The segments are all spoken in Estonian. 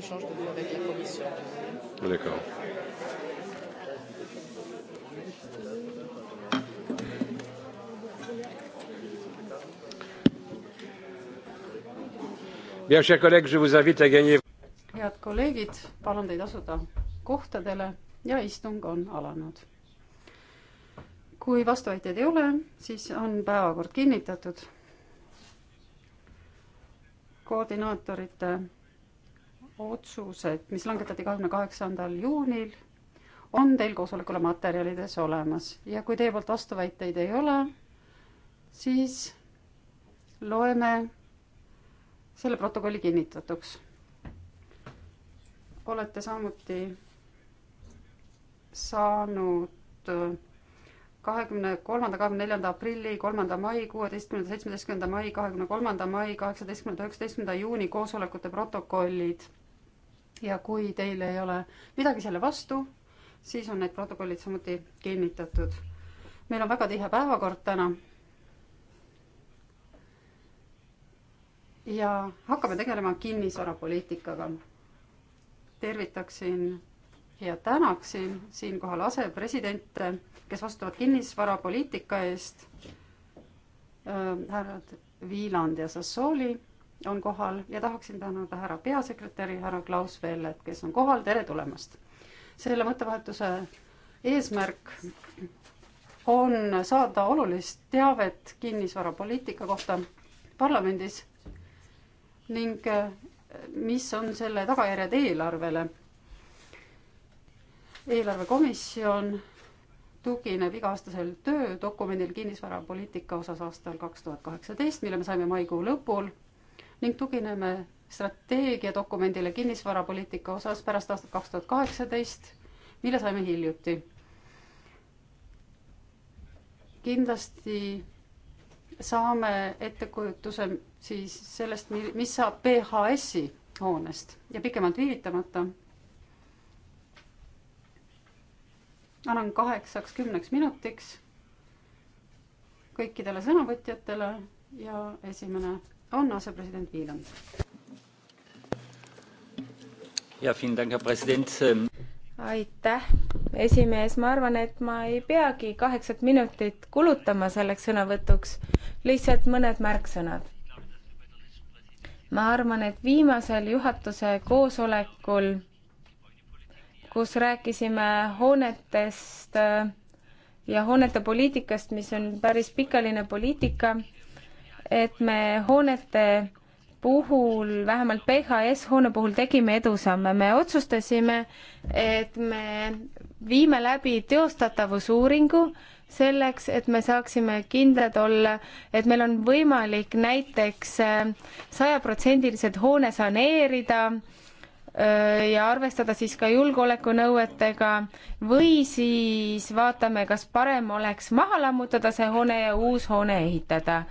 l'échange de vues avec la Commission. D'accord. Bien, chers collègues, je vous invite à gagner. head kolleegid, palun teid asuda kohtadele ja istung on alanud. kui vastuväiteid ei ole, siis on päevakord kinnitatud koordinaatorite otsused, mis langetati kahekümne kaheksandal juunil, on teil koosolekule materjalides olemas ja kui teie poolt vastuväiteid ei ole, siis loeme selle protokolli kinnitatuks. olete samuti saanud kahekümne kolmanda, kahekümne neljanda aprilli, kolmanda mai, kuueteistkümnenda, seitsmeteistkümnenda mai, kahekümne kolmanda mai, kaheksateistkümnenda, üheksateistkümnenda juuni koosolekute protokollid ja kui teil ei ole midagi selle vastu, siis on need protokollid samuti kinnitatud. meil on väga tihe päevakord täna. ja hakkame tegelema kinnisvarapoliitikaga. tervitaksin ja tänaksin siinkohal asepresidente, kes vastutavad kinnisvarapoliitika eest äh,, härrad Viiland ja Sassooli on kohal ja tahaksin tänada härra peasekretäri, härra Klaus Vellet, kes on kohal, tere tulemast! selle mõttevahetuse eesmärk on saada olulist teavet kinnisvarapoliitika kohta parlamendis ning äh, mis on selle tagajärjed eelarvele. eelarvekomisjon tugineb iga-aastasel töödokumendil kinnisvarapoliitika osas aastal kaks tuhat kaheksateist, mille me saime maikuu lõpul ning tugineme strateegiadokumendile kinnisvarapoliitika osas pärast aastat kaks tuhat kaheksateist, mille saime hiljuti. kindlasti saame ettekujutuse siis sellest, mis saab PHS-i hoonest ja pikemalt viivitamata annan kaheksaks kümneks minutiks kõikidele sõnavõtjatele ja esimene on asepresident Viiland. Ähm, aitäh, esimees, ma arvan, et ma ei peagi kaheksat minutit kulutama selleks sõnavõtuks, lihtsalt mõned märksõnad. ma arvan, et viimasel juhatuse koosolekul, kus rääkisime hoonetest äh, ja hoonete poliitikast, mis on päris pikaline poliitika et me hoonete puhul, vähemalt PHS hoone puhul tegime edusamme, me otsustasime, et me viime läbi teostatavusuuringu selleks, et me saaksime kindlad olla, et meil on võimalik näiteks äh, sajaprotsendiliselt hoone saneerida äh, ja arvestada siis ka julgeolekunõuetega või siis vaatame, kas parem oleks maha lammutada see hoone ja uus hoone ehitada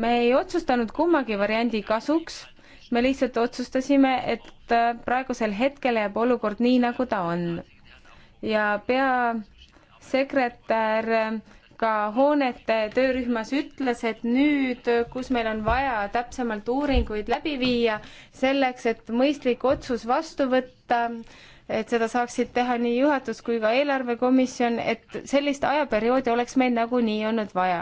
me ei otsustanud kummagi variandi kasuks, me lihtsalt otsustasime, et äh, praegusel hetkel jääb olukord nii, nagu ta on. ja peasekretär äh, ka hoonete töörühmas ütles, et nüüd, äh, kus meil on vaja täpsemalt uuringuid läbi viia, selleks, et mõistlik otsus vastu võtta, et seda saaksid teha nii juhatus kui ka eelarvekomisjon, et sellist ajaperioodi oleks meil nagunii olnud vaja.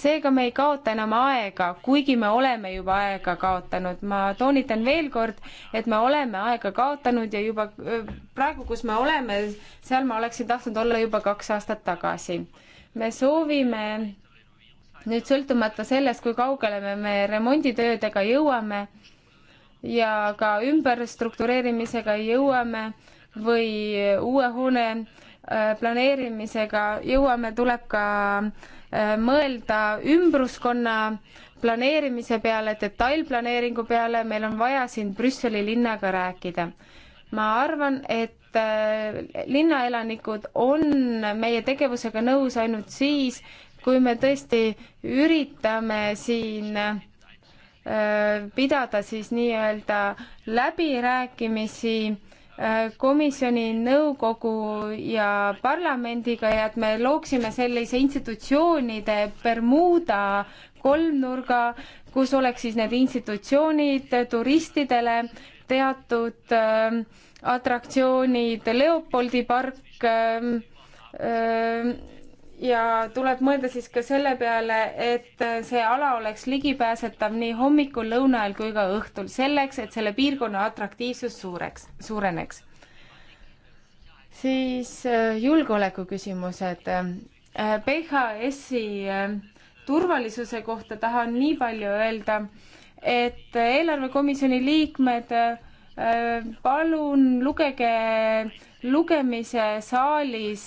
seega me ei kaota enam aega, kuigi me oleme juba aega kaotanud. ma toonitan veel kord, et me oleme aega kaotanud ja juba praegu, kus me oleme, seal ma oleksin tahtnud olla juba kaks aastat tagasi. me soovime nüüd sõltumata sellest, kui kaugele me, me remonditöödega jõuame ja ka ümberstruktureerimisega jõuame, või uue hoone äh, planeerimisega jõuame, tuleb ka äh, mõelda ümbruskonna planeerimise peale, detailplaneeringu peale, meil on vaja siin Brüsseli linnaga rääkida. ma arvan, et äh, linnaelanikud on meie tegevusega nõus ainult siis, kui me tõesti üritame siin pidada siis nii-öelda läbirääkimisi Äh, komisjoni, nõukogu ja parlamendiga ja et me looksime sellise institutsioonide Bermuda kolmnurga, kus oleks siis need institutsioonid turistidele, teatud äh, atraktsioonid, Leopoldi park äh,, äh, ja tuleb mõelda siis ka selle peale, et äh, see ala oleks ligipääsetav nii hommikul, lõuna ajal kui ka õhtul, selleks et selle piirkonna atraktiivsus suureks, suureneks. siis äh, julgeoleku küsimused. Äh, PHS-i turvalisuse kohta tahan nii palju öelda, et eelarvekomisjoni liikmed, palun lugege lugemise saalis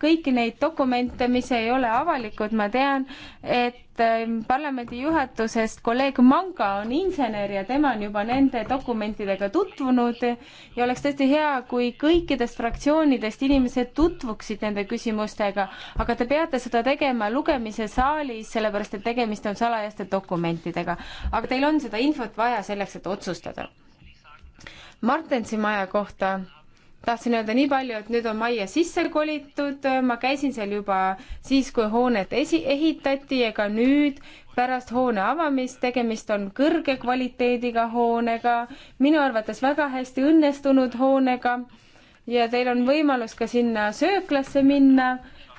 kõiki neid dokumente, mis ei ole avalikud, ma tean, et ähm, parlamendi juhatusest kolleeg Manga on insener ja tema on juba nende dokumentidega tutvunud ja oleks tõesti hea, kui kõikidest fraktsioonidest inimesed tutvuksid nende küsimustega, aga te peate seda tegema lugemise saalis, sellepärast et tegemist on salajaste dokumentidega. aga teil on seda infot vaja selleks, et otsustada. Martensi maja kohta tahtsin öelda nii palju, et nüüd on majja sisse kolitud, ma käisin seal juba siis, kui hoonet esi-, ehitati ja ka nüüd pärast hoone avamist, tegemist on kõrge kvaliteediga hoonega, minu arvates väga hästi õnnestunud hoonega ja teil on võimalus ka sinna sööklasse minna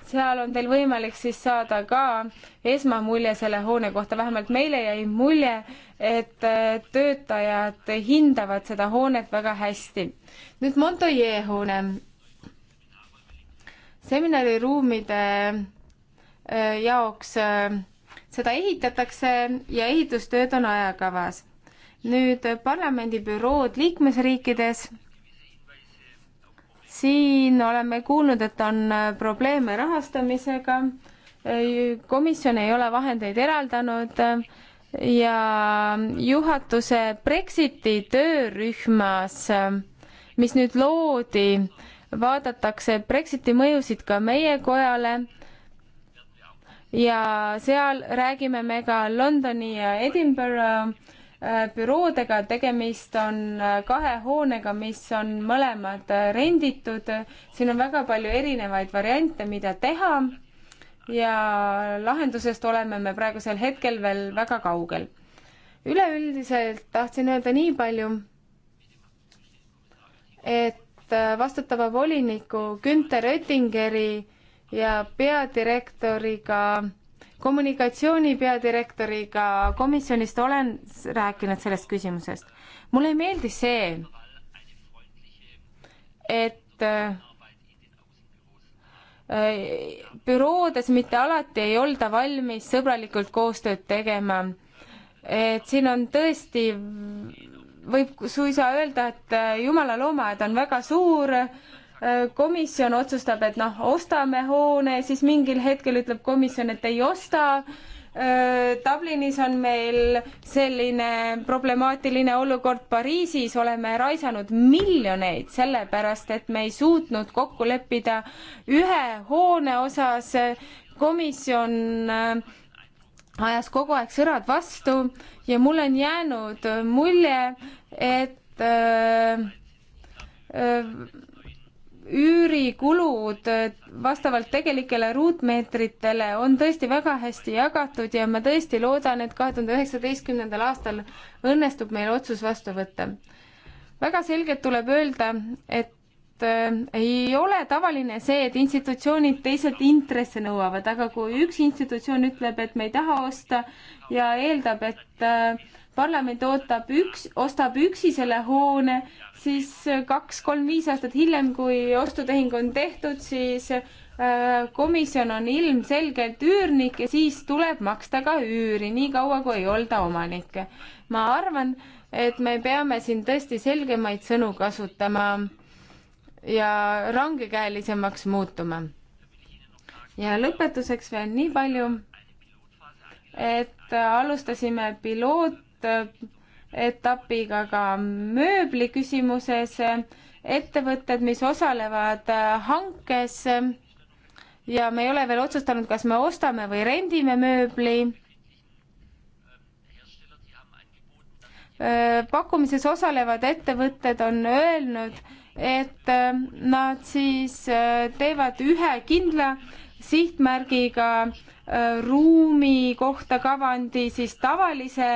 seal on teil võimalik siis saada ka esmamulje selle hoone kohta, vähemalt meile jäi mulje, et äh, töötajad hindavad seda hoonet väga hästi. nüüd Montoyer hoone. seminariruumide äh, jaoks äh, seda ehitatakse ja ehitustööd on ajakavas. nüüd parlamendi bürood liikmesriikides siin oleme kuulnud, et on äh, probleeme rahastamisega, komisjon ei ole vahendeid eraldanud äh, ja juhatuse Brexiti töörühmas, äh, mis nüüd loodi, vaadatakse Brexiti mõjusid ka meie kojale ja seal räägime me ka Londoni ja Edinburgh Äh, büroodega, tegemist on äh, kahe hoonega, mis on mõlemad äh, renditud. siin on väga palju erinevaid variante, mida teha ja lahendusest oleme me praegusel hetkel veel väga kaugel. üleüldiselt tahtsin öelda nii palju, et vastutava voliniku Günter Oettingeri ja peadirektoriga kommunikatsiooni peadirektoriga komisjonist olen rääkinud sellest küsimusest. mulle ei meeldi see, et äh, büroodes mitte alati ei olda valmis sõbralikult koostööd tegema. et siin on tõesti, võib suisa öelda, et äh, jumala loomaaed on väga suur komisjon otsustab, et noh, ostame hoone, siis mingil hetkel ütleb komisjon, et ei osta. Äh, Dublinis on meil selline problemaatiline olukord, Pariisis oleme raisanud miljoneid sellepärast, et me ei suutnud kokku leppida ühe hoone osas. komisjon äh, ajas kogu aeg sõrad vastu ja mul on jäänud mulje, et öö, äh, öö, üürikulud vastavalt tegelikele ruutmeetritele on tõesti väga hästi jagatud ja ma tõesti loodan, et kahe tuhande üheksateistkümnendal aastal õnnestub meil otsus vastu võtta. väga selgelt tuleb öelda, et äh, ei ole tavaline see, et institutsioonid teiselt intresse nõuavad, aga kui üks institutsioon ütleb, et me ei taha osta ja eeldab, et äh, parlament ootab üks, ostab üksi selle hoone, siis kaks-kolm-viis aastat hiljem, kui ostutehing on tehtud, siis äh, komisjon on ilmselgelt üürnik ja siis tuleb maksta ka üüri, niikaua kui ei olda omanik. ma arvan, et me peame siin tõesti selgemaid sõnu kasutama ja rangekäelisemaks muutuma. ja lõpetuseks veel nii palju, et alustasime piloot etapiga ka mööbli küsimuses. ettevõtted, mis osalevad äh, hankes ja me ei ole veel otsustanud, kas me ostame või rendime mööbli äh, pakkumises osalevad ettevõtted on öelnud, et äh, nad siis teevad ühe kindla sihtmärgiga ruumi kohta kavandi, siis tavalise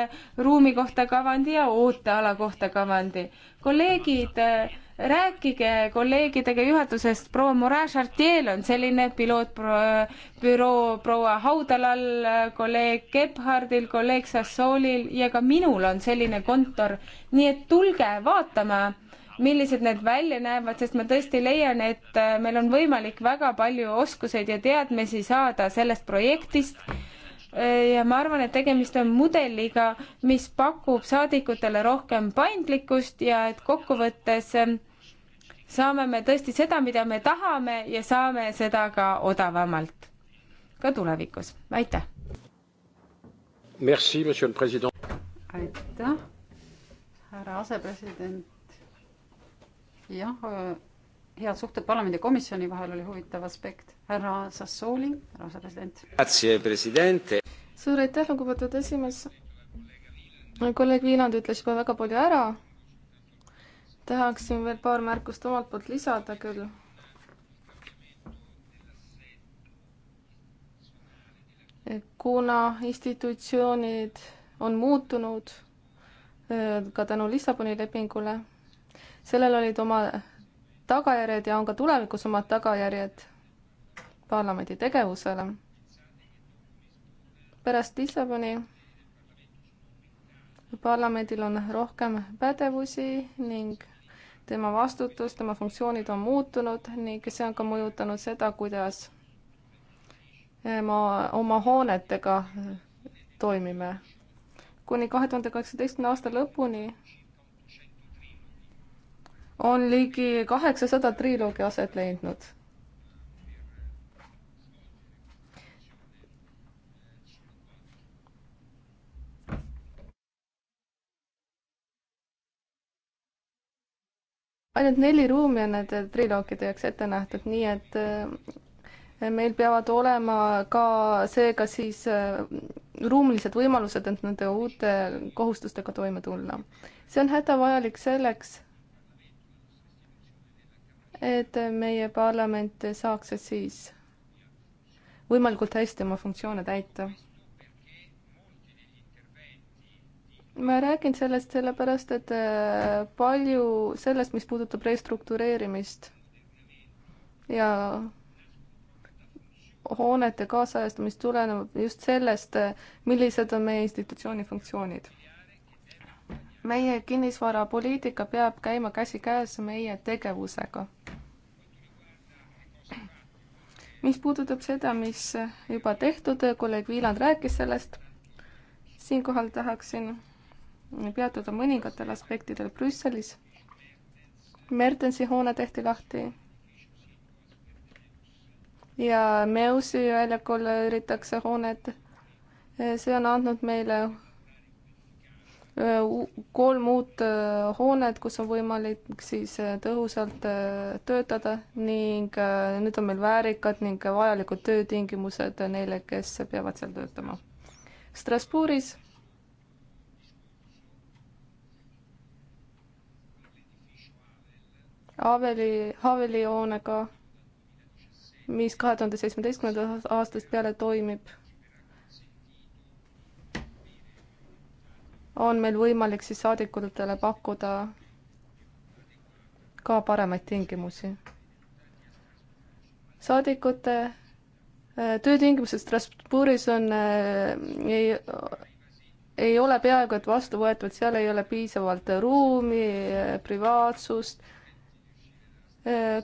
ruumi kohta kavandi ja ooteala kohta kavandi. kolleegid, äh, rääkige kolleegidega juhatusest, proua Morin Chartier on selline pilootbüroo proua Haudalal, kolleeg Gebhardil, kolleeg Sassoolil ja ka minul on selline kontor, nii et tulge vaatama millised need välja näevad, sest ma tõesti leian, et äh, meil on võimalik väga palju oskuseid ja teadmisi saada sellest projektist. Äh, ja ma arvan, et tegemist on mudeliga, mis pakub saadikutele rohkem paindlikkust ja et kokkuvõttes ähm, saame me tõesti seda, mida me tahame ja saame seda ka odavamalt ka tulevikus. aitäh. aitäh, härra asepresident jah, äh, head suhted parlamendi komisjoni vahel oli huvitav aspekt. härra Sassooli, härra asepresident. suur aitäh, lugupeetud esimees. kolleeg Viiland ütles juba väga palju ära. tahaksin veel paar märkust omalt poolt lisada küll kuna institutsioonid on muutunud äh, ka tänu Lissaboni lepingule sellel olid oma tagajärjed ja on ka tulevikus omad tagajärjed parlamendi tegevusele. pärast Lissaboni parlamendil on rohkem pädevusi ning tema vastutus, tema funktsioonid on muutunud ning see on ka mõjutanud seda, kuidas ma oma hoonetega toimime. kuni kahe tuhande kaheksateistkümne aasta lõpuni on ligi kaheksasada triloogi aset leidnud. ainult neli ruumi on nende triloogide jaoks ette nähtud, nii et äh, meil peavad olema ka seega siis äh, ruumilised võimalused, et nende uute kohustustega toime tulla. see on hädavajalik selleks et meie parlament saaks siis võimalikult hästi oma funktsioone täita. ma räägin sellest sellepärast, et äh, palju sellest, mis puudutab restruktureerimist ja hoonete kaasajastamist tuleneb just sellest, millised on meie institutsiooni funktsioonid. meie kinnisvarapoliitika peab käima käsikäes meie tegevusega mis puudutab seda, mis juba tehtud, kolleeg Viiland rääkis sellest, siinkohal tahaksin peatuda mõningatel aspektidel Brüsselis. Mertensi hoone tehti lahti ja Meusi väljakule üüritakse hooned. see on andnud meile Äh, kolm uut äh, hoonet, kus on võimalik siis äh, tõhusalt töötada ning nüüd on meil väärikad ning vajalikud töötingimused neile, kes peavad seal töötama. Strasbourgis Haveli, Haveli hoonega, mis kahe tuhande seitsmeteistkümnendast aastast peale toimib on meil võimalik siis saadikutele pakkuda ka paremaid tingimusi. saadikute äh, töötingimused Strasbourgis on, äh, ei, ei ole peaaegu et vastu võetud, seal ei ole piisavalt ruumi, äh, privaatsust.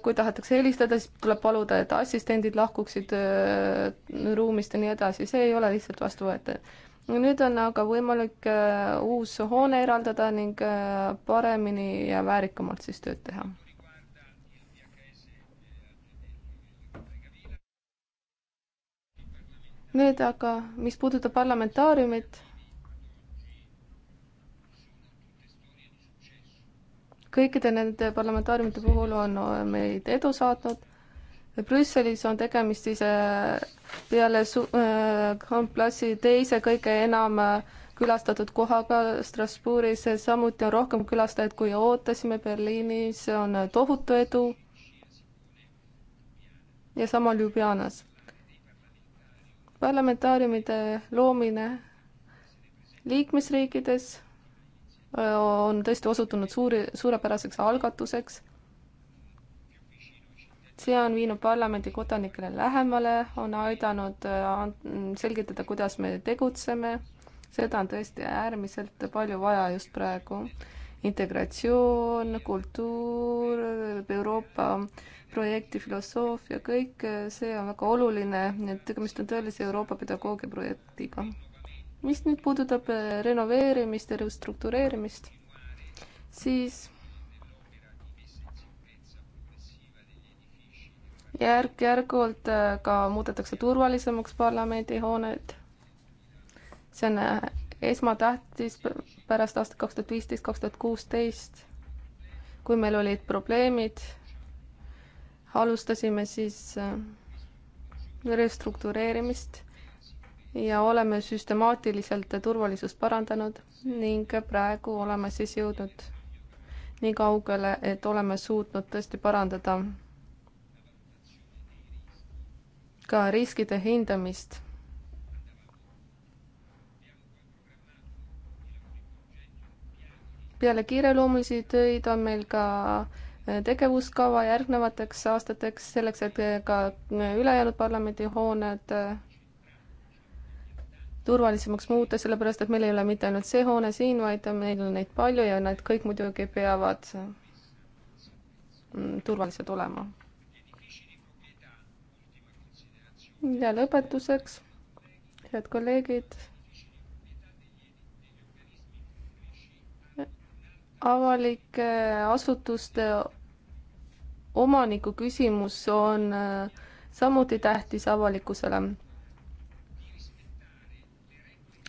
kui tahetakse helistada, siis tuleb paluda, et assistendid lahkuksid ruumist ja nii edasi, see ei ole lihtsalt vastuvõetav nüüd on aga võimalik äh, uus hoone eraldada ning äh, paremini ja väärikamalt siis tööd teha. nüüd aga, mis puudutab parlamentaariumit, kõikide nende parlamentaariumite puhul on äh, meid edu saatnud. Brüsselis on tegemist siis peale su-, äh, Grand Place'i teise kõige enam äh, külastatud kohaga Strasbourgis, samuti on rohkem külastajaid, kui ootasime Berliinis, on äh, tohutu edu. ja sama Ljubljanas. parlamentaariumide loomine liikmesriikides on tõesti osutunud suuri, suurepäraseks algatuseks see on viinud parlamendi kodanikele lähemale, on aidanud äh, selgitada, kuidas me tegutseme. seda on tõesti äärmiselt palju vaja just praegu. integratsioon, kultuur, Euroopa projekti filosoofia, kõik äh, see on väga oluline, et tegemist on tõelise Euroopa pedagoogia projektiga. mis nüüd puudutab äh, renoveerimist ja restruktureerimist, siis järk-järgult äh, ka muudetakse turvalisemaks parlamendihooneid. see on äh, esmatähtis pärast aastat kaks tuhat viisteist, kaks tuhat kuusteist, kui meil olid probleemid, alustasime siis äh, restruktureerimist ja oleme süstemaatiliselt turvalisust parandanud ning praegu oleme siis jõudnud nii kaugele, et oleme suutnud tõesti parandada ka riskide hindamist. peale kiireloomulisi töid on meil ka äh, tegevuskava järgnevateks aastateks, selleks et äh, ka äh, ülejäänud parlamendihooned turvalisemaks muuta, sellepärast et meil ei ole mitte ainult see hoone siin, vaid meil on neid palju ja nad kõik muidugi peavad mm, turvalised olema. ja lõpetuseks, head kolleegid. avalike asutuste omaniku küsimus on äh, samuti tähtis avalikkusele.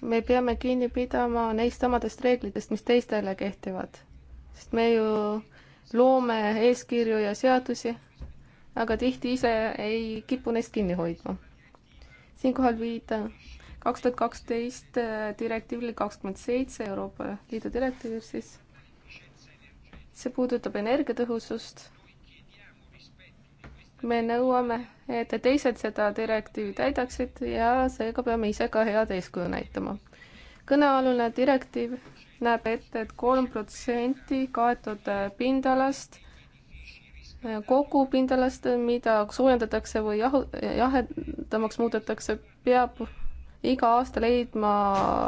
me peame kinni pidama neist samadest reeglitest, mis teistele kehtivad, sest me ju loome eeskirju ja seadusi aga tihti ise ei kipu neist kinni hoidma. siinkohal viitan kaks tuhat kaksteist äh, direktiivile kakskümmend seitse Euroopa Liidu direktiiv siis. see puudutab energiatõhusust. me nõuame, et teised seda direktiivi täidaksid ja seega peame ise ka head eeskuju näitama. kõnealune direktiiv näeb ette et, et kolm protsenti kaetud pindalast kogu pindalast, mida soojendatakse või jahu, jahedamaks muudetakse, peab iga aasta leidma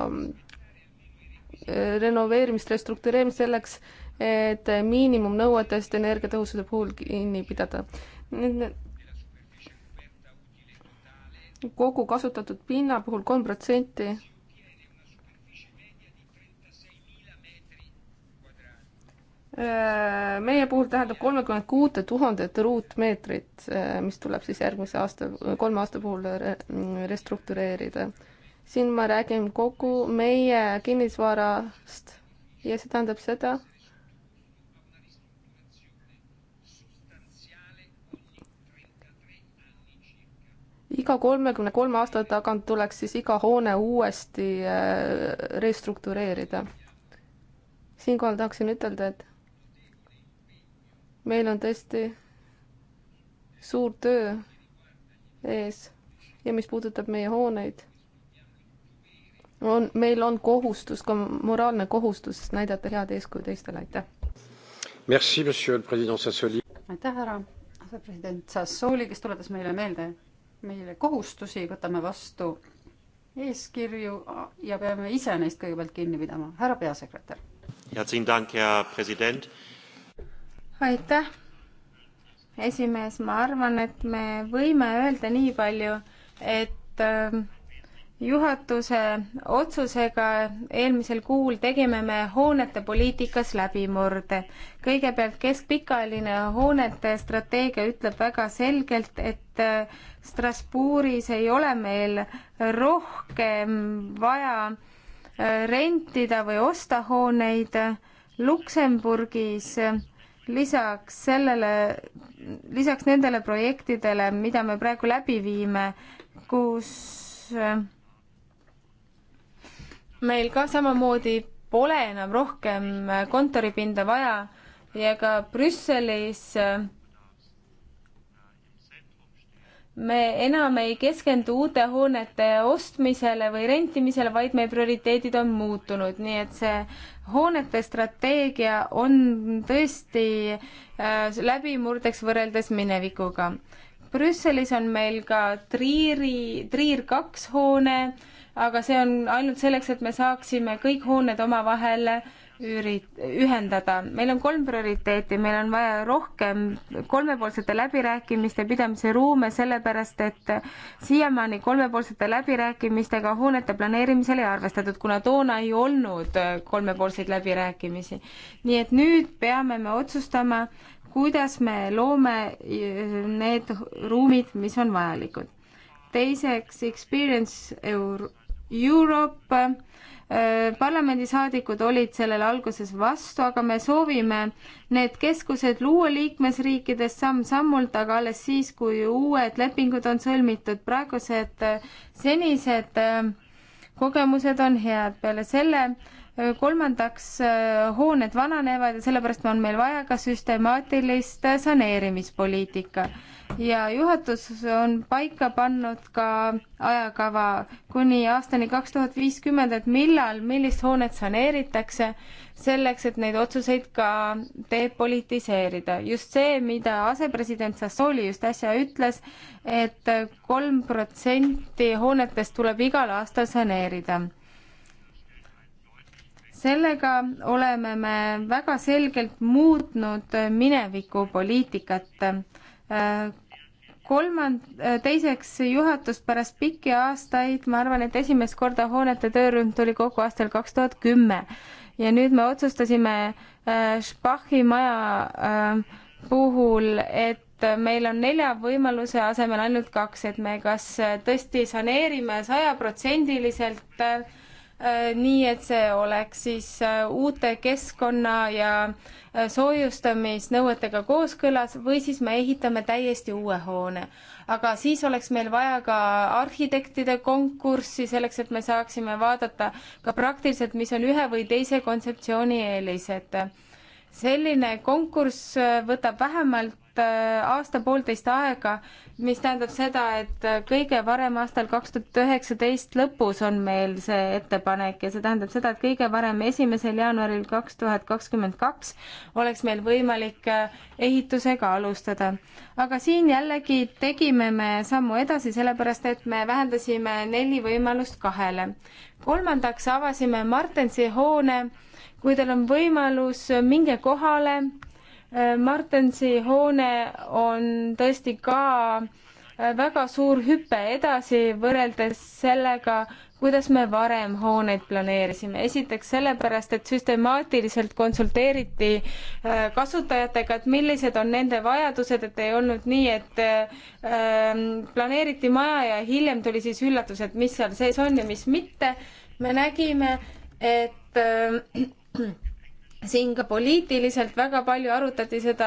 äh, renoveerimist, restruktureerimist selleks, et miinimumnõuetest energiatõhususe puhul kinni pidada. kogu kasutatud pinna puhul kolm protsenti Äh, meie puhul tähendab kolmekümmet kuute tuhandet ruutmeetrit, äh, mis tuleb siis järgmise aasta, kolme aasta puhul restruktureerida. siin ma räägin kogu meie kinnisvarast ja see tähendab seda, iga kolmekümne kolme aasta tagant tuleks siis iga hoone uuesti äh, restruktureerida. siinkohal tahaksin ütelda, et meil on tõesti suur töö ees ja mis puudutab meie hooneid, on, meil on kohustus, ka moraalne kohustus näidata head eeskuju teistele, aitäh. Merci, monsieur le president Sassoli. aitäh, härra asepresident Sassoli, kes tuletas meile meelde meile kohustusi, võtame vastu eeskirju ja peame ise neist kõigepealt kinni pidama. härra peasekretär aitäh, esimees, ma arvan, et me võime öelda nii palju, et ähm, juhatuse otsusega eelmisel kuul tegime me hoonete poliitikas läbimurde. kõigepealt keskpikaline hoonete strateegia ütleb väga selgelt, et äh, Strasbourgis ei ole meil rohkem vaja äh, rentida või osta hooneid Luksemburgis äh, lisaks sellele, lisaks nendele projektidele, mida me praegu läbi viime, kus äh, meil ka samamoodi pole enam rohkem äh, kontoripinda vaja ja ka Brüsselis äh, me enam ei keskendu uute hoonete ostmisele või rentimisele, vaid meie prioriteedid on muutunud, nii et see hoonete strateegia on tõesti äh, läbimurdeks võrreldes minevikuga. Brüsselis on meil ka Triiri, Triir kaks hoone, aga see on ainult selleks, et me saaksime kõik hooned omavahel ürit-, ühendada. meil on kolm prioriteeti, meil on vaja rohkem kolmepoolsete läbirääkimiste pidamise ruume, sellepärast et siiamaani kolmepoolsete läbirääkimistega hoonete planeerimisel ei arvestatud, kuna toona ei olnud kolmepoolseid läbirääkimisi. nii et nüüd peame me otsustama, kuidas me loome need ruumid, mis on vajalikud. teiseks, Experience Euro-, Europe Äh, parlamendisaadikud olid sellele alguses vastu, aga me soovime need keskused luua liikmesriikides samm-sammult, aga alles siis, kui uued lepingud on sõlmitud. praegused äh, senised äh, kogemused on head. peale selle kolmandaks, hooned vananevad ja sellepärast on meil vaja ka süstemaatilist saneerimispoliitika ja juhatus on paika pannud ka ajakava kuni aastani kaks tuhat viiskümmend, et millal, millist hoonet saneeritakse, selleks, et neid otsuseid ka depolitiseerida. just see, mida asepresident Sassoli just äsja ütles et, et kolm protsenti hoonetest tuleb igal aastal saneerida sellega oleme me väga selgelt muutnud minevikupoliitikat kolmand-, teiseks juhatus pärast pikki aastaid, ma arvan, et esimest korda hoonete töörühm tuli kokku aastal kaks tuhat kümme ja nüüd me otsustasime äh, Spachi maja äh, puhul, et meil on nelja võimaluse asemel ainult kaks, et me kas tõesti saneerime sajaprotsendiliselt äh, Äh, nii et see oleks siis äh, uute keskkonna ja äh, soojustamisnõuetega kooskõlas või siis me ehitame täiesti uue hoone. aga siis oleks meil vaja ka arhitektide konkurssi selleks, et me saaksime vaadata ka praktiliselt, mis on ühe või teise kontseptsiooni eelised. selline konkurss võtab vähemalt Äh, aasta-poolteist aega, mis tähendab seda, et äh, kõige varem aastal kaks tuhat üheksateist lõpus on meil see ettepanek ja see tähendab seda, et kõige varem esimesel jaanuaril kaks tuhat kakskümmend kaks oleks meil võimalik äh, ehitusega alustada. aga siin jällegi tegime me sammu edasi, sellepärast et me vähendasime neli võimalust kahele. kolmandaks avasime Martensi hoone kui teil on võimalus, minge kohale, Martensi hoone on tõesti ka äh, väga suur hüpe edasi võrreldes sellega, kuidas me varem hooneid planeerisime. esiteks sellepärast, et süstemaatiliselt konsulteeriti äh, kasutajatega, et millised on nende vajadused, et ei olnud nii, et ähm, planeeriti maja ja hiljem tuli siis üllatus, et mis seal sees on ja mis mitte. me nägime, et äh, siin ka poliitiliselt väga palju arutati seda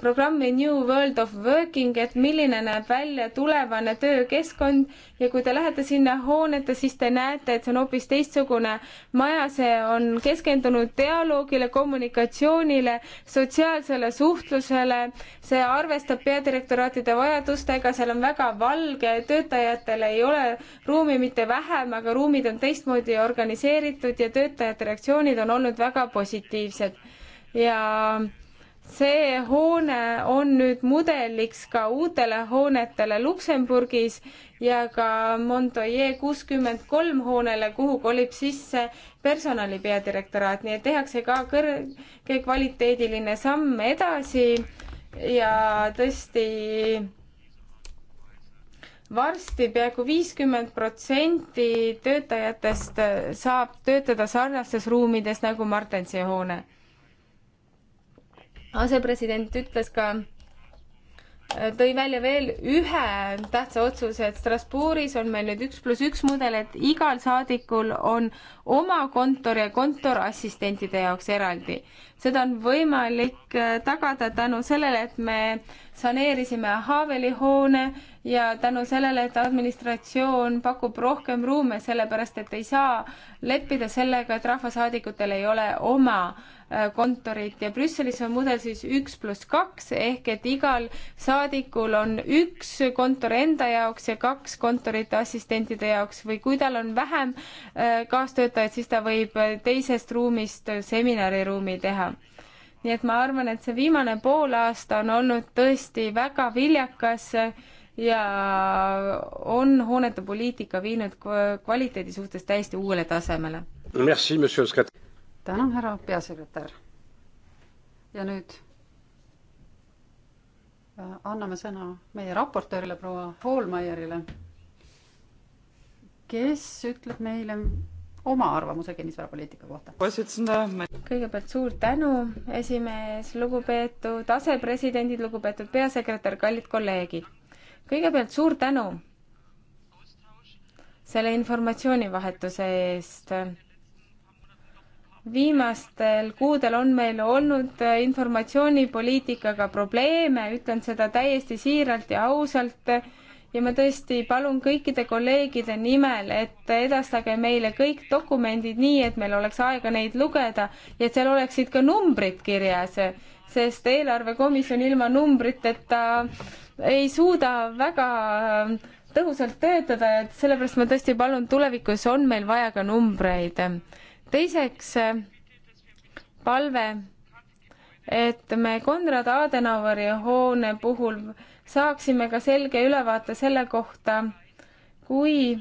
programmi New World of Working, et milline näeb välja tulevane töökeskkond ja kui te lähete sinna hoonete, siis te näete, et see on hoopis teistsugune maja, see on keskendunud dialoogile, kommunikatsioonile, sotsiaalsele suhtlusele, see arvestab peadirektoraatide vajadustega, seal on väga valge, töötajatel ei ole ruumi mitte vähem, aga ruumid on teistmoodi organiseeritud ja töötajate reaktsioonid on olnud väga positiivsed atraktiivsed ja see hoone on nüüd mudeliks ka uutele hoonetele Luksemburgis ja ka Montoyer kuuskümmend kolm hoonele, kuhu kolib sisse personali peadirektoraat, nii et tehakse ka kõrge kvaliteediline samm edasi ja tõesti varsti peaaegu viiskümmend protsenti töötajatest saab töötada sarnastes ruumides nagu Martensi hoone. asepresident ütles ka, tõi välja veel ühe tähtsa otsuse, et Strasbourgis on meil nüüd üks pluss üks mudel, et igal saadikul on oma kontor ja kontor assistentide jaoks eraldi. seda on võimalik tagada tänu sellele, et me saneerisime Haveli hoone ja tänu sellele, et administratsioon pakub rohkem ruume, sellepärast et ei saa leppida sellega, et rahvasaadikutel ei ole oma äh, kontorit ja Brüsselis on mudel siis üks pluss kaks ehk et igal saadikul on üks kontor enda jaoks ja kaks kontorit assistentide jaoks või kui tal on vähem äh, kaastöötajaid, siis ta võib äh, teisest ruumist seminariruumi teha nii et ma arvan, et see viimane poolaasta on olnud tõesti väga viljakas ja on hoonete poliitika viinud kvaliteedi suhtes täiesti uuele tasemele. tänan, härra peasekretär. ja nüüd äh, anname sõna meie raportöörile, proua Hoolmeierile, kes ütleb meile oma arvamuse kinnisvarapoliitika kohta. kõigepealt suur tänu, esimees, lugupeetud asepresidendid, lugupeetud peasekretär, kallid kolleegid kõigepealt suur tänu selle informatsioonivahetuse eest. viimastel kuudel on meil olnud informatsioonipoliitikaga probleeme, ütlen seda täiesti siiralt ja ausalt ja ma tõesti palun kõikide kolleegide nimel, et edastage meile kõik dokumendid nii, et meil oleks aega neid lugeda ja et seal oleksid ka numbrid kirjas, sest eelarvekomisjon ilma numbriteta ei suuda väga äh, tõhusalt töötada, et sellepärast ma tõesti palun, tulevikus on meil vaja ka numbreid. teiseks äh, palve, et me Konrad Adenaueri hoone puhul saaksime ka selge ülevaate selle kohta, kui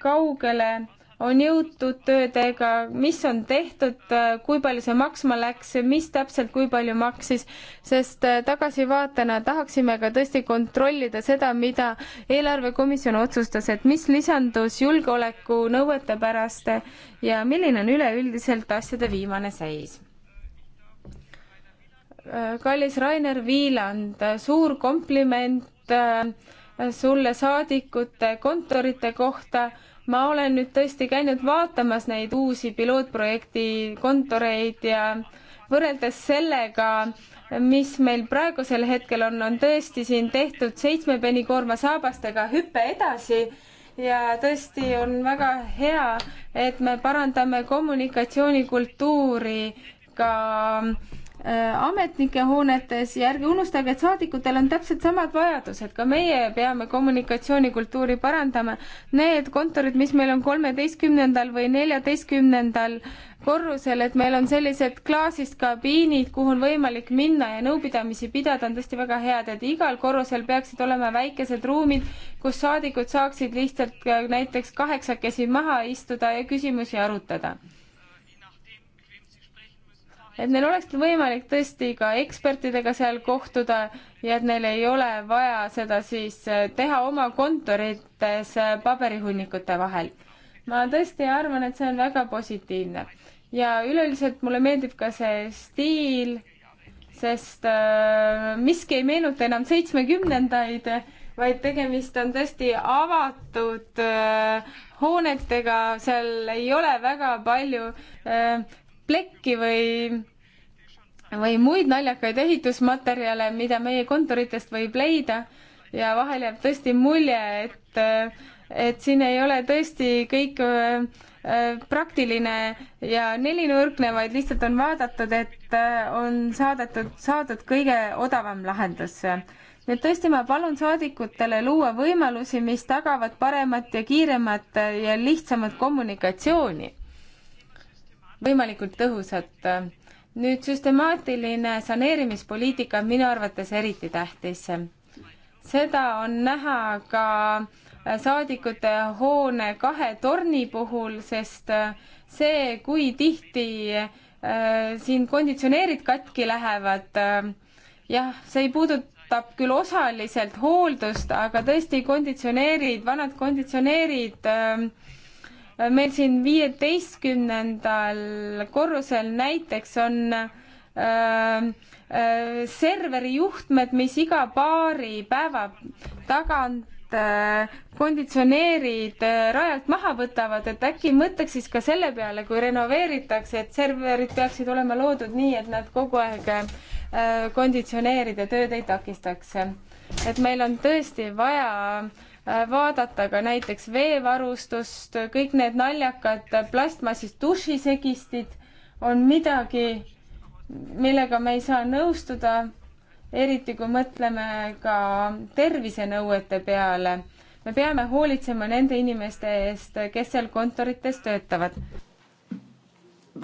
kaugele on jõutud töödega, mis on tehtud, kui palju see maksma läks, mis täpselt kui palju maksis, sest tagasivaatena tahaksime ka tõesti kontrollida seda, mida eelarvekomisjon otsustas, et mis lisandus julgeolekunõuete pärast ja milline on üleüldiselt asjade viimane seis kallis Rainer Viiland, suur kompliment äh, sulle saadikute kontorite kohta ma olen nüüd tõesti käinud vaatamas neid uusi pilootprojekti kontoreid ja võrreldes sellega, mis meil praegusel hetkel on, on tõesti siin tehtud seitsme penikoorma saabastega hüpe edasi ja tõesti on väga hea, et me parandame kommunikatsioonikultuuri ka äh, Äh, ametnike hoonetes ja ärge unustage, et saadikutel on täpselt samad vajadused, ka meie peame kommunikatsioonikultuuri parandama. Need kontorid, mis meil on kolmeteistkümnendal või neljateistkümnendal korrusel, et meil on sellised klaasist kabiinid, kuhu on võimalik minna ja nõupidamisi pidada, on tõesti väga head, et igal korrusel peaksid olema väikesed ruumid, kus saadikud saaksid lihtsalt äh, näiteks kaheksakesi maha istuda ja küsimusi arutada et neil oleks võimalik tõesti ka ekspertidega seal kohtuda ja et neil ei ole vaja seda siis äh, teha oma kontorites äh, paberihunnikute vahel. ma tõesti arvan, et see on väga positiivne ja üleüldiselt mulle meeldib ka see stiil, sest äh, miski ei meenuta enam seitsmekümnendaid, vaid tegemist on tõesti avatud äh, hoonetega, seal ei ole väga palju äh, plekki või või muid naljakaid ehitusmaterjale, mida meie kontoritest võib leida ja vahel jääb tõesti mulje, et et siin ei ole tõesti kõik äh, praktiline ja nelinurkne, vaid lihtsalt on vaadatud, et äh, on saadetud, saadud kõige odavam lahendus. nii et tõesti, ma palun saadikutele luua võimalusi, mis tagavad paremat ja kiiremat ja lihtsamat kommunikatsiooni võimalikult tõhusat. nüüd süstemaatiline saneerimispoliitika on minu arvates eriti tähtis. seda on näha ka saadikute hoone kahe torni puhul, sest see, kui tihti äh, siin konditsioneerid katki lähevad äh,, jah, see ei puudutab küll osaliselt hooldust, aga tõesti konditsioneerid, vanad konditsioneerid äh, meil siin viieteistkümnendal korrusel näiteks on äh, äh serveri juhtmed, mis iga paari päeva tagant äh, konditsioneerid äh, rajalt maha võtavad, et äkki mõtleks siis ka selle peale, kui renoveeritakse, et serverid peaksid olema loodud nii, et nad kogu aeg äh, konditsioneerida tööd ei takistaks. et meil on tõesti vaja äh, Äh, vaadata ka näiteks veevarustust, kõik need naljakad plastmassist dušisegistid on midagi, millega me ei saa nõustuda, eriti kui mõtleme ka tervisenõuete peale. me peame hoolitsema nende inimeste eest, kes seal kontorites töötavad.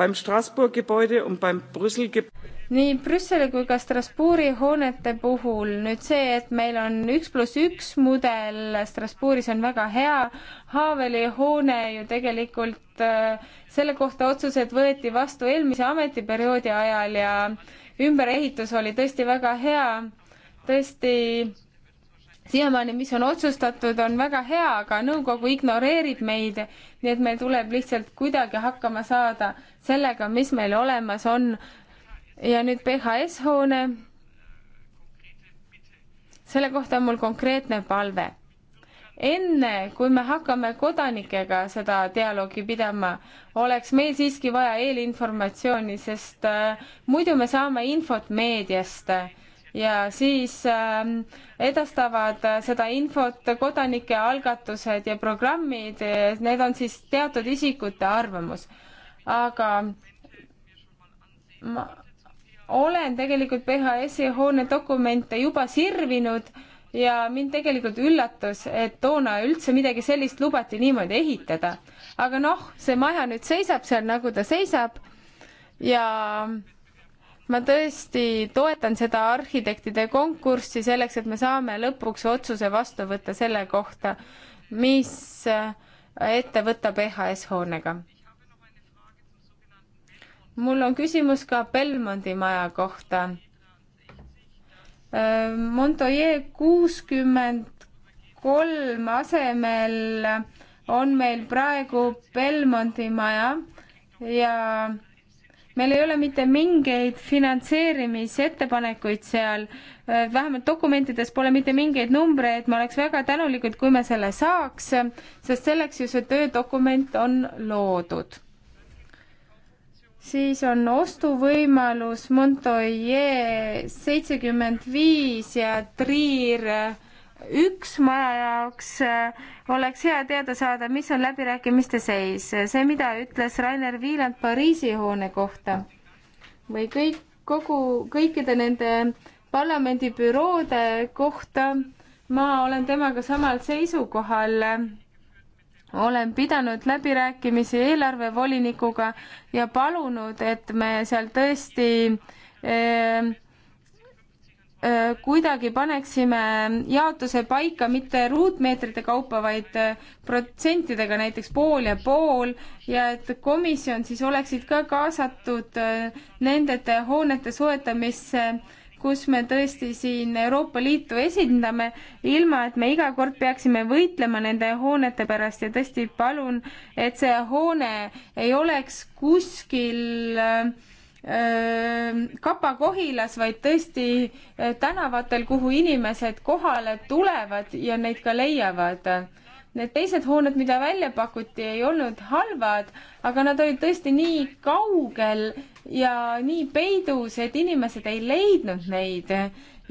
Beim Straßburg Gebäude und beim Brüssel Gebäude nii Brüsseli kui ka Strasbourgi hoonete puhul nüüd see, et meil on üks pluss üks mudel, Strasbourgis on väga hea, Haveli hoone ju tegelikult äh, selle kohta otsused võeti vastu eelmise ametiperioodi ajal ja ümberehitus oli tõesti väga hea, tõesti siiamaani, mis on otsustatud, on väga hea, aga nõukogu ignoreerib meid, nii et meil tuleb lihtsalt kuidagi hakkama saada sellega, mis meil olemas on ja nüüd PHS hoone. selle kohta on mul konkreetne palve. enne, kui me hakkame kodanikega seda dialoogi pidama, oleks meil siiski vaja eelinformatsiooni, sest äh, muidu me saame infot meediast ja siis äh, edastavad äh, seda infot kodanike algatused ja programmid, need on siis teatud isikute arvamus. aga ma olen tegelikult PHS-i hoone dokumente juba sirvinud ja mind tegelikult üllatus, et toona üldse midagi sellist lubati niimoodi ehitada. aga noh, see maja nüüd seisab seal, nagu ta seisab ja ma tõesti toetan seda arhitektide konkurssi selleks, et me saame lõpuks otsuse vastu võtta selle kohta, mis ette võtta PHS hoonega mul on küsimus ka Belmondi maja kohta. Äh, Montoyer kuuskümmend kolm asemel on meil praegu Belmondi maja ja meil ei ole mitte mingeid finantseerimisettepanekuid seal, äh, vähemalt dokumentides pole mitte mingeid numbreid, ma oleks väga tänulikud, kui me selle saaks, sest selleks ju see töödokument on loodud siis on ostuvõimalus Montoyer seitsekümmend viis ja Triir üks maja jaoks oleks hea teada saada, mis on läbirääkimiste seis. see, mida ütles Rainer Viiland Pariisi hoone kohta või kõik, kogu, kõikide nende parlamendibüroode kohta, ma olen temaga samal seisukohal olen pidanud läbirääkimisi eelarvevolinikuga ja palunud, et me seal tõesti äh, kuidagi paneksime jaotuse paika mitte ruutmeetrite kaupa, vaid eh, protsentidega, näiteks pool ja pool ja et komisjon siis oleksid ka kaasatud nendete hoonete soetamisse äh, kus me tõesti siin Euroopa Liitu esindame, ilma et me iga kord peaksime võitlema nende hoonete pärast ja tõesti palun, et see hoone ei oleks kuskil äh, kapakohilas, vaid tõesti äh, tänavatel, kuhu inimesed kohale tulevad ja neid ka leiavad Need teised hooned, mida välja pakuti, ei olnud halvad, aga nad olid tõesti nii kaugel ja nii peidus, et inimesed ei leidnud neid.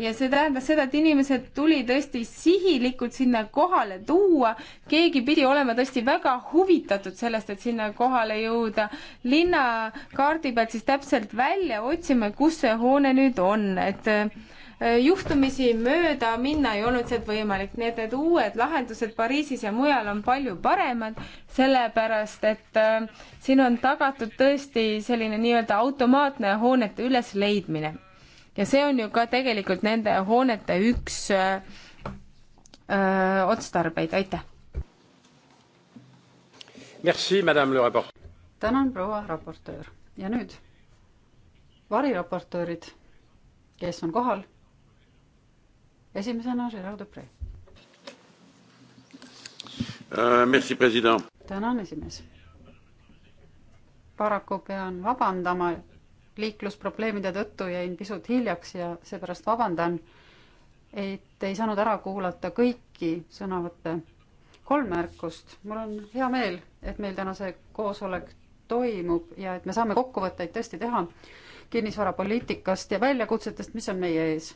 ja see tähendas seda, et inimesed tuli tõesti sihilikult sinna kohale tuua, keegi pidi olema tõesti väga huvitatud sellest, et sinna kohale jõuda. linnakaardi pealt siis täpselt välja otsima, kus see hoone nüüd on, et Äh, juhtumisi mööda minna ei olnud sealt võimalik, nii et need uued lahendused Pariisis ja mujal on palju paremad, sellepärast et äh, siin on tagatud tõesti selline nii-öelda automaatne hoonete ülesleidmine. ja see on ju ka tegelikult nende hoonete üks öö, äh, öö, otstarbeid, aitäh! Merci, madame le raport. tänan, proua raportöör. ja nüüd variraportöörid, kes on kohal esimesena Gerard Dupre äh,. Euh, merci, president. tänan, esimees. paraku pean vabandama liiklusprobleemide tõttu jäin pisut hiljaks ja seepärast vabandan, et ei saanud ära kuulata kõiki sõnavõtte. kolm märkust. mul on hea meel, et meil täna see koosolek toimub ja et me saame kokkuvõtteid tõesti teha kinnisvarapoliitikast ja väljakutsetest, mis on meie ees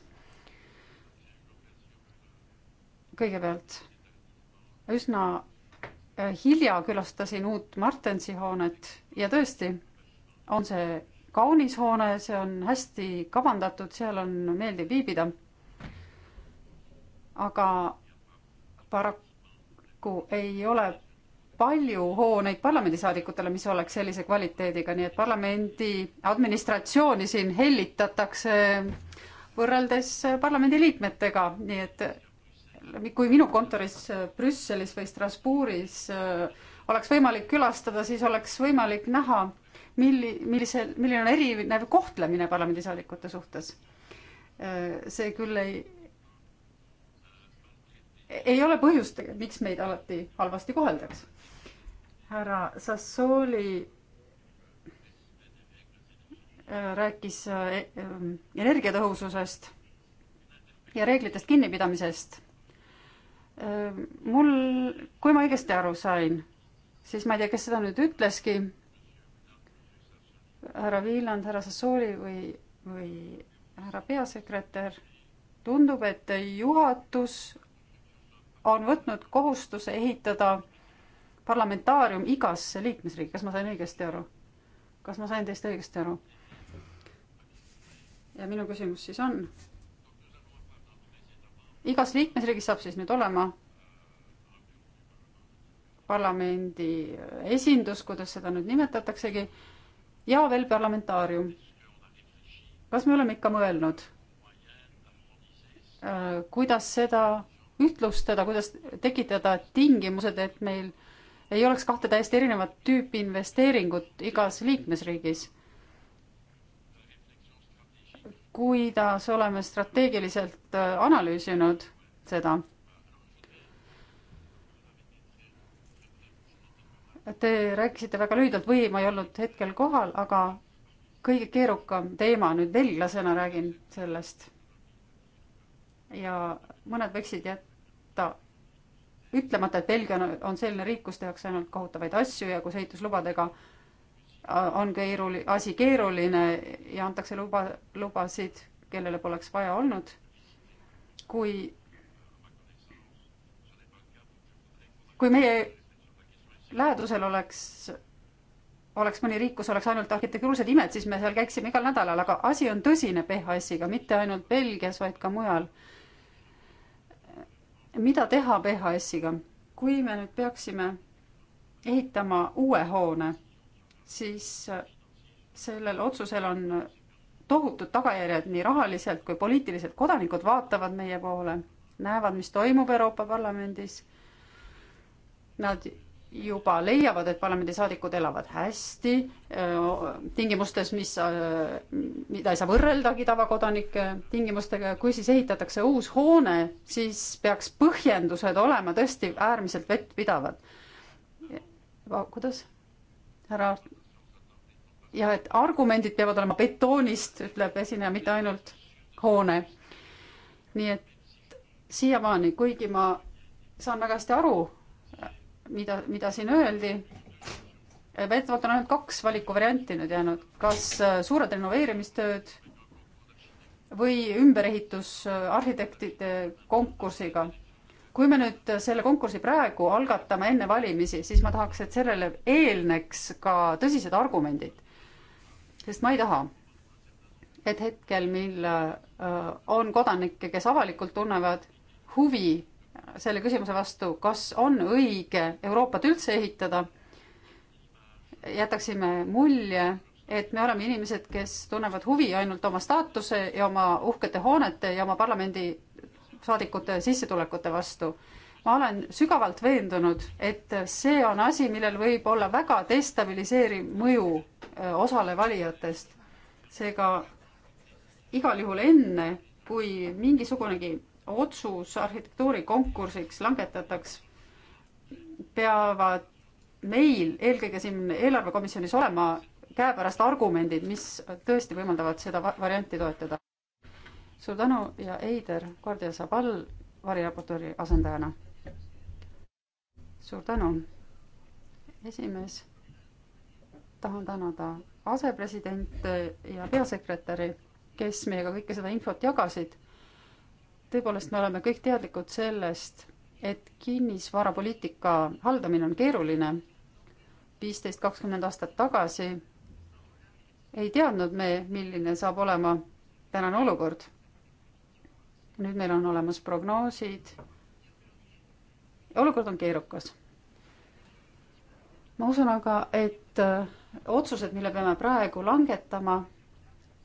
kõigepealt üsna äh, hilja külastasin uut Martensi hoonet ja tõesti on see kaunis hoone, see on hästi kavandatud, seal on meeldiv viibida. aga paraku ei ole palju hooneid parlamendisaadikutele, mis oleks sellise kvaliteediga, nii et parlamendi administratsiooni siin hellitatakse võrreldes parlamendiliikmetega, nii et kui minu kontoris äh, Brüsselis või Strasbourgis äh, oleks võimalik külastada, siis oleks võimalik näha, milli-, millise, milline on erinev kohtlemine parlamendisaadikute suhtes. Äh, see küll ei, ei ole põhjust, miks meid alati halvasti koheldaks. härra Sassooli rääkis e-, energiatõhususest ja reeglitest kinnipidamisest Äh, mul, kui ma õigesti aru sain, siis ma ei tea, kes seda nüüd ütleski, härra Viiland, härra Sassooli või, või härra peasekretär, tundub, et juhatus on võtnud kohustuse ehitada parlamentaarium igasse liikmesriiki, kas ma sain õigesti aru? kas ma sain teist õigesti aru? ja minu küsimus siis on, igas liikmesriigis saab siis nüüd olema parlamendi esindus, kuidas seda nüüd nimetataksegi, ja veel parlamentaarium. kas me oleme ikka mõelnud, äh, kuidas seda ühtlustada, kuidas tekitada tingimused, et meil ei oleks kahte täiesti erinevat tüüpi investeeringut igas liikmesriigis? kuidas oleme strateegiliselt äh, analüüsinud seda. Te rääkisite väga lühidalt või ma ei olnud hetkel kohal, aga kõige keerukam teema, nüüd belglasena räägin sellest. ja mõned võiksid jätta ütlemata, et Belgia on, on selline riik, kus tehakse ainult kohutavaid asju ja kus ehituslubadega äh, on keeruli-, asi keeruline ja antakse luba, lubasid, kellele poleks vaja olnud. kui, kui meie lähedusel oleks, oleks mõni riik, kus oleks ainult arhitektuursed imed, siis me seal käiksime igal nädalal, aga asi on tõsine PHS-iga, mitte ainult Belgias, vaid ka mujal. mida teha PHS-iga? kui me nüüd peaksime ehitama uue hoone siis äh, sellel otsusel on tohutud tagajärjed nii rahaliselt kui poliitiliselt. kodanikud vaatavad meie poole, näevad, mis toimub Euroopa Parlamendis. Nad juba leiavad, et parlamendisaadikud elavad hästi, äh, tingimustes, mis, äh, mida ei saa võrreldagi tavakodanike tingimustega, kui siis ehitatakse uus hoone, siis peaks põhjendused olema tõesti äärmiselt vettpidavad. kuidas? härra ja et argumendid peavad olema betoonist, ütleb esineja, mitte ainult hoone. nii et siiamaani, kuigi ma saan väga hästi aru, mida, mida siin öeldi, väidetavalt on ainult kaks valikuvarianti nüüd jäänud, kas äh, suured renoveerimistööd või ümberehitus äh, arhitektide konkursiga kui me nüüd selle konkursi praegu algatame enne valimisi, siis ma tahaks, et sellele eelneks ka tõsised argumendid. sest ma ei taha, et hetkel, mil on kodanikke, kes avalikult tunnevad huvi selle küsimuse vastu, kas on õige Euroopat üldse ehitada, jätaksime mulje, et me oleme inimesed, kes tunnevad huvi ainult oma staatuse ja oma uhkete hoonete ja oma parlamendi saadikute sissetulekute vastu. ma olen sügavalt veendunud, et see on asi, millel võib olla väga destabiliseeriv mõju osale valijatest. seega igal juhul enne, kui mingisugunegi otsus arhitektuurikonkursiks langetataks, peavad meil eelkõige siin eelarvekomisjonis olema käepärast argumendid, mis tõesti võimaldavad seda varianti toetada suur tänu ja Eider Guardia Sabal variraportööri asendajana. suur tänu, esimees. tahan tänada asepresidente ja peasekretäri, kes meiega kõike seda infot jagasid. tõepoolest, me oleme kõik teadlikud sellest, et kinnisvarapoliitika haldamine on keeruline. viisteist, kakskümmend aastat tagasi ei teadnud me, milline saab olema tänane olukord nüüd meil on olemas prognoosid. olukord on keerukas. ma usun aga, et äh, otsused, mille peame praegu langetama,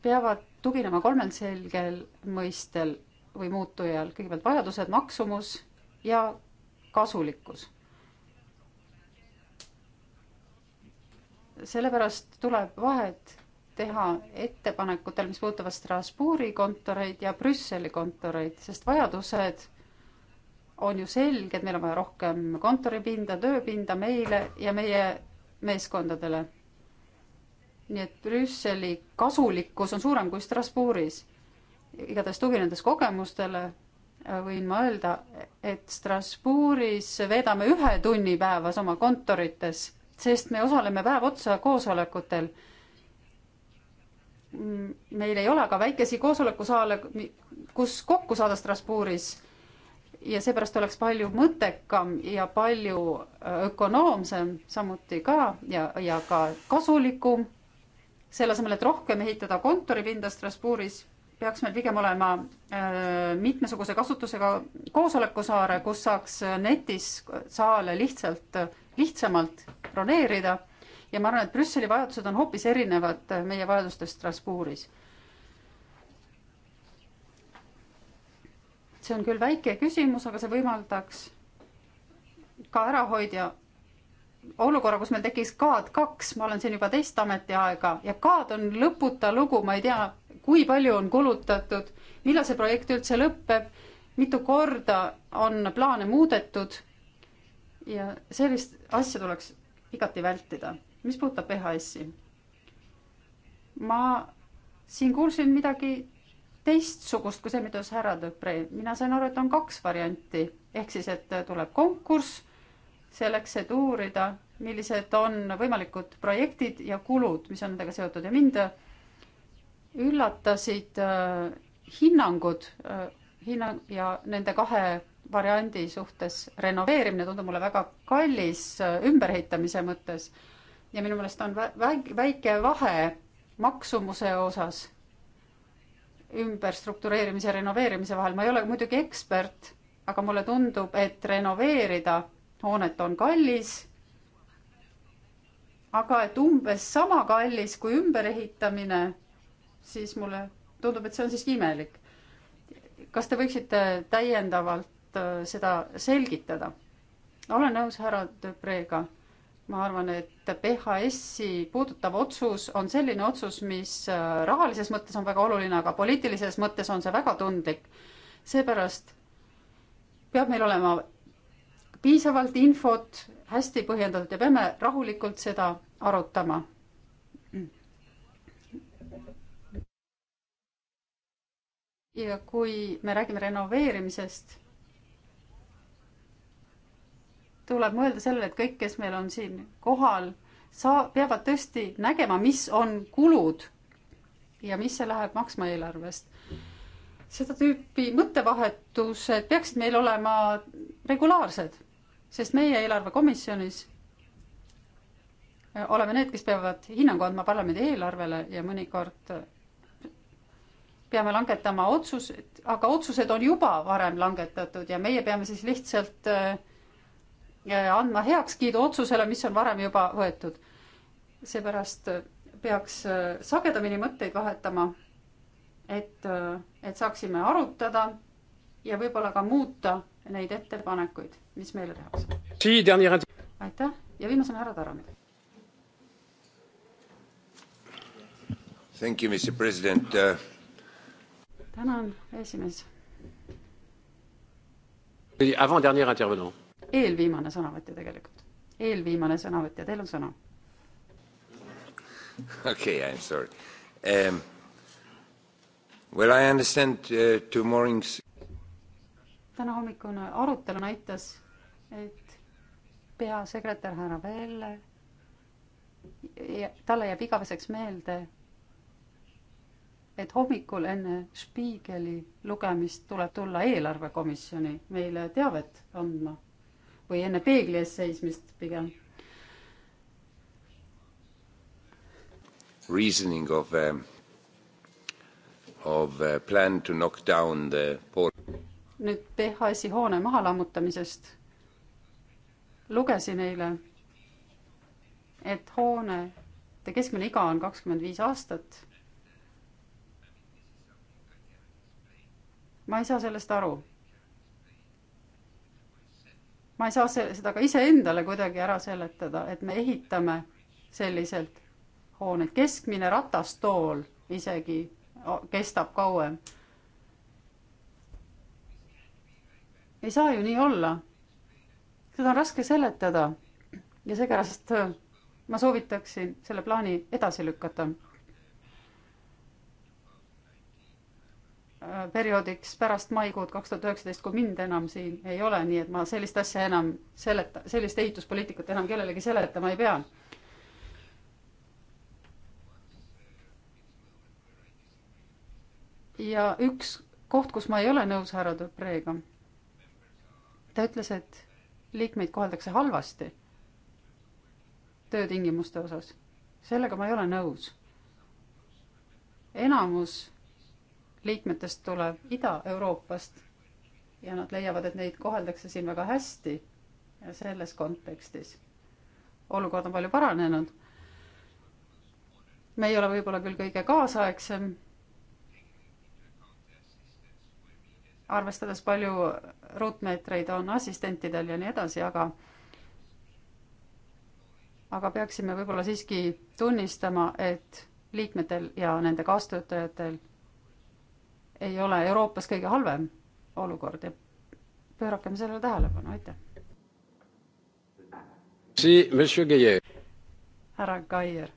peavad tuginema kolmel selgel mõistel või muutujal. kõigepealt vajadused, maksumus ja kasulikkus. sellepärast tuleb vahet teha ettepanekutel, mis puudutavad Strasbourgi kontoreid ja Brüsseli kontoreid, sest vajadused on ju selged, meil on vaja rohkem kontoripinda, tööpinda meile ja meie meeskondadele. nii et Brüsseli kasulikkus on suurem kui Strasbourgis. igatahes tuginedes kogemustele võin ma öelda, et Strasbourgis veedame ühe tunni päevas oma kontorites, sest me osaleme päev otsa koosolekutel meil ei ole ka väikesi koosolekusaale, kus kokku saada Strasbourgis ja seepärast oleks palju mõttekam ja palju äh, ökonoomsem samuti ka ja, ja ka kasulikum. selle asemel, et rohkem ehitada kontoripinda Strasbourgis, peaks meil pigem olema äh, mitmesuguse kasutusega koosolekusaare, kus saaks äh, netis saale lihtsalt, lihtsamalt broneerida ja ma arvan, et Brüsseli vajadused on hoopis erinevad äh, meie vajadustest Strasbourgis. see on küll väike küsimus, aga see võimaldaks ka ära hoida olukorra, kus meil tekkis kaad kaks, ma olen siin juba teist ametiaega ja kaad on lõputa lugu, ma ei tea, kui palju on kulutatud, millal see projekt üldse lõpeb, mitu korda on plaane muudetud. ja sellist asja tuleks igati vältida mis puudutab PHS-i, e ma siin kuulsin midagi teistsugust kui see, mida ütles härra Dupre. mina sain aru, et on kaks varianti, ehk siis, et tuleb konkurss selleks, et uurida, millised on võimalikud projektid ja kulud, mis on nendega seotud ja mind üllatasid äh, hinnangud äh,, hinnang ja nende kahe variandi suhtes renoveerimine tundub mulle väga kallis äh, ümberehitamise mõttes äh, ja minu meelest on väike vahe maksumuse osas ümberstruktureerimise ja renoveerimise vahel. ma ei ole muidugi ekspert, aga mulle tundub, et renoveerida hoonet on kallis. aga et umbes sama kallis kui ümberehitamine, siis mulle tundub, et see on siiski imelik. kas te võiksite täiendavalt äh, seda selgitada? olen nõus härra Debrega ma arvan, et PHS-i puudutav otsus on selline otsus, mis äh, rahalises mõttes on väga oluline, aga poliitilises mõttes on see väga tundlik. seepärast peab meil olema piisavalt infot, hästi põhjendatud ja peame rahulikult seda arutama. ja kui me räägime renoveerimisest tuleb mõelda sellele, et kõik, kes meil on siin kohal, saa-, peavad tõesti nägema, mis on kulud ja mis see läheb maksma eelarvest. seda tüüpi mõttevahetused peaksid meil olema regulaarsed, sest meie eelarvekomisjonis äh, oleme need, kes peavad hinnangu andma parlamendi eelarvele ja mõnikord peame langetama otsuseid, aga otsused on juba varem langetatud ja meie peame siis lihtsalt äh, andma heakskiidu otsusele, mis on varem juba võetud. seepärast peaks äh, sagedamini mõtteid vahetama, et, äh, et saaksime arutada ja võib-olla ka muuta neid ettepanekuid, mis meile tehakse. aitäh ja viimasena härra Tarand. Thank you, Mr President uh.... tänan, esimees. Avant-dernier intervenant eelviimane sõnavõtja tegelikult. eelviimane sõnavõtja, teil on sõna. okei okay,, I am sorry um,. Well I understand uh, two mornings täna hommikune arutelu näitas, et peasekretär härra Velle, talle jääb igaveseks meelde, et hommikul enne Spiegeli lugemist tuleb tulla eelarvekomisjoni meile teavet andma või enne peegli ees seismist pigem. Reasoning of um, of uh, plan to knock down the port. nüüd PHS-i hoone maha lammutamisest. lugesin eile, et hoone, ta keskmine iga on kakskümmend viis aastat. ma ei saa sellest aru ma ei saa seda ka iseendale kuidagi ära seletada, et me ehitame selliselt hooneid, keskmine ratastool isegi kestab kauem. ei saa ju nii olla. seda on raske seletada ja seepärast äh, ma soovitaksin selle plaani edasi lükata Äh, perioodiks pärast maikuud kaks tuhat üheksateist, kui mind enam siin ei ole, nii et ma sellist asja enam seleta, sellist ehituspoliitikat enam kellelegi seletama ei pea. ja üks koht, kus ma ei ole nõus härra Dupreega, ta ütles, et liikmeid koheldakse halvasti töötingimuste osas. sellega ma ei ole nõus. enamus liikmetest tuleb Ida-Euroopast ja nad leiavad, et neid koheldakse siin väga hästi ja selles kontekstis. olukord on palju paranenud. me ei ole võib-olla küll kõige kaasaegsem, arvestades palju ruutmeetreid on assistentidel ja nii edasi, aga aga peaksime võib-olla siiski tunnistama, et liikmetel ja nende kaastöötajatel ei ole Euroopas kõige halvem olukord ja pöörakem sellele tähelepanu, aitäh. härra Kaier.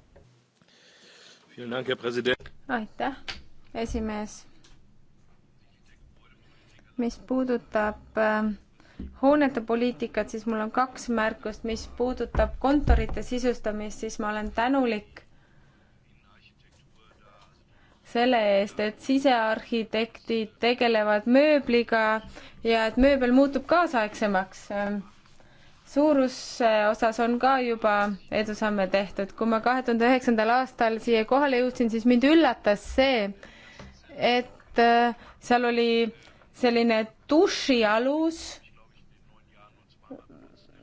aitäh, esimees. mis puudutab äh, hoonete poliitikat, siis mul on kaks märkust, mis puudutab kontorite sisustamist, siis ma olen tänulik selle eest, et sisearhitektid tegelevad mööbliga ja et mööbel muutub kaasaegsemaks. suuruse äh, osas on ka juba edusamme tehtud. kui ma kahe tuhande üheksandal aastal siia kohale jõudsin, siis mind üllatas see, et äh, seal oli selline duši alus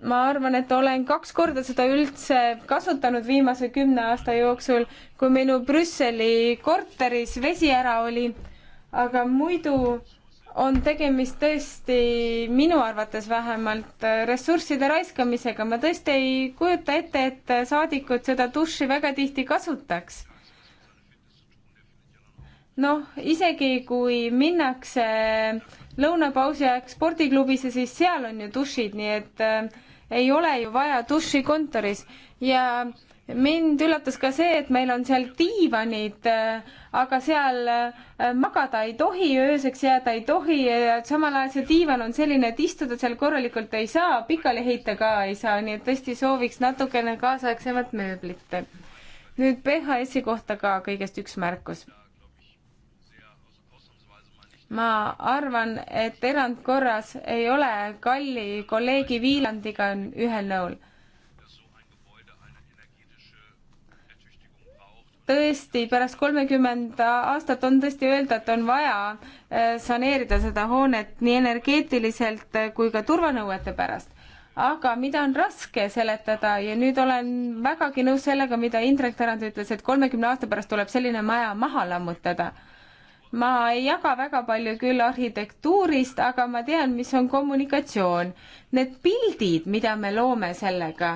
ma arvan, et olen kaks korda seda üldse kasutanud viimase kümne aasta jooksul, kui minu Brüsseli korteris vesi ära oli. aga muidu on tegemist tõesti, minu arvates vähemalt, ressursside raiskamisega. ma tõesti ei kujuta ette, et saadikud seda duši väga tihti kasutaks. noh, isegi kui minnakse lõunapausi ajaks spordiklubisse, siis seal on ju dušid, nii et äh, ei ole ju vaja duši kontoris ja mind üllatas ka see, et meil on seal diivanid, äh, aga seal äh, magada ei tohi, ööseks jääda ei tohi ja samal ajal see diivan on selline, et istuda seal korralikult ei saa, pikali heita ka ei saa, nii et tõesti sooviks natukene kaasaegsemat mööblit. nüüd PHS-i kohta ka kõigest üks märkus ma arvan, et erandkorras ei ole kalli kolleegi Viilandiga ühel nõul. tõesti, pärast kolmekümnenda aastat on tõesti öelda, et on vaja eh, saneerida seda hoonet nii energeetiliselt eh, kui ka turvanõuete pärast. aga mida on raske seletada ja nüüd olen vägagi nõus sellega, mida Indrek Tarand ütles, et kolmekümne aasta pärast tuleb selline maja maha lammutada ma ei jaga väga palju küll arhitektuurist, aga ma tean, mis on kommunikatsioon. Need pildid, mida me loome sellega,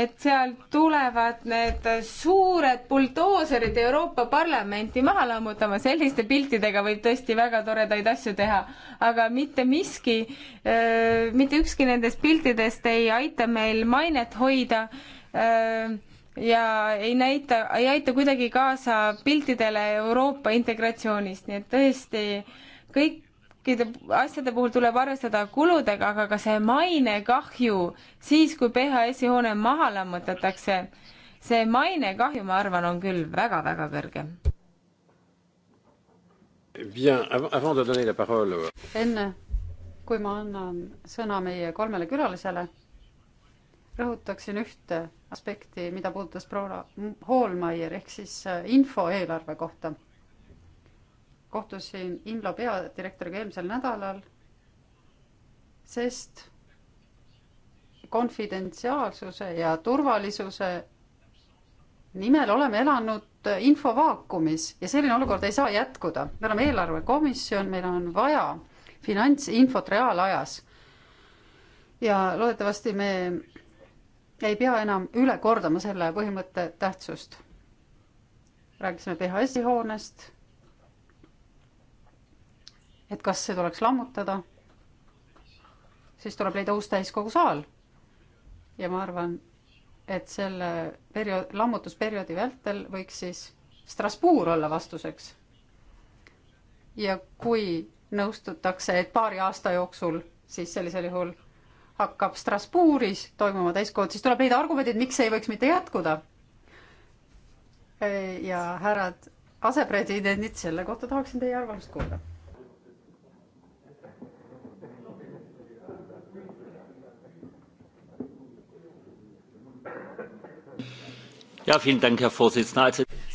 et sealt tulevad need suured buldooserid Euroopa Parlamenti maha lammutama, selliste piltidega võib tõesti väga toredaid asju teha, aga mitte miski, mitte ükski nendest piltidest ei aita meil mainet hoida öö, ja ei näita, ei aita kuidagi kaasa piltidele Euroopa integratsioonist, nii et tõesti kõikide asjade puhul tuleb arvestada kuludega, aga ka see mainekahju siis, kui PHS-i hoone maha lammutatakse, see mainekahju, ma arvan, on küll väga-väga kõrge. enne kui ma annan sõna meie kolmele külalisele, rõhutaksin ühte aspekti, mida puudutas proua Hoolmeier ehk siis äh, info eelarve kohta. kohtusin Inlo peadirektoriga eelmisel nädalal, sest konfidentsiaalsuse ja turvalisuse nimel oleme elanud äh, infovaakumis ja selline olukord ei saa jätkuda. me oleme eelarvekomisjon, meil on vaja finantsinfot reaalajas. ja loodetavasti me ei pea enam üle kordama selle põhimõtte tähtsust. rääkisime PHS-i hoonest, et kas see tuleks lammutada, siis tuleb leida uus täiskogu saal. ja ma arvan, et selle periood, lammutusperioodi vältel võiks siis Strasbourg olla vastuseks. ja kui nõustutakse, et paari aasta jooksul, siis sellisel juhul hakkab Strasbourgis toimuma täiskogud, siis tuleb leida argumendid, miks see ei võiks mitte jätkuda. ja härrad asepresidendid, selle kohta tahaksin teie arvamust kuulda.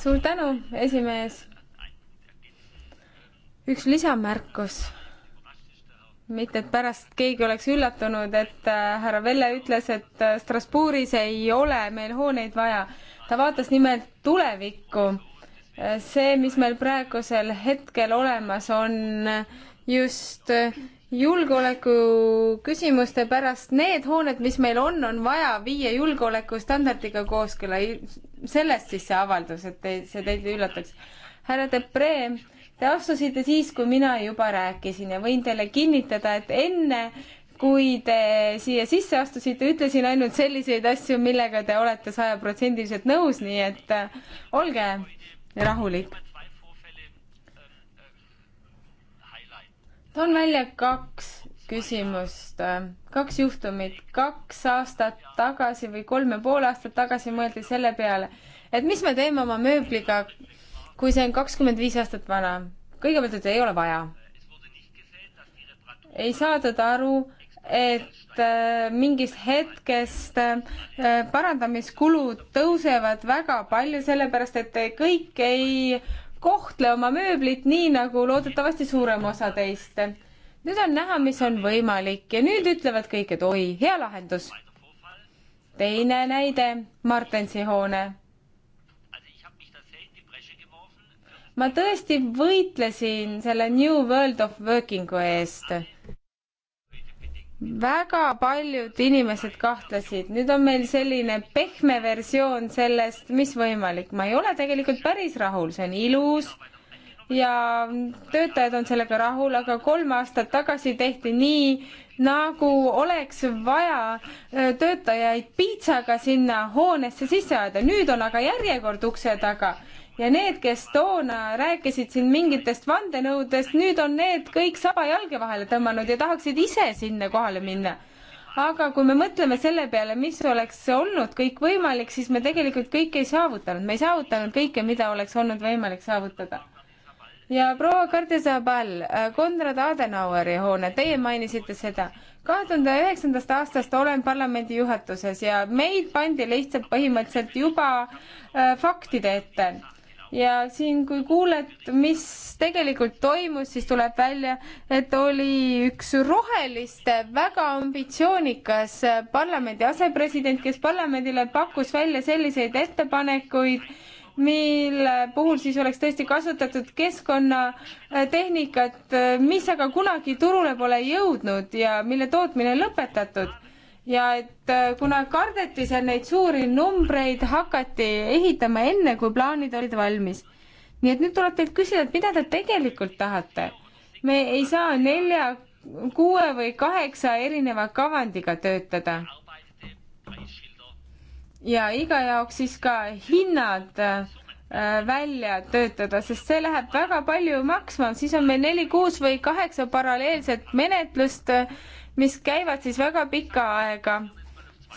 suur tänu, esimees. üks lisamärkus mitte et pärast keegi oleks üllatunud, et äh, härra Velle ütles, et äh, Strasbourgis ei ole meil hooneid vaja. ta vaatas nimelt tulevikku. Äh, see, mis meil praegusel hetkel olemas on, just julgeoleku küsimuste pärast need hooned, mis meil on, on vaja viia julgeolekustandardiga kooskõlla. sellest siis see avaldus, et te, see teid ei üllataks. härra Depree Te astusite siis, kui mina juba rääkisin ja võin teile kinnitada, et enne kui te siia sisse astusite, ütlesin ainult selliseid asju, millega te olete sajaprotsendiliselt nõus, nii et äh, olge rahulik. toon välja kaks küsimust, äh, kaks juhtumit, kaks aastat tagasi või kolm ja pool aastat tagasi mõeldi selle peale, et mis me teeme oma mööbliga kui see on kakskümmend viis aastat vana. kõigepealt, et ei ole vaja. ei saadud aru, et äh, mingist hetkest äh, parandamiskulud tõusevad väga palju, sellepärast et kõik ei kohtle oma mööblit nii, nagu loodetavasti suurem osa teist. nüüd on näha, mis on võimalik ja nüüd ütlevad kõik, et oi, hea lahendus. teine näide, Martensi hoone ma tõesti võitlesin selle New World of Working'u eest. väga paljud inimesed kahtlesid, nüüd on meil selline pehme versioon sellest, mis võimalik, ma ei ole tegelikult päris rahul, see on ilus ja töötajad on sellega rahul, aga kolm aastat tagasi tehti nii, nagu oleks vaja e, töötajaid piitsaga sinna hoonesse sisse ajada, nüüd on aga järjekord ukse taga ja need, kes toona rääkisid siin mingitest vandenõudest, nüüd on need kõik saba jalge vahele tõmmanud ja tahaksid ise sinna kohale minna. aga kui me mõtleme selle peale, mis oleks olnud kõik võimalik, siis me tegelikult kõike ei saavutanud, me ei saavutanud kõike, mida oleks olnud võimalik saavutada. ja proua Kardesabal, Konrad Adenaueri hoone, teie mainisite seda kahe tuhande üheksandast aastast olen parlamendi juhatuses ja meid pandi lihtsalt põhimõtteliselt juba äh, faktide ette ja siin, kui kuuled, mis tegelikult toimus, siis tuleb välja, et oli üks roheliste väga ambitsioonikas parlamendi asepresident, kes parlamendile pakkus välja selliseid ettepanekuid, mille puhul siis oleks tõesti kasutatud keskkonnatehnikat, mis aga kunagi turule pole jõudnud ja mille tootmine lõpetatud ja et äh, kuna kardeti seal neid suuri numbreid, hakati ehitama enne, kui plaanid olid valmis. nii et nüüd tuleb teilt küsida, et mida te tegelikult tahate. me ei saa nelja, kuue või kaheksa erineva kavandiga töötada. ja iga jaoks siis ka hinnad äh, välja töötada, sest see läheb väga palju maksma, siis on meil neli, kuus või kaheksa paralleelset menetlust mis käivad siis väga pikka aega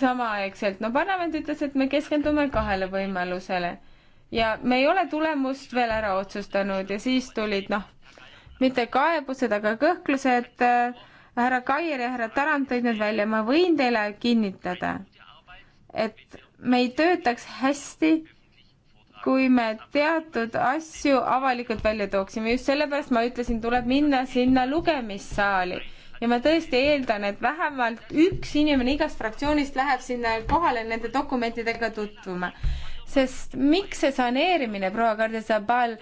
samaaegselt. no parlament ütles, et me keskendume kahele võimalusele ja me ei ole tulemust veel ära otsustanud ja siis tulid noh, mitte kaebused, aga kõhklused. härra Kaier ja härra Tarand tõid need välja, ma võin teile kinnitada, et me ei töötaks hästi, kui me teatud asju avalikult välja tooksime, just sellepärast ma ütlesin, tuleb minna sinna lugemissaali ja ma tõesti eeldan, et vähemalt üks inimene igast fraktsioonist läheb sinna kohale nende dokumentidega tutvuma. sest miks see saneerimine, proua Kardesabal,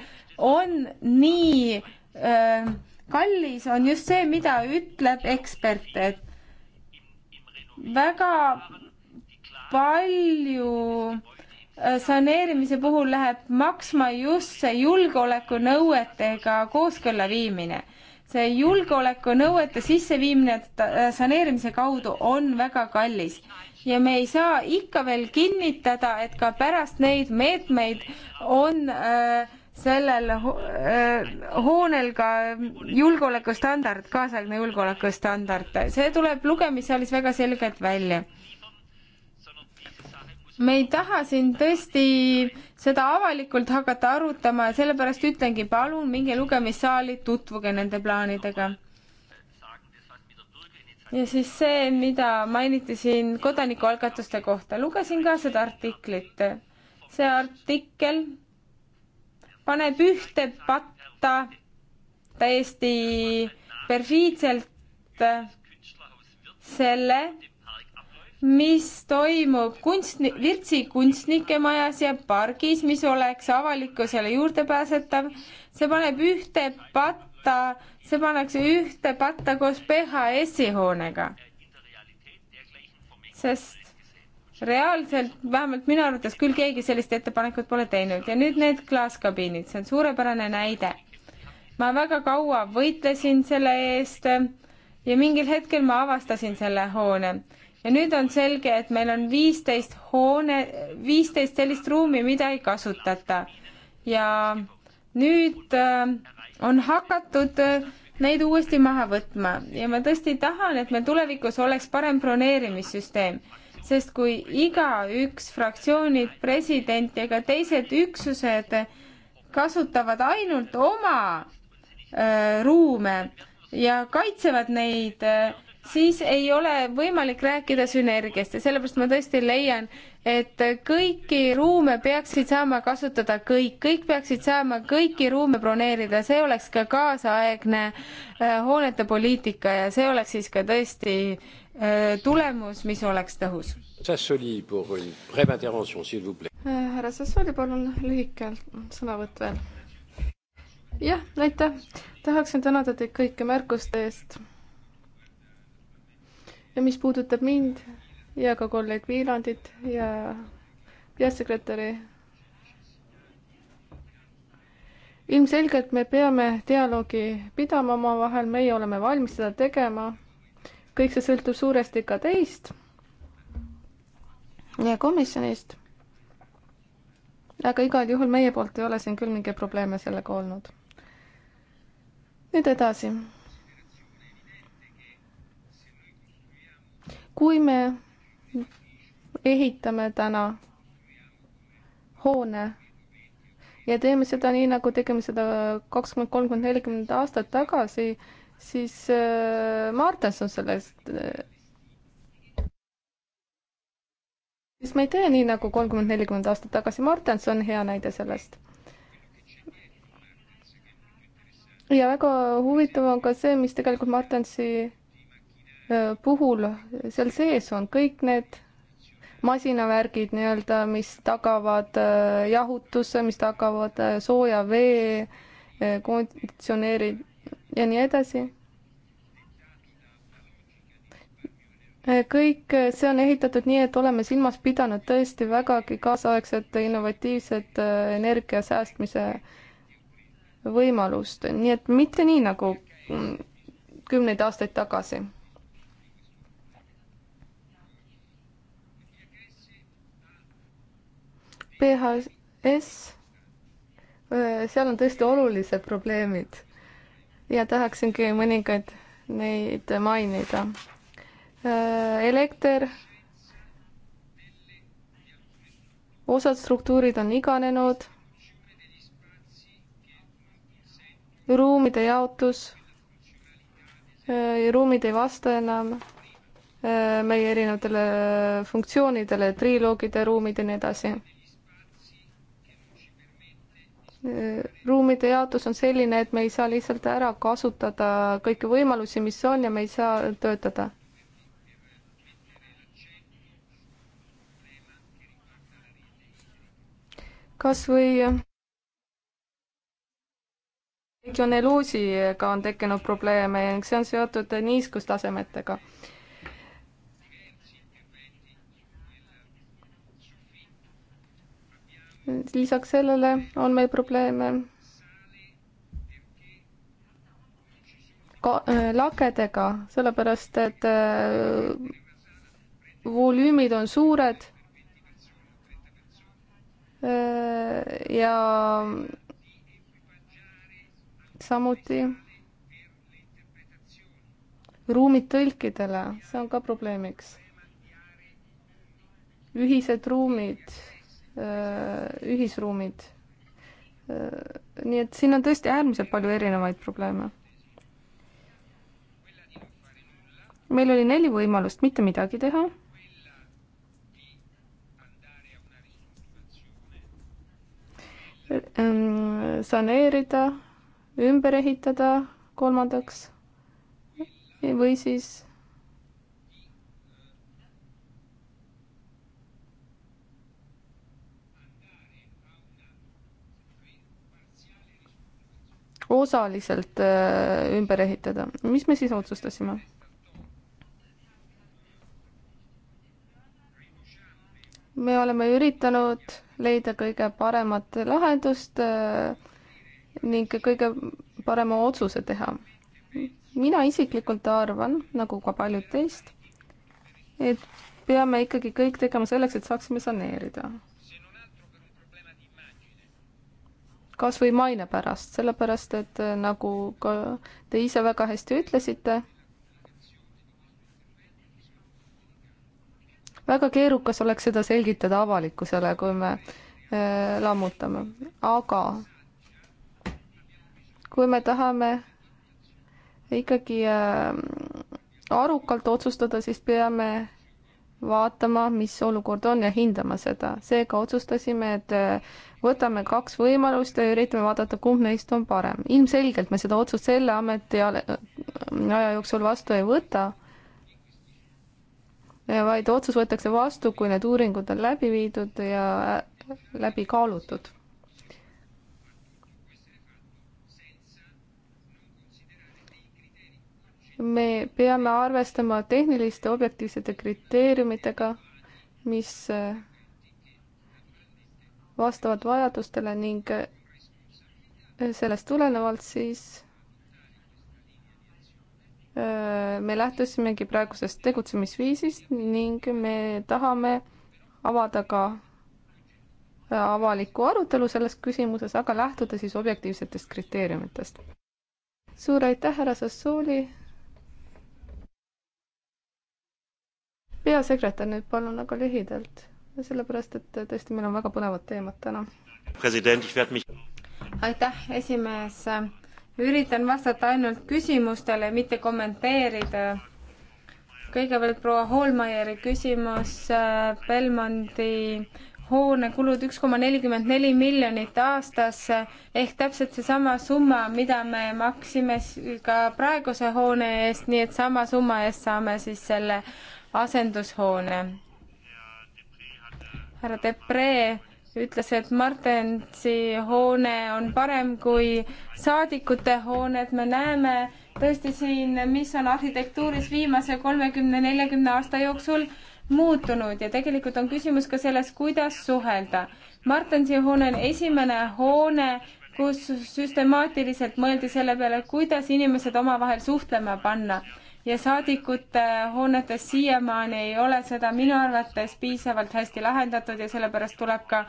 on nii öö, äh, kallis, on just see, mida ütleb ekspert, et väga palju äh, saneerimise puhul läheb maksma just see julgeolekunõuetega kooskõlla viimine see julgeolekunõuete sisseviimine saneerimise kaudu on väga kallis ja me ei saa ikka veel kinnitada, et ka pärast neid meetmeid on äh, sellel ho äh, hoonel ka julgeolekustandard, kaasaegne julgeolekustandard, see tuleb lugemissaalis väga selgelt välja me ei taha siin tõesti seda avalikult hakata arutama ja sellepärast ütlengi, palun minge lugemissaali, tutvuge nende plaanidega. ja siis see, mida mainiti siin kodanikualgatuste kohta, lugesin ka seda artiklit. see artikkel paneb ühte patta täiesti perfiidselt selle, mis toimub kunstni-, Virtsi kunstnikemajas ja pargis, mis oleks avalikkusele juurdepääsetav. see paneb ühte patta, see pannakse ühte patta koos PHS-i hoonega. sest reaalselt, vähemalt minu arvates küll keegi sellist ettepanekut pole teinud ja nüüd need klaaskabiinid, see on suurepärane näide. ma väga kaua võitlesin selle eest ja mingil hetkel ma avastasin selle hoone ja nüüd on selge, et meil on viisteist hoone, viisteist sellist ruumi, mida ei kasutata. ja nüüd äh, on hakatud äh, neid uuesti maha võtma ja ma tõesti tahan, et meil tulevikus oleks parem broneerimissüsteem, sest kui igaüks fraktsioonid, president ja ka teised üksused kasutavad ainult oma öö, äh, ruume ja kaitsevad neid öö, siis ei ole võimalik rääkida sünergiast ja sellepärast ma tõesti leian, et kõiki ruume peaksid saama kasutada kõik, kõik peaksid saama kõiki ruume broneerida, see oleks ka kaasaegne äh, hoonete poliitika ja see oleks siis ka tõesti äh, tulemus, mis oleks tõhus. Sassoli pour une brève intervention, s'il vous plaît. Äh, härra Sassoli, palun lühike sõnavõtt veel. jah, aitäh. tahaksin tänada teid kõiki märkuste eest ja mis puudutab mind ja ka kolleeg Viilandit ja peasekretäri. ilmselgelt me peame dialoogi pidama omavahel, meie oleme valmis seda tegema. kõik see sõltub suuresti ka teist ja komisjonist. aga igal juhul meie poolt ei ole siin küll mingeid probleeme sellega olnud. nüüd edasi kui me ehitame täna hoone ja teeme seda nii, nagu tegime seda kakskümmend, kolmkümmend, nelikümmend aastat tagasi, siis äh, Martas on sellest äh,. siis me ei tee nii nagu kolmkümmend, nelikümmend aastat tagasi, Martens on hea näide sellest. ja väga huvitav on ka see, mis tegelikult Martensi puhul seal sees on kõik need masinavärgid nii-öelda, mis tagavad jahutuse, mis tagavad sooja vee, konditsioneerid ja nii edasi. kõik see on ehitatud nii, et oleme silmas pidanud tõesti vägagi kaasaegset innovatiivset energia säästmise võimalust, nii et mitte nii nagu mm, kümneid aastaid tagasi PHS, seal on tõesti olulised probleemid ja tahaksingi mõningaid neid mainida. elekter, osad struktuurid on iganenud, ruumide jaotus, ruumid ei vasta enam meie erinevatele funktsioonidele, triloogide ruumid ja nii edasi ruumide jaotus on selline, et me ei saa lihtsalt ära kasutada kõiki võimalusi, mis on ja me ei saa töötada. kas või regioneluusiga on tekkinud probleeme ning see on seotud niiskustasemetega lisaks sellele on meil probleeme ka äh, lagedega, sellepärast et äh, volüümid on suured äh, ja samuti ruumid tõlkidele, see on ka probleemiks. ühised ruumid ühisruumid. nii et siin on tõesti äärmiselt palju erinevaid probleeme. meil oli neli võimalust mitte midagi teha. saneerida, ümber ehitada, kolmandaks või siis osaliselt äh, ümber ehitada. mis me siis otsustasime? me oleme üritanud leida kõige paremat lahendust äh, ning kõige parema otsuse teha. mina isiklikult arvan, nagu ka paljud teist, et peame ikkagi kõik tegema selleks, et saaksime saneerida kas või maine pärast, sellepärast et äh, nagu ka te ise väga hästi ütlesite, väga keerukas oleks seda selgitada avalikkusele, kui me äh, lammutame, aga kui me tahame ikkagi äh, arukalt otsustada, siis peame vaatama, mis olukord on ja hindama seda. seega otsustasime, et äh, võtame kaks võimalust ja üritame vaadata, kumb neist on parem. ilmselgelt me seda otsust selle ameti äh, aja jooksul vastu ei võta, vaid otsus võetakse vastu, kui need uuringud on läbi viidud ja äh, läbi kaalutud. me peame arvestama tehniliste objektiivsete kriteeriumitega, mis äh, vastavalt vajadustele ning eh, sellest tulenevalt siis eh, me lähtusimegi praegusest tegutsemisviisist ning me tahame avada ka eh, avaliku arutelu selles küsimuses, aga lähtuda siis objektiivsetest kriteeriumitest. suur aitäh, härra Sassooli. peasekretär nüüd palun, aga lühidalt sellepärast et tõesti, meil on väga põnevad teemad täna. aitäh, esimees. üritan vastata ainult küsimustele, mitte kommenteerida. kõigepealt proua Holmajärvi küsimus äh, Belmondi hoonekulud üks koma nelikümmend neli miljonit aastas ehk täpselt seesama summa, mida me maksime ka praeguse hoone eest, nii et sama summa eest saame siis selle asendushoone härra Depree ütles, et Martensi hoone on parem kui saadikute hoone, et me näeme tõesti siin, mis on arhitektuuris viimase kolmekümne, neljakümne aasta jooksul muutunud ja tegelikult on küsimus ka selles, kuidas suhelda. Martensi hoone on esimene hoone, kus süstemaatiliselt mõeldi selle peale, kuidas inimesed omavahel suhtlema panna ja saadikute hoonetes siiamaani ei ole seda minu arvates piisavalt hästi lahendatud ja sellepärast tuleb ka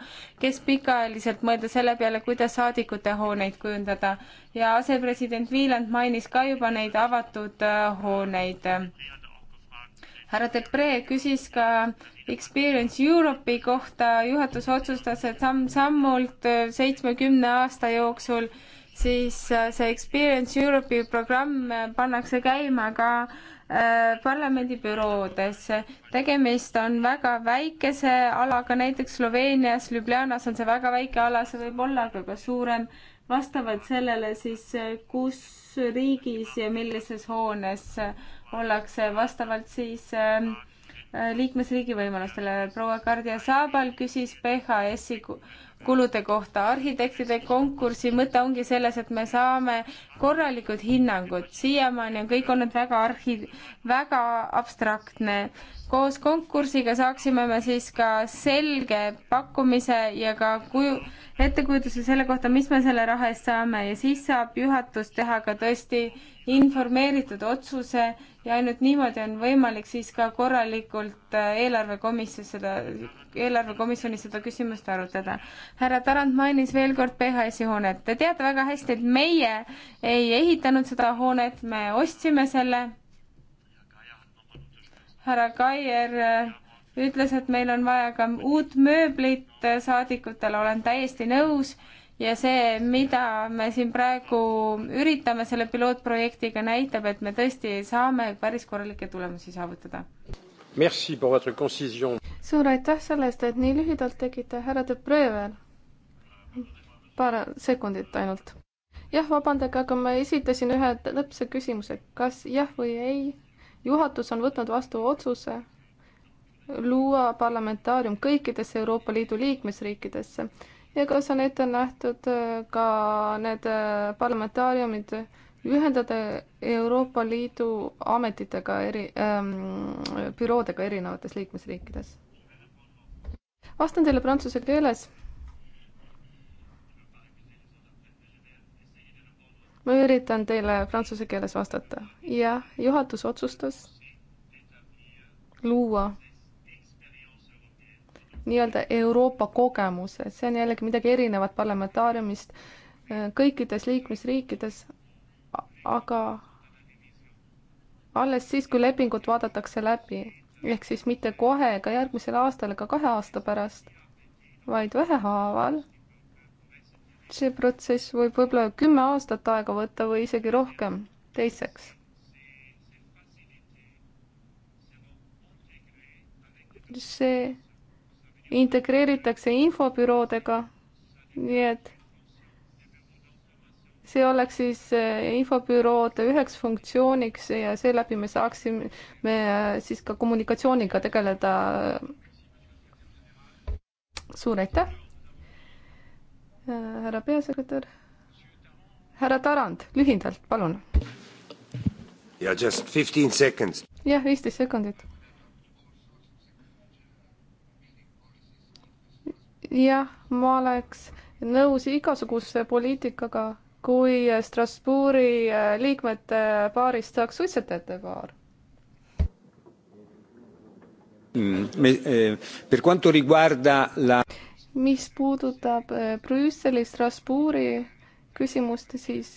keskpikaajaliselt mõelda selle peale, kuidas saadikute hooneid kujundada. ja asepresident Viiland mainis ka juba neid avatud äh, hooneid. härra Depree küsis ka Experience Europe'i kohta, juhatus otsustas, et samm-sammult äh, seitsmekümne aasta jooksul äh, siis äh, see Experience Europe'i programm äh, pannakse käima ka äh, parlamendi büroodesse. tegemist on väga väikese alaga, näiteks Sloveenias, Ljubljanas on see väga väike ala, see võib olla aga ka suurem, vastavalt sellele siis, kus riigis ja millises hoones ollakse, vastavalt siis liikmesriigi võimalustele. proua Kardia Saabal küsis PHS-i kulude kohta. arhitektide konkursi mõte ongi selles, et me saame korralikud hinnangud. siiamaani on kõik olnud väga arhi-, väga abstraktne. koos konkursiga saaksime me siis ka selge pakkumise ja ka kuju, ettekujutuse selle kohta, mis me selle raha eest saame ja siis saab juhatus teha ka tõesti informeeritud otsuse ja ainult niimoodi on võimalik siis ka korralikult äh, eelarvekomisjonis seda, eelarvekomisjonis seda küsimust arutada. härra Tarand mainis veel kord PHS-i hoonet. Te teate väga hästi, et meie ei ehitanud seda hoonet, me ostsime selle. härra Kaier äh, ütles, et meil on vaja ka uut mööblit, äh, saadikutele olen täiesti nõus ja see, mida me siin praegu üritame selle pilootprojektiga, näitab, et me tõesti saame päris korralikke tulemusi saavutada. suur aitäh selle eest, et nii lühidalt tegite, härra Debre veel. paar sekundit ainult. jah, vabandage, aga ma esitasin ühe täpse küsimuse, kas jah või ei, juhatus on võtnud vastu otsuse luua parlamentaarium kõikidesse Euroopa Liidu liikmesriikidesse ja kas on ette nähtud äh, ka need äh, parlamentaariumid ühendada Euroopa Liidu ametitega, eri ähm,, büroodega erinevates liikmesriikides? vastan teile prantsuse keeles ma üritan teile prantsuse keeles vastata. jah, juhatus otsustas luua nii-öelda Euroopa kogemuse, see on jällegi midagi erinevat parlamentaariumist äh, kõikides liikmesriikides, aga alles siis, kui lepingut vaadatakse läbi, ehk siis mitte kohe ega järgmisel aastal ega kahe aasta pärast, vaid vähehaaval. see protsess võib võib-olla kümme aastat aega võtta või isegi rohkem. teiseks see integreeritakse infobüroodega, nii et see oleks siis eh, infobüroode üheks funktsiooniks ja seeläbi me saaksime me eh, siis ka kommunikatsiooniga tegeleda. suur aitäh, eh, härra peasekretär. härra Tarand, lühidalt, palun. jah, viisteist sekundit jah, ma oleks nõus igasuguse poliitikaga, kui Strasbourgi äh, liikmete paarist saaks suitsetajate paar. Mm, eh, mis puudutab eh, Brüsseli, Strasbourgi küsimust, siis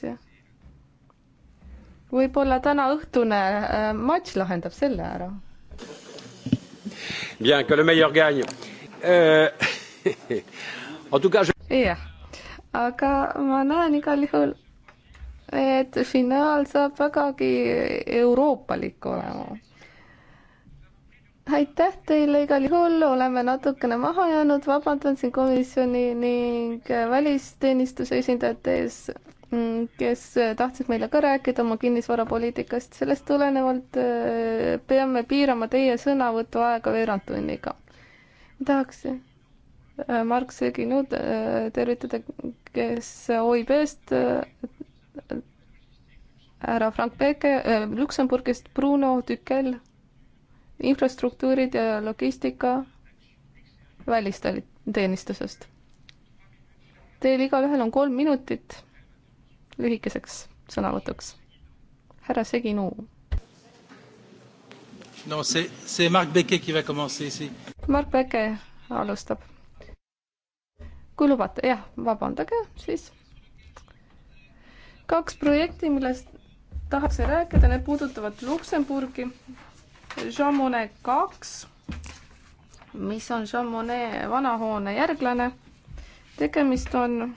võib-olla täna õhtune eh, matš lahendab selle ära. Bien, que le meilleur gagne euh.... jah, aga ma näen igal juhul, et finaal saab vägagi euroopalik olema. aitäh teile igal juhul, oleme natukene maha jäänud, vabandan siin komisjoni ning välisteenistuse esindajate ees, mm, kes tahtsid meile ka rääkida oma kinnisvarapoliitikast, sellest tulenevalt äh, peame piirama teie sõnavõtu aega veerand tunniga. tahaks Äh, Mark Seginud äh, tervitada, kes OIB-st, härra äh, Frank Peke Luksemburgist, Bruno Tükel, infrastruktuurid ja logistika välisteenistusest. Teil igalühel on kolm minutit lühikeseks sõnavõtuks. härra Seginu. no see, see Mark Beke, kes va commencer ici. Mark Beke alustab kui lubate, jah, vabandage siis. kaks projekti, millest tahaksin rääkida, need puudutavad Luksemburgi. Jean Monnet kaks, mis on Jean Monnet vana hoone järglane. tegemist on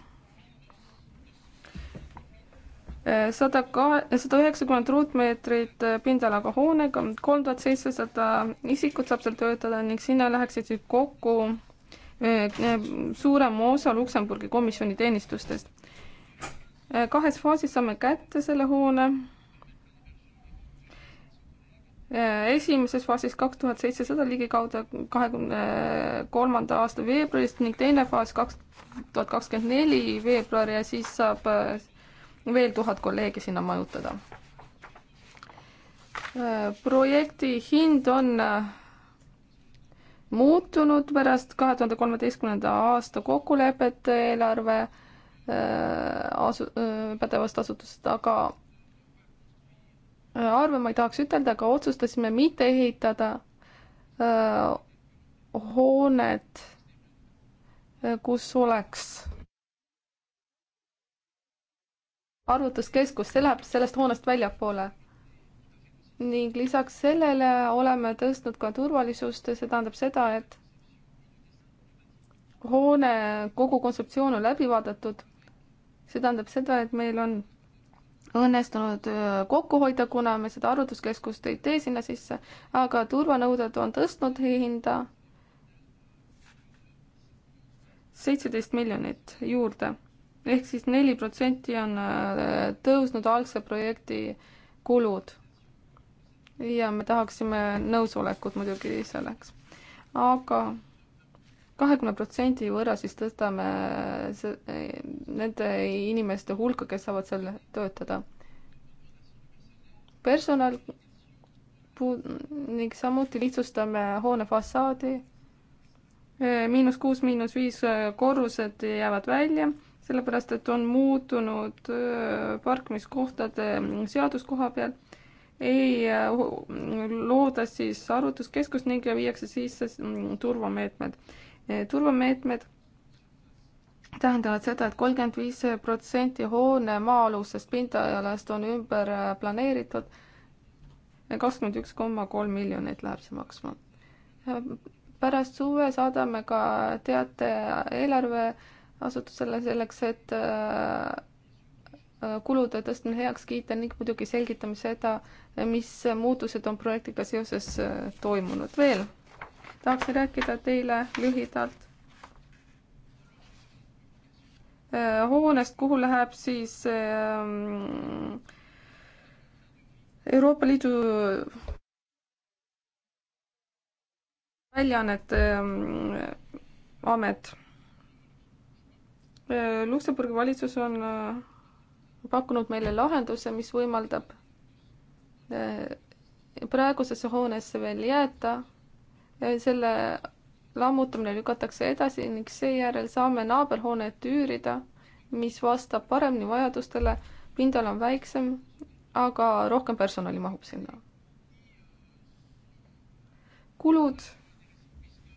äh, sada ka-, sada üheksakümmend ruutmeetrit äh, pindalaga hoonega, kolm tuhat seitsesada isikut saab seal töötada ning sinna läheksid siis kokku Äh, äh, suurema osa Luksemburgi komisjoni teenistustest. Äh, kahes faasis saame kätte selle hoone. esimeses faasis kaks tuhat seitsesada ligikaudu kahekümne kolmanda aasta veebruarist ning teine faas kaks tuhat kakskümmend neli veebruar ja siis saab veel tuhat kolleegi sinna majutada. projekti hind on muutunud pärast kahe tuhande kolmeteistkümnenda aasta kokkulepet eelarve äh, asu- äh,, pädevast asutusest, aga äh, arve ma ei tahaks ütelda, aga otsustasime mitte ehitada äh, hoonet, äh, kus oleks arvutuskeskus, see läheb sellest hoonest väljapoole ning lisaks sellele oleme tõstnud ka turvalisust, see tähendab seda, et hoone kogu kontseptsioon on läbi vaadatud. see tähendab seda, et meil on õnnestunud äh, kokku hoida, kuna me seda arvutuskeskust ei tee sinna sisse, aga turvanõuded on tõstnud hinda seitseteist miljonit juurde. ehk siis neli protsenti on äh, tõusnud algse projekti kulud ja me tahaksime nõusolekut muidugi selleks aga. aga kahekümne protsendi võrra siis tõstame nende inimeste hulka, kes saavad seal töötada. personal ning samuti lihtsustame hoone fassaadi. miinus kuus, miinus viis korrused jäävad välja, sellepärast et on muutunud äh, parkimiskohtade seadus koha peal ei äh, looda siis arvutuskeskust ning viiakse sisse mm, turvameetmed. Äh, turvameetmed tähendavad seda et, et kolmkümmend viis protsenti hoone maa-alusest pindalast on ümber äh, planeeritud. kakskümmend üks koma kolm miljonit läheb see maksma. pärast suve saadame ka teate eelarveasutusele selleks, et kulude tõstmine heaks kiita ning muidugi selgitame seda, mis muutused on projektiga seoses äh, toimunud veel. tahaksin rääkida teile lühidalt äh, hoonest, kuhu läheb siis ähm, Euroopa Liidu väljaannete ähm, amet. Äh, Luksemburgi valitsus on pakkunud meile lahenduse, mis võimaldab eh, praegusesse hoonesse veel jääda. Eh, selle lammutamine lükatakse edasi ning seejärel saame naaberhoonet üürida, mis vastab paremini vajadustele. pindala on väiksem, aga rohkem personali mahub sinna. kulud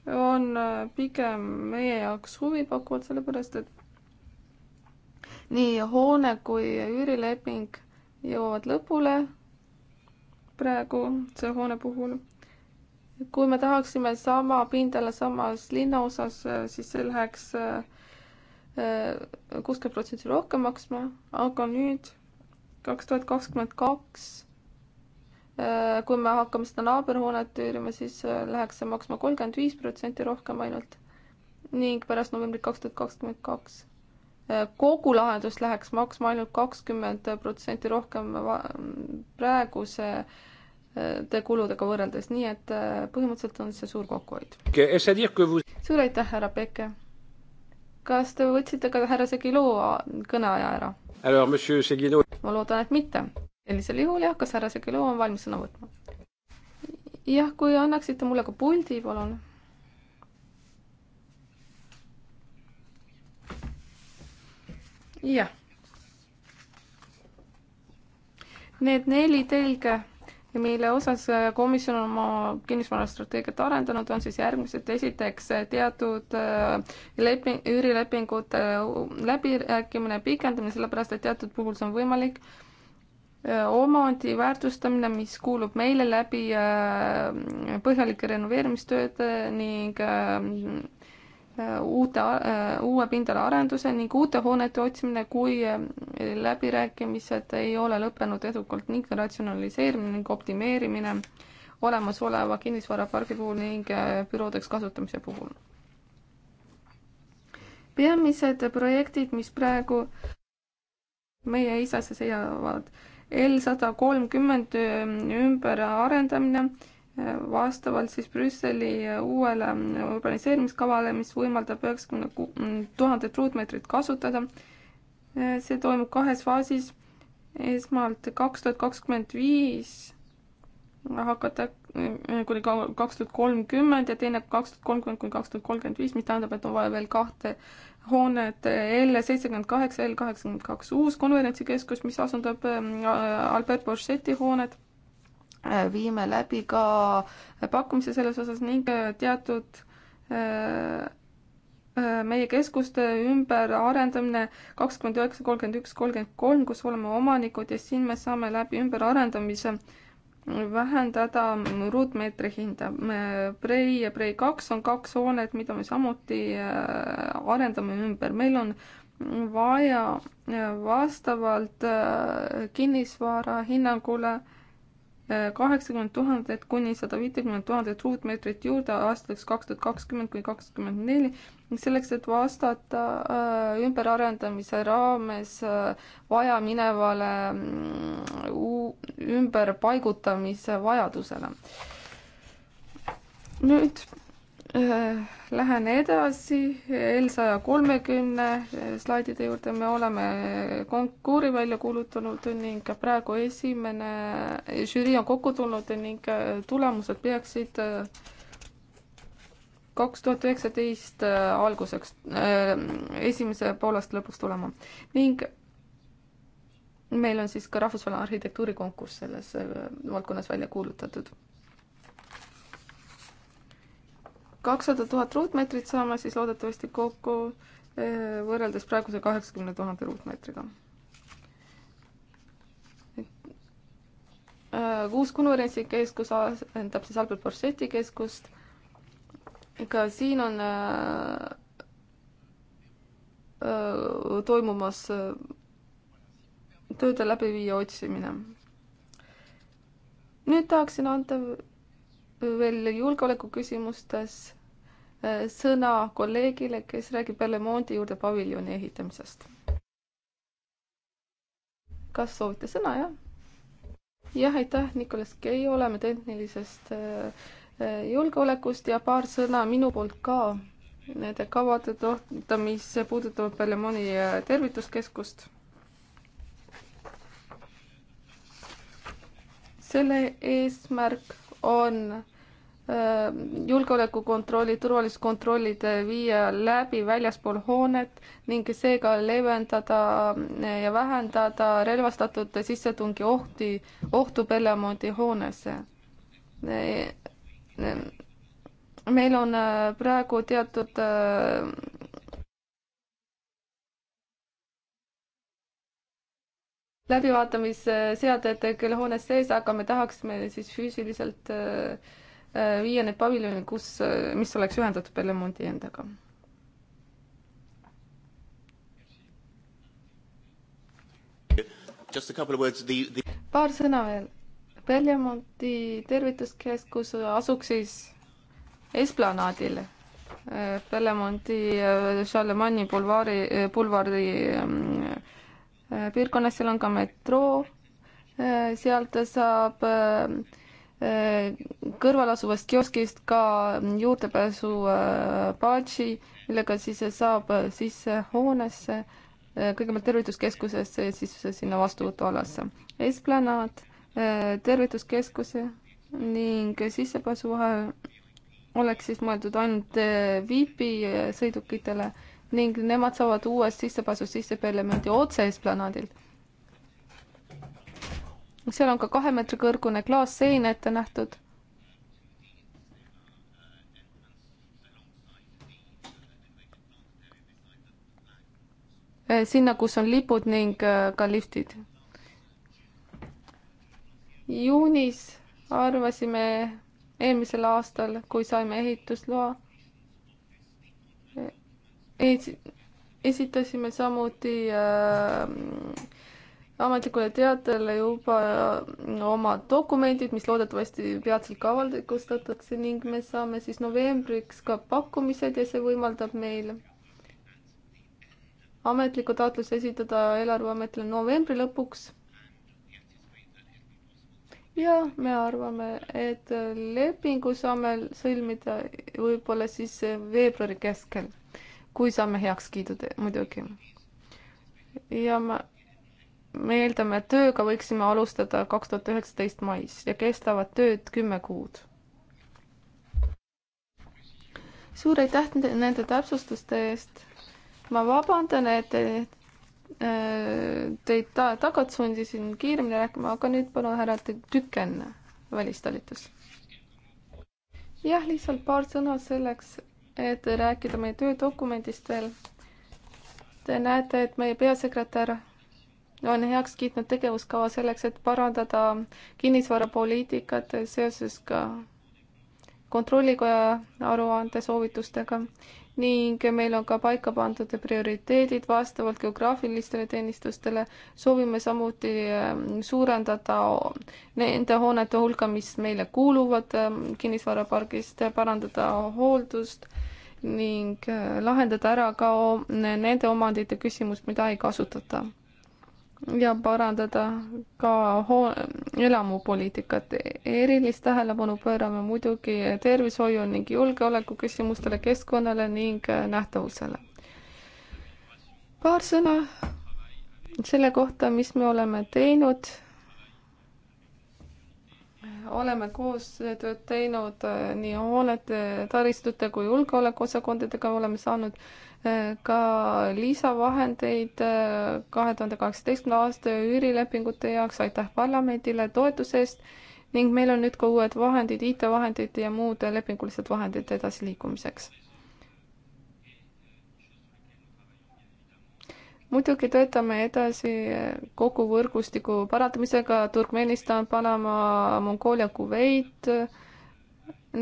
on eh, pigem meie jaoks huvipakkuvad, sellepärast et nii hoone kui üürileping jõuavad lõpule praegu see hoone puhul. kui me tahaksime sama pindala samas linnaosas, äh, siis see läheks äh, äh, kuuskümmend protsenti rohkem maksma, aga nüüd kaks tuhat kakskümmend kaks, kui me hakkame seda naaberhoonet üürima, siis läheks see maksma kolmkümmend viis protsenti rohkem ainult ning pärast novembrit kaks tuhat kakskümmend kaks kogu lahendus läheks maksma ainult kakskümmend protsenti rohkem praeguse äh, kuludega võrreldes, nii et äh, põhimõtteliselt on see suur kokkuhoid. suur aitäh, härra Peke. kas te võtsite ka härra Segiloo kõneaja ära? ma loodan, et mitte. sellisel juhul jah, kas härra Segiloo on valmis sõna võtma? jah, kui annaksite mulle ka puldi, palun jah. Need neli telge, mille osas äh, komisjon on oma kinnisvarastrateegiat arendanud, on siis järgmised. esiteks äh, teatud äh, leping, üürilepingute läbirääkimine, pikendamine, sellepärast et teatud puhul see on võimalik omandi väärtustamine, mis kuulub meile läbi põhjalike renoveerimistööde ning Äh, uute, äh, uue pindala arenduse ning uute hoonete otsimine, kui äh, läbirääkimised ei ole lõppenud edukalt ning ratsionaliseerimine ning optimeerimine olemasoleva kinnisvarapargi puhul ning büroodeks kasutamise puhul. peamised projektid, mis praegu meie isasse seiavad, L sada kolmkümmend ümberarendamine vastavalt siis Brüsseli äh, uuele urbaniseerimiskavale, äh, mis võimaldab üheksakümne mm, tuhandet ruutmeetrit kasutada. Äh, see toimub kahes faasis. esmalt kaks tuhat kakskümmend viis hakata kuni kaks tuhat kolmkümmend ja teine kaks tuhat kolmkümmend kuni kaks tuhat kolmkümmend viis, mis tähendab, et on vaja veel kahte hoonet L seitsekümmend kaheksa, L kaheksakümmend kaks uus konverentsikeskus, mis asundab Albert Borchetti hoonet viime läbi ka pakkumise selles osas ning teatud äh, äh, meie keskuste ümberarendamine kakskümmend üheksa, kolmkümmend üks, kolmkümmend kolm, kus oleme omanikud ja siin me saame läbi ümberarendamise vähendada ruutmeetri hinda. Prei ja Prei kaks on kaks hoonet, mida me samuti äh, arendame ümber. meil on vaja vastavalt kinnisvara hinnangule äh, kaheksakümmend tuhandet kuni sada viitekümmet tuhandet ruutmeetrit juurde aastaks kaks tuhat kakskümmend kuni kakskümmend neli, selleks, et vastata äh, ümberarendamise raames äh, vajaminevale mm, ümberpaigutamise vajadusele. nüüd Lähen edasi L saja kolmekümne slaidide juurde, me oleme konkuuri välja kuulutanud ning praegu esimene žürii on kokku tulnud ning tulemused peaksid kaks tuhat üheksateist alguseks, esimese poolaasta lõpuks tulema ning meil on siis ka rahvusvaheline arhitektuurikonkurss selles valdkonnas välja kuulutatud kakssada tuhat ruutmeetrit saame siis loodetavasti kokku eh, võrreldes praeguse kaheksakümne tuhande ruutmeetriga. Eh, uus konverentsikeskus asendab siis Albert Borcheti keskust. ka siin on eh, toimumas tööde läbiviija otsimine. nüüd tahaksin anda veel julgeoleku küsimustes Eh, sõna kolleegile, kes räägib jälle Mondi juurde paviljoni ehitamisest. kas soovite sõna, jah? jah, aitäh, Nicolas Kei, oleme tehnilisest eh, eh, julgeolekust ja paar sõna minu poolt ka nende kavade kohta, mis puudutavad Bellemoni tervituskeskust. selle eesmärk on julgeolekukontrollid, turvaliskontrollid viia läbi väljaspool hoonet ning seega leevendada eh, ja vähendada relvastatud sissetungi ohti, ohtu Bellemondi hoonesse. Eh, eh, meil on praegu teatud läbivaatamisseaded küll hoones sees, aga me tahaksime siis füüsiliselt äh, Äh, viia need paviljoni, kus, äh, mis oleks ühendatud Bellemondi endaga. paar sõna veel. Bellemondi tervituskeskus asuks siis esplanaadil äh, Bellemondi Charlemagne'i bulvaari, bulvardi ähm, piirkonnas, seal on ka metroo, sealt saab äh, Äh, kõrval asuvast kioskist ka juurdepääsu äh, paatši, millega siis saab äh, sisse hoonesse, kõigepealt tervituskeskusesse ja siis sinna vastuvõtualasse. Esplanaad, tervituskeskuse ning sissepääsu vahel oleks siis mõeldud ainult VIP-i sõidukitele ning nemad saavad uuest sissepääsust sisse perelemendi otse Esplanaadilt seal on ka kahe meetri kõrgune klaassein ette nähtud. sinna, kus on lipud ning äh, ka liftid. juunis arvasime eelmisel aastal, kui saime ehitusloa eh, esitasime samuti äh, ametlikule teatele juba äh, oma dokumendid, mis loodetavasti peatselt ka avalikustatakse ning me saame siis novembriks ka pakkumised ja see võimaldab meil ametliku taotluse esitada eelarveametile novembri lõpuks. ja me arvame, et lepingu saame sõlmida võib-olla siis veebruari keskel, kui saame heakskiidu muidugi. ja ma me eeldame, et tööga võiksime alustada kaks tuhat üheksateist mais ja kestavad tööd kümme kuud. suur aitäh nende täpsustuste eest. ma vabandan, et äh, teid ta tagant sundisin kiiremini rääkima, aga nüüd palun härra Tüken välistalitus. jah, lihtsalt paar sõna selleks, et rääkida meie töödokumendist veel. Te näete, et meie peasekretär on heaks kiitnud tegevuskava selleks, et parandada kinnisvarapoliitikat seoses ka kontrollikoja aruande soovitustega ning meil on ka paika pandud prioriteedid vastavalt geograafilistele teenistustele. soovime samuti ähm, suurendada nende hoonete hulka, mis meile kuuluvad ähm, kinnisvarapargist, parandada hooldust ning äh, lahendada ära ka nende omandite küsimust, mida ei kasutata ja parandada ka hoo-, elamupoliitikat. erilist tähelepanu pöörame muidugi tervishoiu ning julgeoleku küsimustele, keskkonnale ning nähtavusele. paar sõna selle kohta, mis me oleme teinud. oleme koostööd teinud eh, nii hoonete, taristute kui julgeolekuosakondadega, oleme saanud äh, ka lisavahendeid äh, kahe tuhande kaheksateistkümnenda aasta üürilepingute jaoks, aitäh parlamendile toetuse eest ning meil on nüüd ka uued vahendid, IT-vahendid ja muud lepingulised vahendid edasiliikumiseks. muidugi töötame edasi kogu võrgustiku parandamisega Turkmenistan, Panama, Mongoolia, Kuveit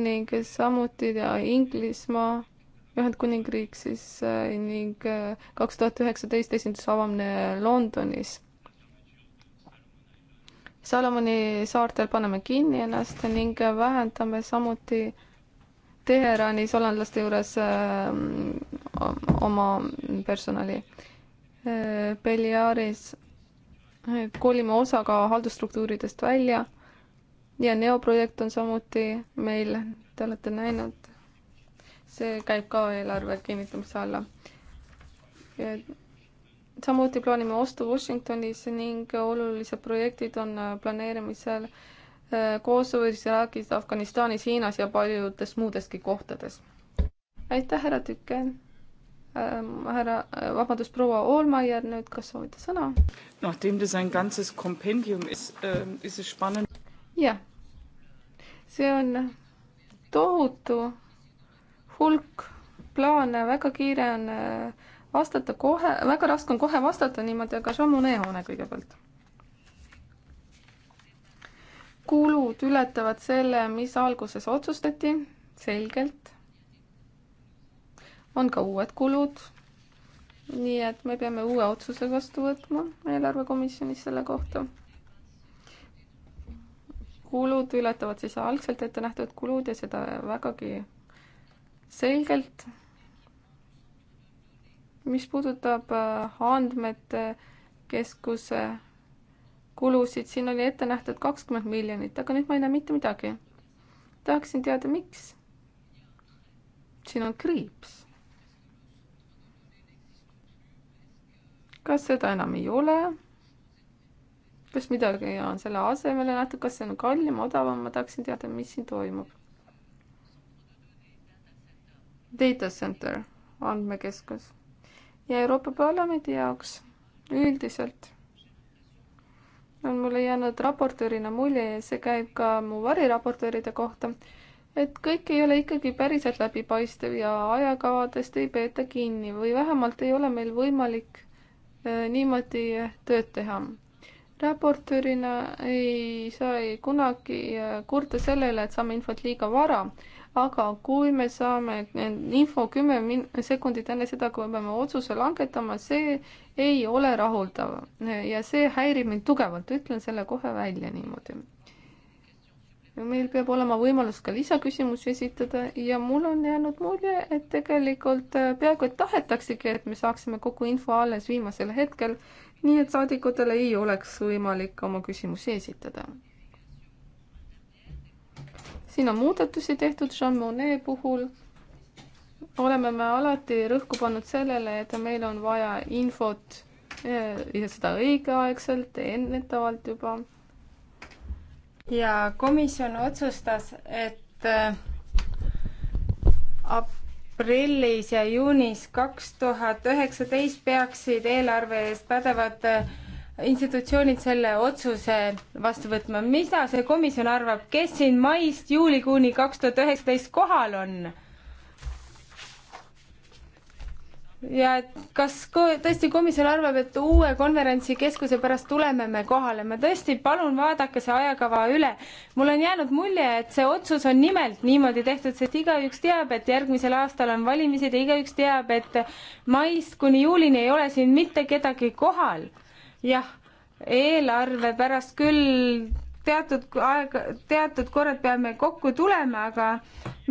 ning samuti Inglismaa Ühendkuningriik siis äh, ning äh, kaks tuhat üheksateist esinduse avamine Londonis. Salomoni saartel paneme kinni ennast ning vähendame samuti Teheranis hollandlaste juures äh, oma personali. Beliaris kolime osa ka haldusstruktuuridest välja ja neoprojekt on samuti meil, te olete näinud, see käib ka eelarve kinnitamise alla. samuti plaanime ostu Washingtonis ning olulised projektid on äh, planeerimisel äh, Kosovos, Iraagis, Afganistanis, Hiinas ja paljudes muudeski kohtades. aitäh, härra Tüke! Ähm, härra, äh, vabandust, proua Olmaier nüüd, kas soovite sõna? Nachdem das ein ganzes Kompendium ist äh,, ist es spannend. jah, see on tohutu hulk plaane, väga kiire on äh, vastata kohe, väga raske on kohe vastata niimoodi, aga Šamune hoone kõigepealt. kulud ületavad selle, mis alguses otsustati, selgelt. on ka uued kulud. nii et me peame uue otsuse vastu võtma eelarvekomisjonis selle kohta. kulud ületavad siis algselt ette nähtud kulud ja seda vägagi selgelt. mis puudutab äh, andmete keskuse kulusid, siin oli ette nähtud kakskümmend miljonit, aga nüüd ma ei näe mitte midagi. tahaksin teada, miks? siin on kriips. kas seda enam ei ole? kas midagi on selle asemele nähtud, kas see on kallim, odavam, ma tahaksin teada, mis siin toimub data center, andmekeskus ja Euroopa Parlamendi jaoks üldiselt on mulle jäänud raportöörina mulje ja see käib ka mu variraportööride kohta, et kõik ei ole ikkagi päriselt läbipaistev ja ajakavadest ei peeta kinni või vähemalt ei ole meil võimalik äh, niimoodi tööd teha. raportöörina ei saa ei kunagi äh, kurta selle üle, et saame infot liiga vara aga kui me saame info kümme min-, sekundit enne seda, kui me peame otsuse langetama, see ei ole rahuldav ja see häirib mind tugevalt, ütlen selle kohe välja niimoodi. meil peab olema võimalus ka lisaküsimusi esitada ja mul on jäänud mulje, et tegelikult äh, peaaegu et tahetaksegi, et me saaksime kogu info alles viimasel hetkel, nii et saadikutel ei oleks võimalik oma küsimusi esitada siin on muudatusi tehtud Jean Monnet puhul. oleme me alati rõhku pannud sellele, et meil on vaja infot eh, ja seda õigeaegselt, ennetavalt juba. ja komisjon otsustas, et eh, aprillis ja juunis kaks tuhat üheksateist peaksid eelarve eest pädevad eh, institutsioonid selle otsuse vastu võtma. mida see komisjon arvab, kes siin maist juulikuuni kaks tuhat üheksateist kohal on? ja et kas tõesti komisjon arvab, et uue konverentsikeskuse pärast tuleme me kohale, ma tõesti palun vaadake see ajakava üle. mul on jäänud mulje, et see otsus on nimelt niimoodi tehtud, sest igaüks teab, et järgmisel aastal on valimised ja igaüks teab, et maist kuni juulini ei ole siin mitte kedagi kohal jah, eelarve pärast küll teatud aeg, teatud korrad peame kokku tulema, aga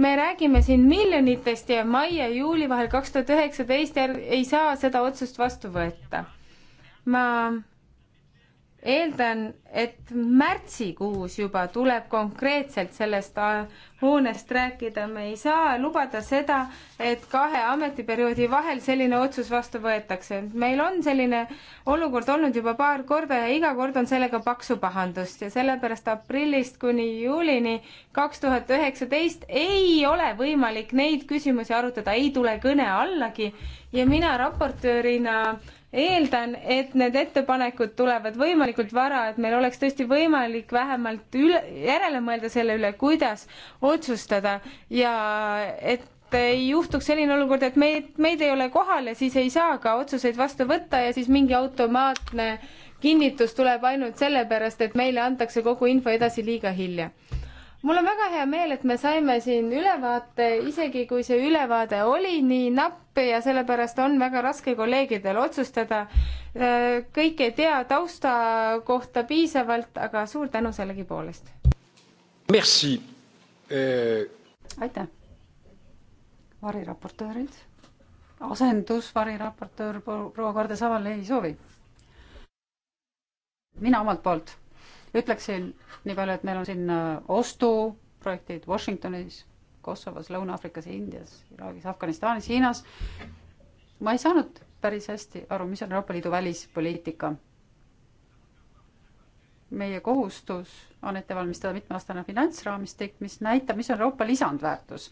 me räägime siin miljonitest ja mai ja juuli vahel kaks tuhat üheksateist ei saa seda otsust vastu võtta. ma eeldan, et märtsikuus juba tuleb konkreetselt sellest äh, hoonest rääkida, me ei saa lubada seda, et kahe ametiperioodi vahel selline otsus vastu võetakse. meil on selline olukord olnud juba paar korda ja iga kord on sellega paksu pahandust ja sellepärast aprillist kuni juulini kaks tuhat üheksateist ei ole võimalik neid küsimusi arutada, ei tule kõne allagi ja mina raportöörina eeldan, et need ettepanekud tulevad võimalikult vara, et meil oleks tõesti võimalik vähemalt üle, järele mõelda selle üle, kuidas otsustada ja et ei juhtuks selline olukord, et meid, meid ei ole kohal ja siis ei saa ka otsuseid vastu võtta ja siis mingi automaatne kinnitus tuleb ainult sellepärast, et meile antakse kogu info edasi liiga hilja mul on väga hea meel, et me saime siin ülevaate, isegi kui see ülevaade oli nii napp ja sellepärast on väga raske kolleegidel otsustada. Äh, kõik ei tea tausta kohta piisavalt, aga suur tänu sellegipoolest. Merci eh.... aitäh. variraportöörid, asendusvariraportöör proua Karde Saval ei soovi. mina omalt poolt ütleksin nii palju, et meil on siin äh, ostuprojektid Washingtonis, Kosovos, Lõuna-Aafrikas, Indias, Iraagis, Afganistanis, Hiinas. ma ei saanud päris hästi aru, mis on Euroopa Liidu välispoliitika. meie kohustus on ette valmistada mitmeaastane finantsraamistik, mis näitab, mis on Euroopa lisandväärtus.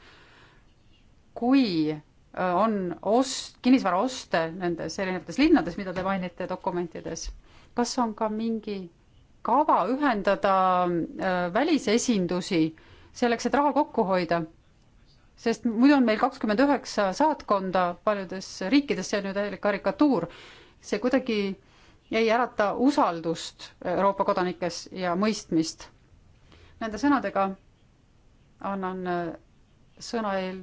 kui äh, on ost, kinnisvaraoste nendes erinevates linnades, mida te mainite dokumentides, kas on ka mingi kava ühendada äh, välisesindusi selleks, et raha kokku hoida? sest muidu on meil kakskümmend üheksa saatkonda paljudes riikides, see on ju täielik karikatuur. see kuidagi ei ärata usaldust Euroopa kodanikes ja mõistmist. Nende sõnadega annan äh, sõna eel,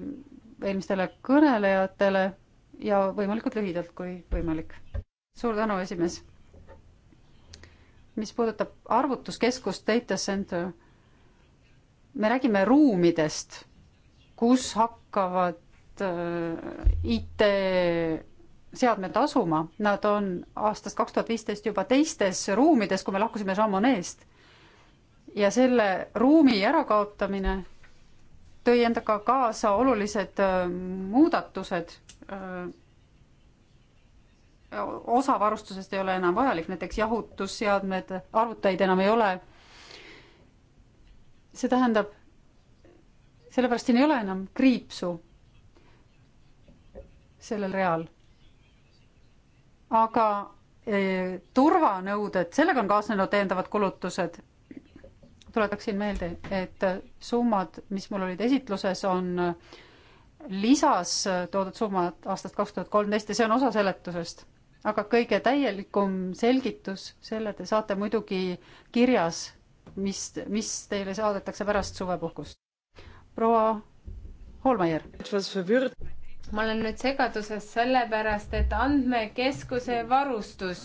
eelmistele kõnelejatele ja võimalikult lühidalt, kui võimalik. suur tänu, esimees mis puudutab arvutuskeskust data center, me räägime ruumidest, kus hakkavad äh, IT-seadmed asuma, nad on aastast kaks tuhat viisteist juba teistes ruumides, kui me lahkusime Jean-Monet'st. ja selle ruumi ärakaotamine tõi endaga kaasa olulised äh, muudatused äh, osa varustusest ei ole enam vajalik, näiteks jahutusseadmed, arvutajaid enam ei ole. see tähendab, sellepärast siin ei ole enam kriipsu sellel real. aga e, turvanõuded, sellega on kaasnenud täiendavad kulutused. tuletaksin meelde, et summad, mis mul olid esitluses, on eh, lisas toodud summad aastast kaks tuhat kolmteist ja see on osa seletusest aga kõige täielikum selgitus, selle te saate muidugi kirjas, mis, mis teile saadetakse pärast suvepuhkust. proua Holmeier. ma olen nüüd segaduses sellepärast, et andmekeskuse varustus,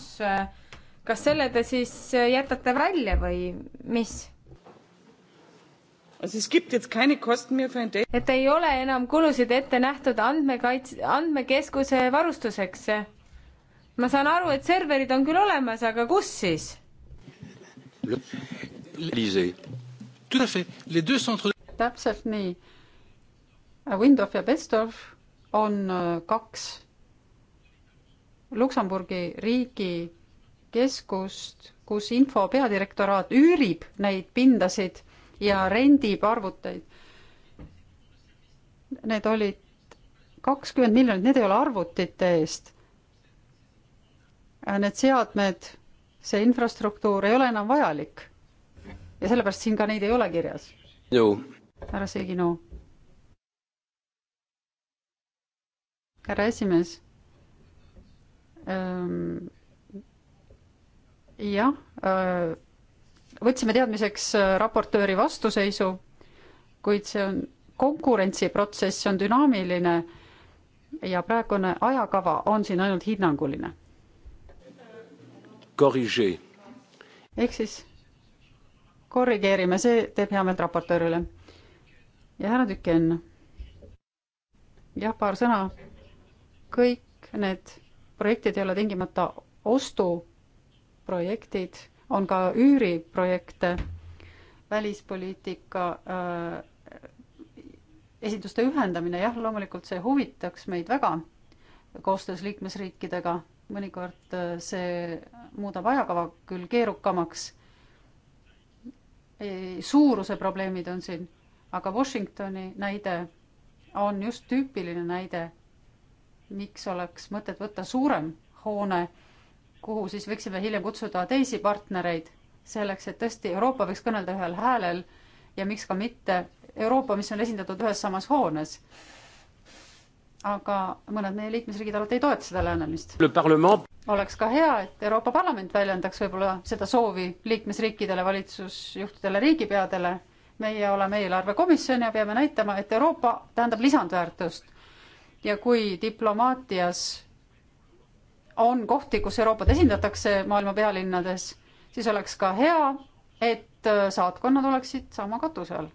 kas selle te siis jätate välja või mis? et ei ole enam kulusid ette nähtud andmekaitse, andmekeskuse varustuseks ma saan aru, et serverid on küll olemas, aga kus siis? täpselt nii. Windhof ja Bestorf on äh, kaks Luksemburgi riigi keskust, kus info peadirektoraat üürib neid pindasid ja rendib arvuteid. Need olid kakskümmend miljonit, need ei ole arvutite eest, Äh, need seadmed, see infrastruktuur ei ole enam vajalik. ja sellepärast siin ka neid ei ole kirjas. härra Seeginu. härra esimees. Ehm, jah, äh, võtsime teadmiseks äh, raportööri vastuseisu, kuid see on, konkurentsiprotsess on dünaamiline ja praegune ajakava on siin ainult hinnanguline corriger. ehk siis korrigeerime, see teeb heameelt raportöörile. ja härra Tüken. jah, paar sõna. kõik need projektid ei ole tingimata ostuprojektid, on ka üüriprojekte, välispoliitika äh,, esinduste ühendamine, jah, loomulikult see huvitaks meid väga koostöös liikmesriikidega mõnikord äh, see muudab ajakava küll keerukamaks. suuruse probleemid on siin, aga Washingtoni näide on just tüüpiline näide, miks oleks mõtet võtta suurem hoone, kuhu siis võiksime hiljem kutsuda teisi partnereid, selleks et tõesti Euroopa võiks kõnelda ühel häälel ja miks ka mitte Euroopa, mis on esindatud ühes samas hoones aga mõned meie liikmesriigid alati ei toeta seda lähenemist. oleks ka hea, et Euroopa Parlament väljendaks võib-olla seda soovi liikmesriikidele, valitsusjuhtidele, riigipeadele. meie oleme eelarvekomisjon ja peame näitama, et Euroopa tähendab lisandväärtust. ja kui diplomaatias on kohti, kus Euroopat esindatakse maailma pealinnades, siis oleks ka hea, et saatkonnad oleksid sama katuse all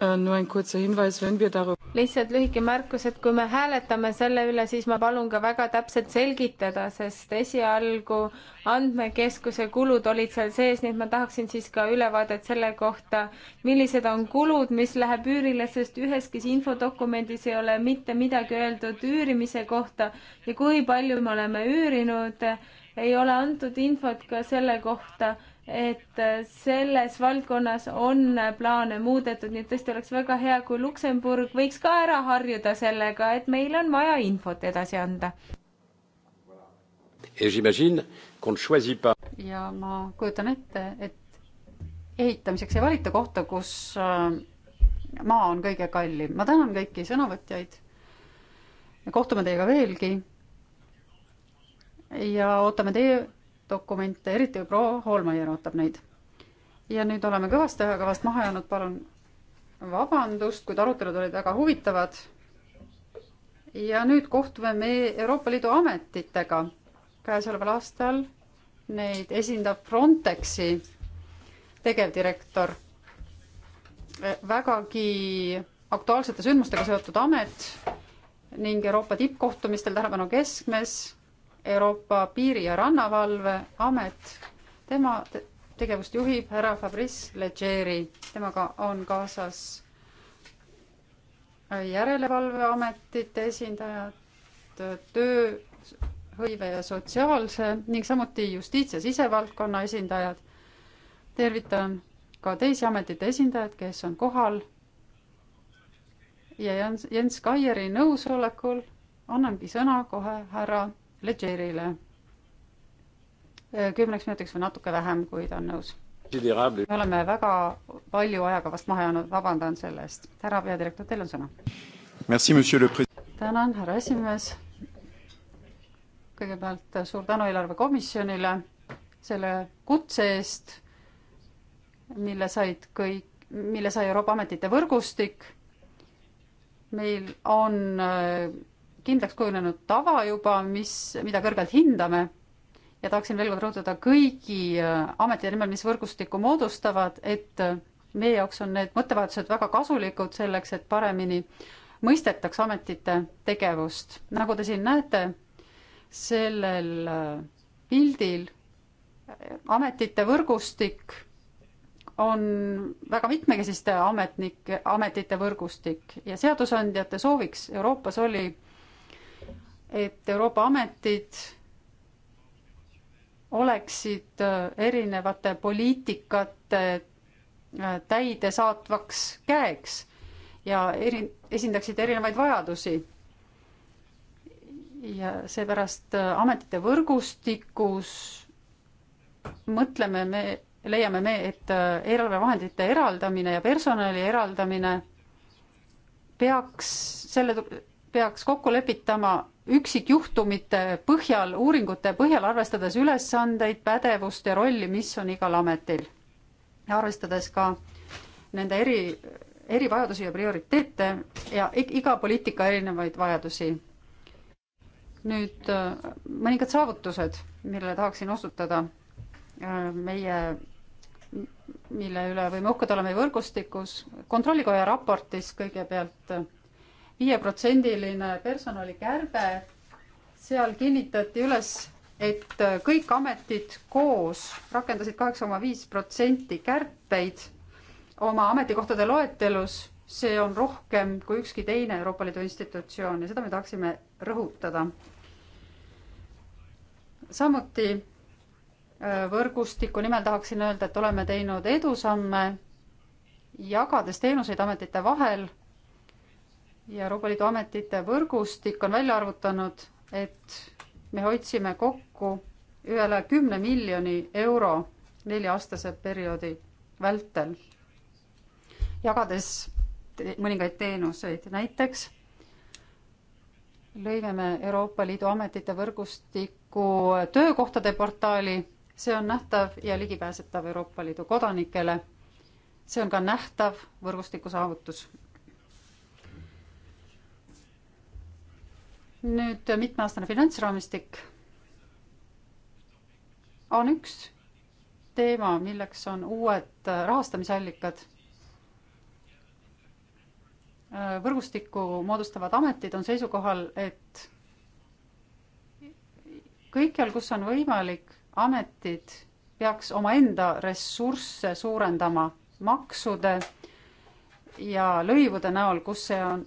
Äh, lihtsalt lühike märkus, et kui me hääletame selle üle, siis ma palun ka väga täpselt selgitada, sest esialgu andmekeskuse kulud olid seal sees, nii et ma tahaksin siis ka ülevaadet selle kohta, millised on kulud, mis läheb üürile, sest üheski infodokumendis ei ole mitte midagi öeldud üürimise kohta ja kui palju me oleme üürinud, ei ole antud infot ka selle kohta et selles valdkonnas on plaane muudetud, nii et tõesti oleks väga hea, kui Luksemburg võiks ka ära harjuda sellega, et meil on vaja infot edasi anda. ja ma kujutan ette, et ehitamiseks ei valita kohta, kus äh, maa on kõige kallim. ma tänan kõiki sõnavõtjaid. kohtume teiega veelgi. ja ootame teie dokumente, eriti proua Holmeier ootab neid. ja nüüd oleme kõvasti ajaga vast maha jäänud, palun vabandust, kuid arutelud olid väga huvitavad. ja nüüd kohtume me Euroopa Liidu ametitega käesoleval aastal. Neid esindab Frontexi tegevdirektor. vägagi aktuaalsete sündmustega seotud amet ning Euroopa tippkohtumistel tähelepanu keskmes Euroopa Piiri- ja Rannavalveamet, tema tegevust juhib härra Fabrice Leggeri, temaga on kaasas äh, järelevalveametite esindajad, tööhõive ja sotsiaalse ning samuti justiits- ja sisevaldkonna esindajad. tervitan ka teisi ametite esindajad, kes on kohal. ja Jens, Jens Kaieri nõusolekul annangi sõna kohe härra Ledgerile kümneks minutiks või natuke vähem, kui ta on nõus. me oleme väga palju ajaga vast maha jäänud, vabandan selle eest. härra peadirektor, teil on sõna. tänan, härra esimees. kõigepealt suur tänu eelarvekomisjonile selle kutse eest, mille said kõik, mille sai Euroopa Ametite võrgustik. meil on kindlaks kujunenud tava juba, mis, mida kõrgelt hindame ja tahaksin veel kord rõhutada kõigi äh, ametite nimel, mis võrgustikku moodustavad, et äh, meie jaoks on need mõttevahetused väga kasulikud selleks, et paremini mõistetaks ametite tegevust. nagu te siin näete, sellel äh, pildil ametite võrgustik on väga mitmekesiste ametnike, ametite võrgustik ja seadusandjate sooviks Euroopas oli et Euroopa ametid oleksid äh, erinevate poliitikate äh, täidesaatvaks käeks ja eri, esindaksid erinevaid vajadusi ja seepärast äh, ametite võrgustikus mõtleme me, leiame me, et eelarvevahendite eraldamine ja personali eraldamine peaks selle, peaks kokku lepitama üksikjuhtumite põhjal, uuringute põhjal, arvestades ülesandeid, pädevust ja rolli, mis on igal ametil. arvestades ka nende eri, erivajadusi ja prioriteete ja iga poliitika erinevaid vajadusi. nüüd äh, mõningad saavutused, millele tahaksin osutada äh, meie, mille üle võime uhked olla meie võrgustikus, Kontrollikoja raportis kõigepealt viieprotsendiline personalikärbe, seal kinnitati üles, et kõik ametid koos rakendasid kaheksa koma viis protsenti kärpeid oma ametikohtade loetelus. see on rohkem kui ükski teine Euroopa Liidu institutsioon ja seda me tahaksime rõhutada. samuti äh, võrgustiku nimel tahaksin öelda, et oleme teinud edusamme, jagades teenuseid ametite vahel ja Euroopa Liidu ametite võrgustik on välja arvutanud, et me hoidsime kokku üle kümne miljoni euro nelja-aastase perioodi vältel, jagades mõningaid teenuseid, näiteks lõime me Euroopa Liidu ametite võrgustiku töökohtade portaali, see on nähtav ja ligipääsetav Euroopa Liidu kodanikele. see on ka nähtav võrgustiku saavutus nüüd äh, mitmeaastane finantsraamistik on üks teema, milleks on uued äh, rahastamisallikad. Äh, võrgustikku moodustavad ametid on seisukohal, et kõikjal, kus on võimalik, ametid peaks omaenda ressursse suurendama maksude ja lõivude näol, kus see on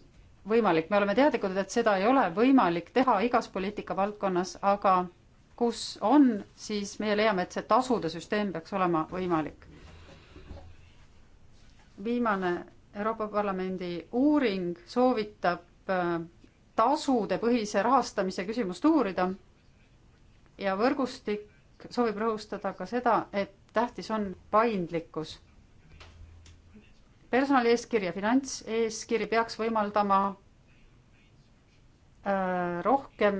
võimalik, me oleme teadlikud, et seda ei ole võimalik teha igas poliitikavaldkonnas, aga kus on, siis meie leiame, et see tasude süsteem peaks olema võimalik. viimane Euroopa Parlamendi uuring soovitab äh, tasudepõhise rahastamise küsimust uurida ja võrgustik soovib rõhustada ka seda, et tähtis on paindlikkus personalieeskiri ja finantseeskiri peaks võimaldama äh, rohkem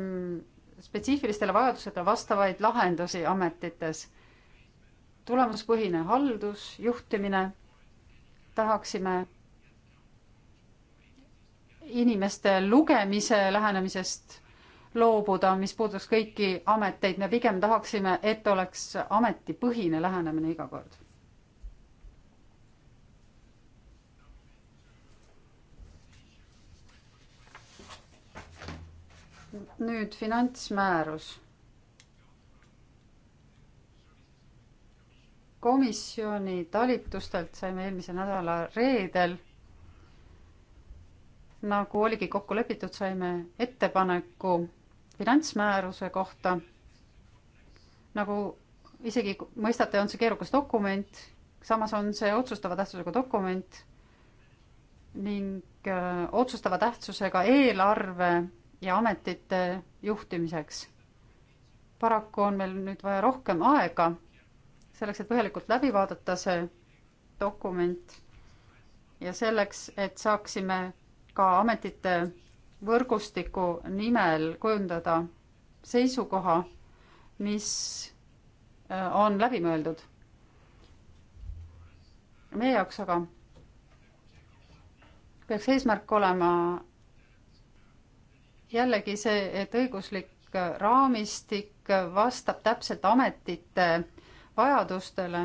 spetsiifilistele vajadusele vastavaid lahendusi ametites. tulemuspõhine haldus, juhtimine, tahaksime inimeste lugemise lähenemisest loobuda, mis puudutaks kõiki ameteid, me pigem tahaksime, et oleks ametipõhine lähenemine iga kord. nüüd finantsmäärus. komisjoni talitustelt saime eelmise nädala reedel, nagu oligi kokku lepitud, saime ettepaneku finantsmääruse kohta. nagu isegi mõistate, on see keerukas dokument, samas on see otsustava tähtsusega dokument ning öö, äh, otsustava tähtsusega eelarve ja ametite juhtimiseks. paraku on meil nüüd vaja rohkem aega selleks, et põhjalikult läbi vaadata see dokument ja selleks, et saaksime ka ametite võrgustiku nimel kujundada seisukoha, mis äh, on läbimõeldud. meie jaoks aga peaks eesmärk olema jällegi see, et õiguslik äh, raamistik äh, vastab täpselt ametite äh, vajadustele.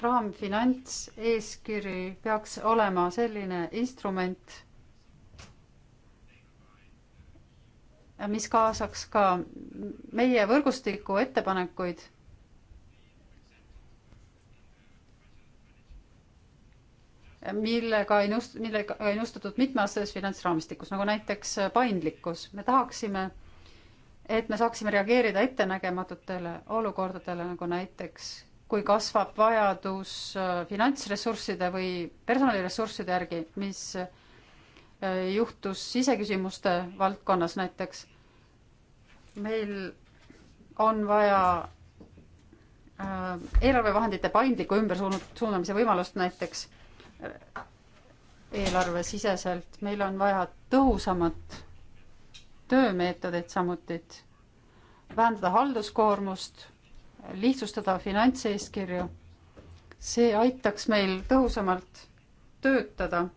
raamfinantseeskiri peaks olema selline instrument, mis kaasaks ka meie võrgustiku ettepanekuid millega ei nõust-, millega ei nõustutud mitmeaastases finantsraamistikus, nagu näiteks paindlikkus. me tahaksime, et me saaksime reageerida ettenägematutele olukordadele, nagu näiteks kui kasvab vajadus äh, finantsressursside või personaliressursside järgi, mis äh, juhtus siseküsimuste valdkonnas näiteks. meil on vaja äh, eelarvevahendite paindliku ümbersuunamise võimalust näiteks eelarvesiseselt, meil on vaja tõhusamat töömeetodit samuti, vähendada halduskoormust, lihtsustada finantseeskirju. see aitaks meil tõhusamalt töötada.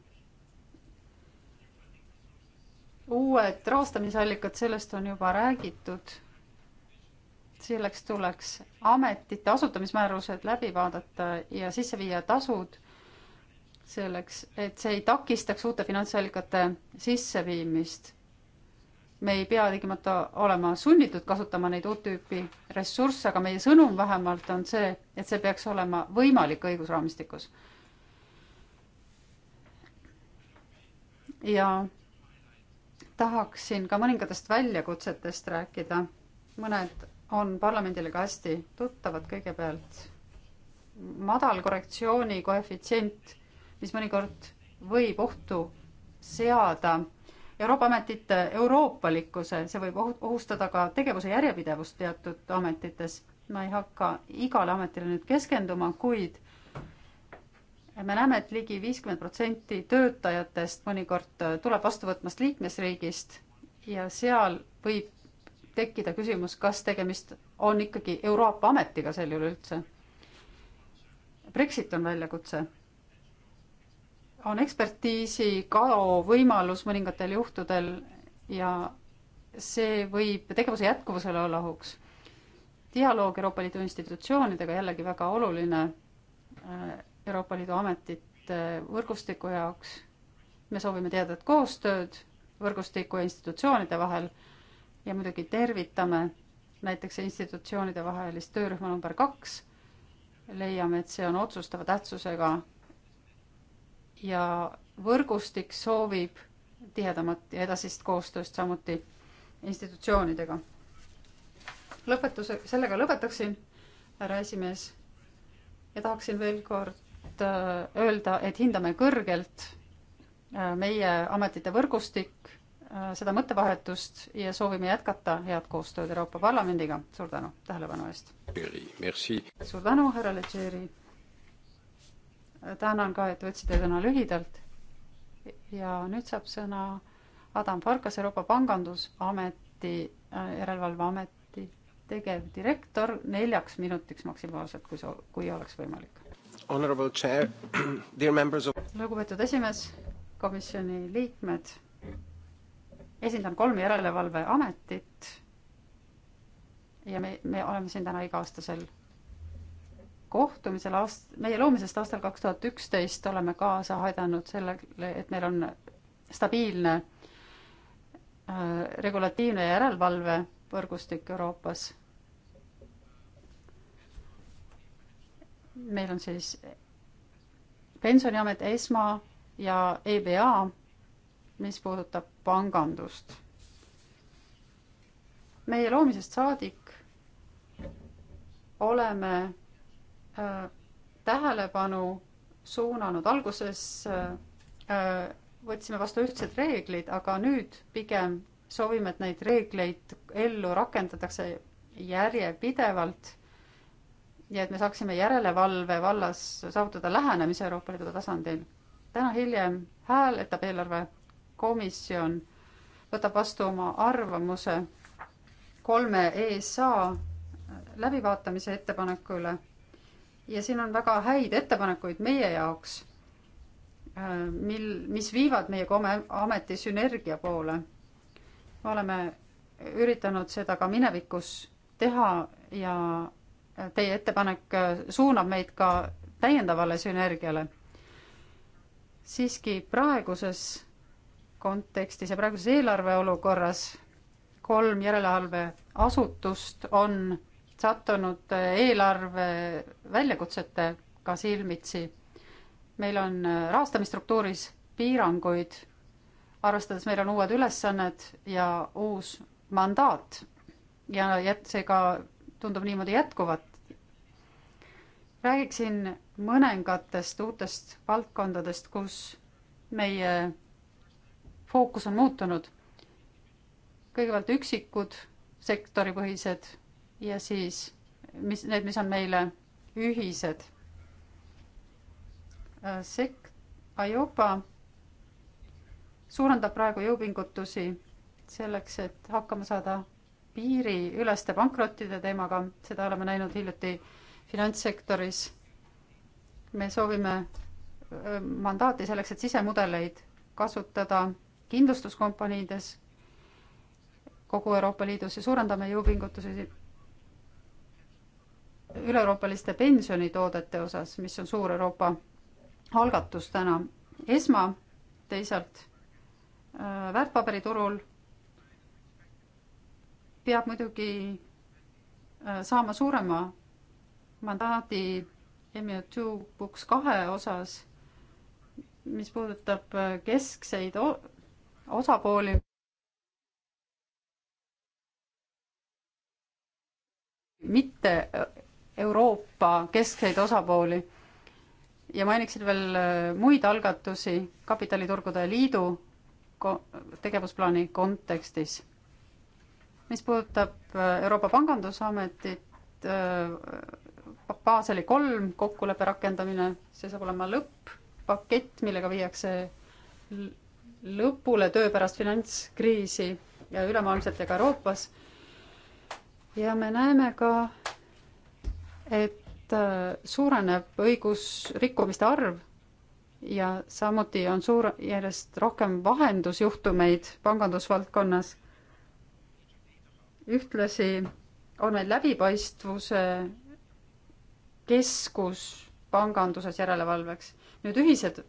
uued rahastamisallikad, sellest on juba räägitud. selleks tuleks ametite asutamismäärused läbi vaadata ja sisse viia tasud selleks, et see ei takistaks uute finantsallikate sisseviimist. me ei pea tingimata olema sunnitud kasutama neid uut tüüpi ressursse, aga meie sõnum vähemalt on see, et see peaks olema võimalik õigusraamistikus. ja tahaksin ka mõningatest väljakutsetest rääkida. mõned on parlamendile ka hästi tuttavad, kõigepealt madal korrektsiooni koefitsient mis mõnikord võib ohtu seada Euroopa ametite euroopalikkuse, see võib ohustada ka tegevuse järjepidevust teatud ametites. ma ei hakka igale ametile nüüd keskenduma, kuid me näeme, et ligi viiskümmend protsenti töötajatest mõnikord tuleb vastu võtmast liikmesriigist ja seal võib tekkida küsimus, kas tegemist on ikkagi Euroopa ametiga sel juhul üldse. Brexit on väljakutse on ekspertiisi kao võimalus mõningatel juhtudel ja see võib tegevuse jätkuvusele olla ohuks. dialoog Euroopa Liidu institutsioonidega jällegi väga oluline äh, Euroopa Liidu ametite võrgustiku jaoks. me soovime teadet koostööd võrgustiku ja institutsioonide vahel ja muidugi tervitame näiteks institutsioonide vahelist töörühma number kaks. leiame, et see on otsustava tähtsusega ja võrgustik soovib tihedamat ja edasist koostööst samuti institutsioonidega. lõpetuse, sellega lõpetaksin, härra esimees, ja tahaksin veel kord äh, öelda, et hindame kõrgelt äh, meie ametite võrgustik, äh, seda mõttevahetust ja soovime jätkata head koostööd Euroopa Parlamendiga. suur tänu tähelepanu eest! suur tänu, härra Leggeri! tänan ka, et võtsite sõna lühidalt. ja nüüd saab sõna Adam Farkas, Euroopa Pangandusameti, äh, Järelevalveameti tegevdirektor, neljaks minutiks maksimaalselt, kui so-, kui oleks võimalik. lugupeetud esimees, komisjoni liikmed, esindan kolme järelevalveametit ja me, me oleme siin täna iga-aastasel kohtumisel aast-, meie loomisest aastal kaks tuhat üksteist oleme kaasa aidanud sellele, et meil on stabiilne äh, regulatiivne järelevalvevõrgustik Euroopas. meil on siis pensioniamet ESMA ja EBA, mis puudutab pangandust. meie loomisest saadik oleme tähelepanu suunanud. alguses äh, äh, võtsime vastu ühtsed reeglid, aga nüüd pigem soovime, et neid reegleid ellu rakendatakse järjepidevalt ja et me saaksime järelevalve vallas saavutada lähenemise Euroopa Liidu tasandil. täna hiljem hääletab eelarvekomisjon, võtab vastu oma arvamuse kolme ESA läbivaatamise ettepaneku üle ja siin on väga häid ettepanekuid meie jaoks, äh, mil, mis viivad meie kome, ameti sünergia poole. me oleme üritanud seda ka minevikus teha ja teie ettepanek äh, suunab meid ka täiendavale sünergiale. siiski praeguses kontekstis ja praeguses eelarve olukorras kolm järelevalveasutust on sattunud eh, eelarve väljakutsetega silmitsi. meil on eh, rahastamisstruktuuris piiranguid, arvestades meil on uued ülesanded ja uus mandaat ja jät-, seega tundub niimoodi jätkuvat. räägiksin mõningatest uutest valdkondadest, kus meie fookus on muutunud. kõigepealt üksikud sektoripõhised ja siis, mis need, mis on meile ühised. Äh, sek-, Ajopa suurendab praegu jõupingutusi selleks, et hakkama saada piiriüleste pankrottide teemaga, seda oleme näinud hiljuti finantssektoris. me soovime äh, mandaati selleks, et sisemudeleid kasutada kindlustuskompaniides kogu Euroopa Liidus ja suurendame jõupingutusi üle-euroopaliste pensionitoodete osas, mis on suur Euroopa algatus täna. ESMA teisalt äh, väärtpaberiturul peab muidugi äh, saama suurema mandaadi MU2 Books kahe osas, mis puudutab äh, keskseid osapooli. mitte Euroopa keskseid osapooli ja mainiksin veel äh, muid algatusi Kapitaliturgude Liidu tegevusplaani kontekstis. mis puudutab äh, Euroopa Pangandusametit, äh, Baseli kolm kokkuleppe rakendamine, see saab olema lõpp-pakett, millega viiakse lõpule töö pärast finantskriisi ja ülemaailmselt ja ka Euroopas. ja me näeme ka et äh, suureneb õigusrikkumiste arv ja samuti on suur, järjest rohkem vahendusjuhtumeid pangandusvaldkonnas. ühtlasi on meil läbipaistvuse keskus panganduses järelevalveks. nüüd ühised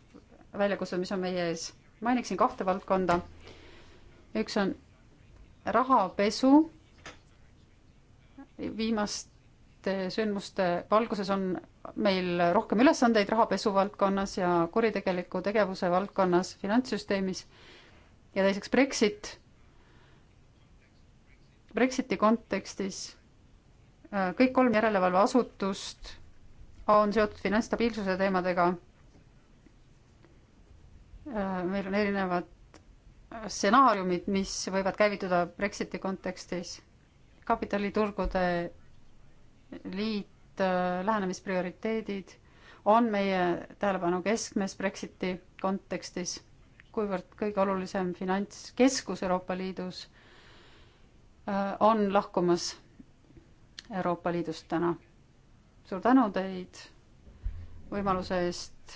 väljakutsed, mis on meie ees, mainiksin kahte valdkonda. üks on rahapesu, viimast viimaste sündmuste valguses on meil rohkem ülesandeid rahapesu valdkonnas ja kuritegeliku tegevuse valdkonnas, finantssüsteemis. ja teiseks Brexit. Brexiti kontekstis äh, kõik kolm järelevalveasutust on seotud finantsstabiilsuse teemadega. Äh, meil on erinevad stsenaariumid, mis võivad käivituda Brexiti kontekstis kapitaliturgude Liit, äh, lähenemisprioriteedid on meie tähelepanu keskmes Brexiti kontekstis, kuivõrd kõige olulisem finantskeskus Euroopa Liidus äh, on lahkumas Euroopa Liidust täna. suur tänu teid võimaluse eest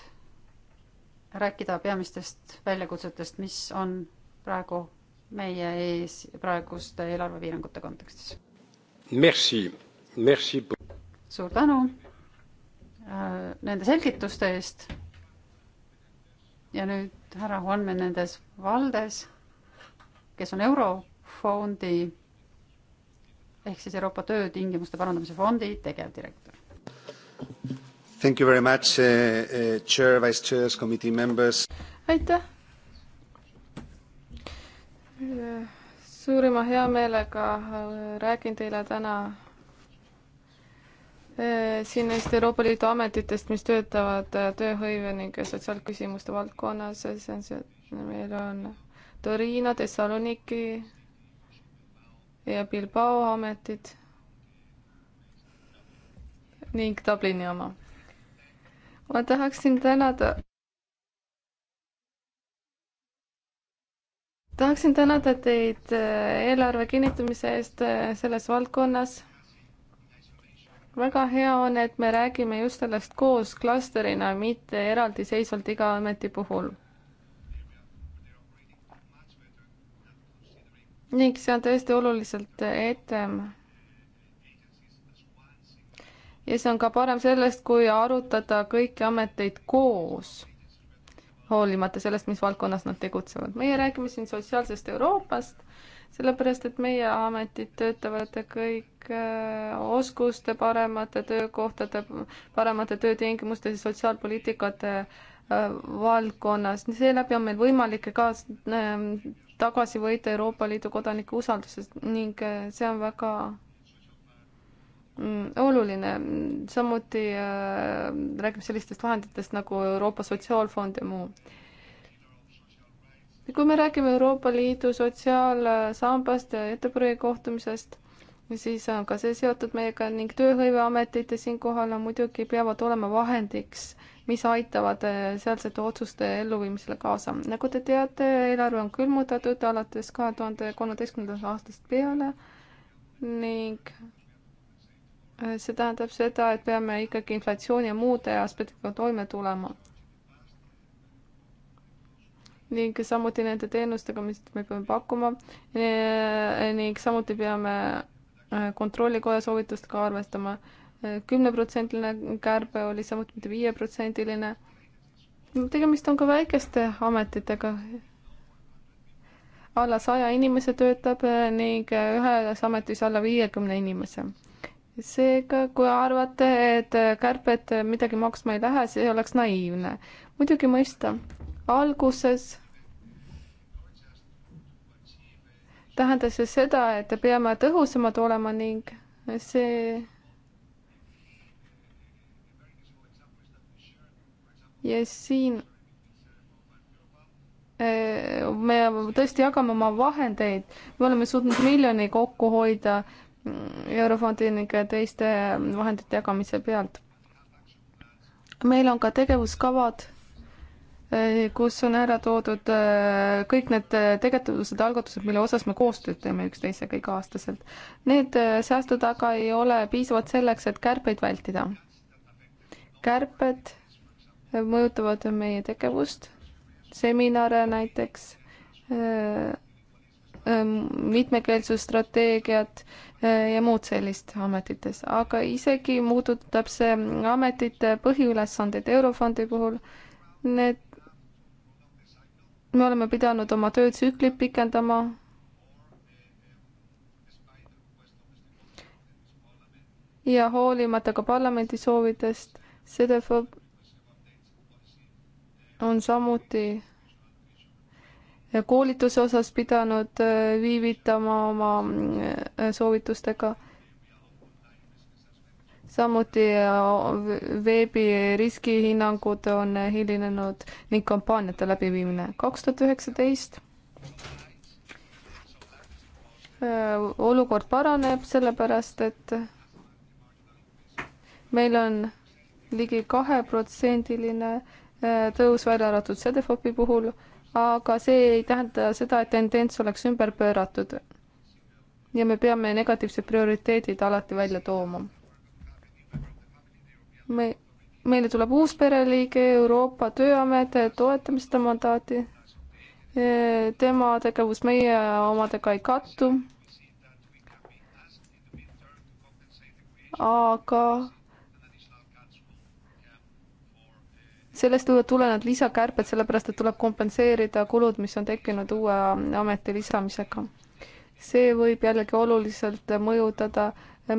rääkida peamistest väljakutsetest, mis on praegu meie ees praeguste eelarvepiirangute kontekstis. Merci suur tänu äh, nende selgituste eest. ja nüüd härra Juan Menendez Valdes, kes on Eurofondi ehk siis Euroopa Töötingimuste Parandamise Fondi tegevdirektor. Thank you very much uh,, uh, chair, vice chairs, committee members. aitäh. suurima heameelega äh, räägin teile täna Äh, siin neist Euroopa Liidu ametitest, mis töötavad äh, tööhõive ning sotsiaalküsimuste valdkonnas, äh, see on see, meil on Torino, Thessaloniki ja Bilbao ametid ning Dublini oma. ma tahaksin tänada tahaksin tänada teid eelarve kinnitamise eest selles valdkonnas väga hea on, et me räägime just sellest koos klasterina, mitte eraldiseisvalt iga ameti puhul. ning see on tõesti oluliselt etem. ja see on ka parem sellest, kui arutada kõiki ameteid koos, hoolimata sellest, mis valdkonnas nad tegutsevad. meie räägime siin sotsiaalsest Euroopast sellepärast, et meie ametid töötavad kõik äh, oskuste paremate töökohtade, paremate töötingimuste, sotsiaalpoliitikate äh, valdkonnas, seeläbi on meil võimalik ka ähm, tagasi võita Euroopa Liidu kodanike usaldusest ning äh, see on väga mm, oluline, samuti räägime sellistest vahenditest nagu Euroopa Sotsiaalfond ja muu kui me räägime Euroopa Liidu sotsiaalsambast ja etteprojekti kohtumisest, siis on ka see seotud meiega ning tööhõiveametite siinkohal on muidugi, peavad olema vahendiks, mis aitavad eh, sealsete otsuste elluviimisele kaasa. nagu te teate, eelarve on külmutatud alates kahe tuhande kolmeteistkümnendast aastast peale ning eh, see tähendab seda, et peame ikkagi inflatsiooni ja muude aspektidega toime tulema ning samuti nende teenustega, mis me peame pakkuma ning samuti peame äh, kontrollikoja soovitustega arvestama. Äh, kümneprotsendiline kärbe oli samuti mitte viieprotsendiline. tegemist on ka väikeste ametitega. alla saja inimese töötab äh, ning ühes ametis alla viiekümne inimese seega, kui arvate, et kärped midagi maksma ei lähe, see oleks naiivne. muidugi mõista alguses tähendas see seda, et peame tõhusamad olema ning see ja siin eh, me tõesti jagame oma vahendeid, me oleme suutnud miljoni kokku hoida Eurofondi ning teiste vahendite jagamise pealt. meil on ka tegevuskavad Äh, kus on ära toodud äh, kõik need äh, tegevused, algatused, mille osas me koostööd teeme üksteisega iga-aastaselt. Need säästud aga ei ole piisavad selleks, et kärpeid vältida. kärped mõjutavad meie tegevust, seminare näiteks, ähm, mitmekeelsusstrateegiat ja muud sellist ametites, aga isegi muudutab see ametite põhiülesandeid Eurofondi puhul, need me oleme pidanud oma töötsüklit pikendama. ja hoolimata ka parlamendi soovidest, CDFOB on samuti koolituse osas pidanud äh, viivitama oma äh, soovitustega samuti äh, veebi riskihinnangud on hilinenud ning kampaaniate läbiviimine. kaks tuhat üheksateist äh, olukord paraneb, sellepärast et meil on ligi kaheprotsendiline äh, tõus välja arvatud Sedefopi puhul, aga see ei tähenda seda, et tendents oleks ümber pööratud. ja me peame negatiivsed prioriteedid alati välja tooma me, meile tuleb uus pereliige, Euroopa Tööamet, toetame seda mandaati. E, tema tegevus meie omadega ei kattu. aga sellest tulenevad lisakärped, sellepärast et tuleb kompenseerida kulud, mis on tekkinud uue ameti lisamisega. see võib jällegi oluliselt mõjutada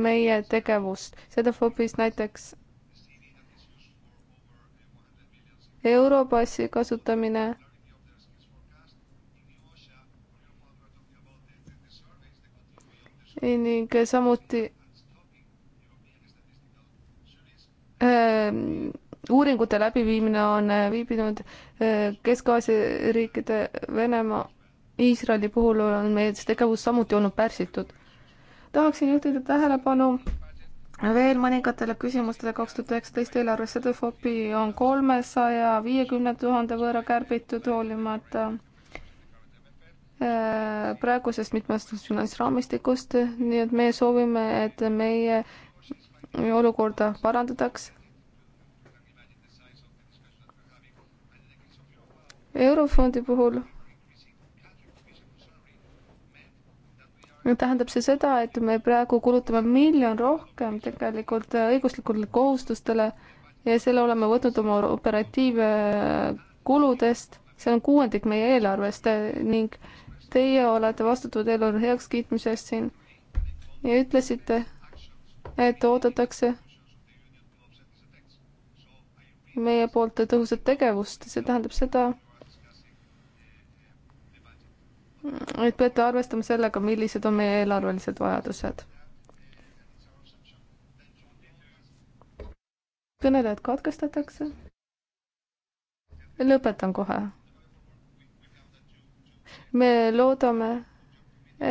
meie tegevust. Sedefobis näiteks Europassi kasutamine. ning samuti ähm, uuringute läbiviimine on äh, viibinud äh, Kesk-Aasia riikide Venemaa, Iisraeli puhul on meie tegevus samuti olnud pärsitud. tahaksin juhtida tähelepanu veel mõningatele küsimustele kaks tuhat üheksateist eelarves Sedefopi on kolmesaja viiekümne tuhande võõra kärbitud hoolimata äh, praegusest mitmesugusest finantsraamistikust, nii et meie soovime, et meie olukorda parandataks. eurofondi puhul tähendab see seda, et me praegu kulutame miljon rohkem tegelikult äh, õiguslikule kohustustele ja selle oleme võtnud oma operatiivkuludest, äh, see on kuuendik meie eelarvest äh, ning teie olete vastutatud eelarve heakskiitmise eest siin ja ütlesite, et oodatakse meie poolt tõhusat tegevust, see tähendab seda, et peate arvestama sellega, millised on meie eelarvelised vajadused. kõnelejad katkestatakse. lõpetan kohe. me loodame,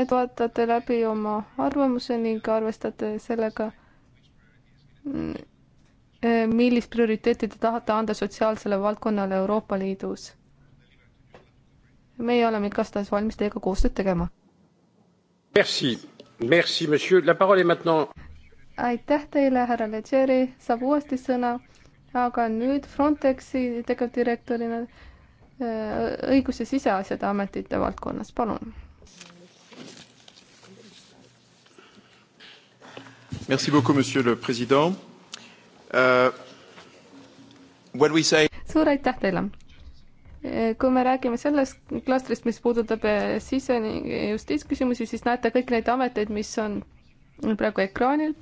et vaatate läbi oma arvamuse ning arvestate sellega, mm, eh, millist prioriteeti te tahate anda sotsiaalsele valdkonnale Euroopa Liidus meie oleme igastahes valmis teiega koostööd tegema. Merci, merci, monsieur, la parole est maintenant. aitäh teile, härra Leggeri, saab uuesti sõna, aga nüüd Frontexi tegevdirektorina äh, õigus- ja siseasjade ametite valdkonnas, palun. Merci beaucoup, monsieur le president uh,. What we say. suur aitäh teile kui me räägime sellest klastrist, mis puudutab eh, sise- ja justiitsküsimusi, siis näete kõiki neid ameteid, mis on praegu ekraanil.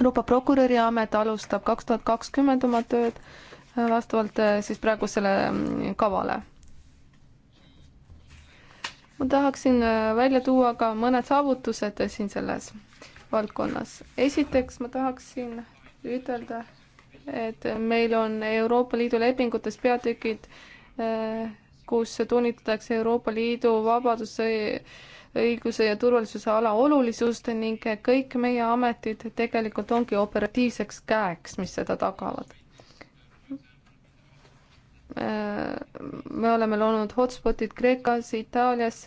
Euroopa prokuröri amet alustab kaks tuhat kakskümmend oma tööd eh, vastavalt eh, siis praegusele mm, kavale. ma tahaksin välja tuua ka mõned saavutused siin selles valdkonnas. esiteks ma tahaksin ütelda, et meil on Euroopa Liidu lepingutes peatükid äh, kus toonitatakse Euroopa Liidu vabaduse, õiguse ja turvalisuse ala olulisust ning kõik meie ametid tegelikult ongi operatiivseks käeks, mis seda tagavad. me oleme loonud hotspotid Kreekas, Itaalias,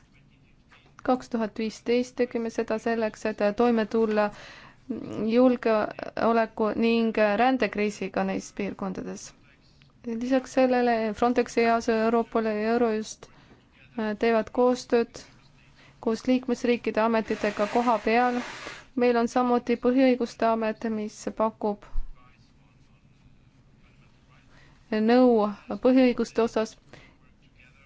kaks tuhat viisteist tegime seda selleks, et toime tulla julgeoleku ning rändekriisiga neis piirkondades lisaks sellele Frontex, EASO, Europol ja Eurojust äh, teevad koostööd koos liikmesriikide ametitega koha peal. meil on samuti Põhiõiguste Amet, mis pakub nõu põhiõiguste osas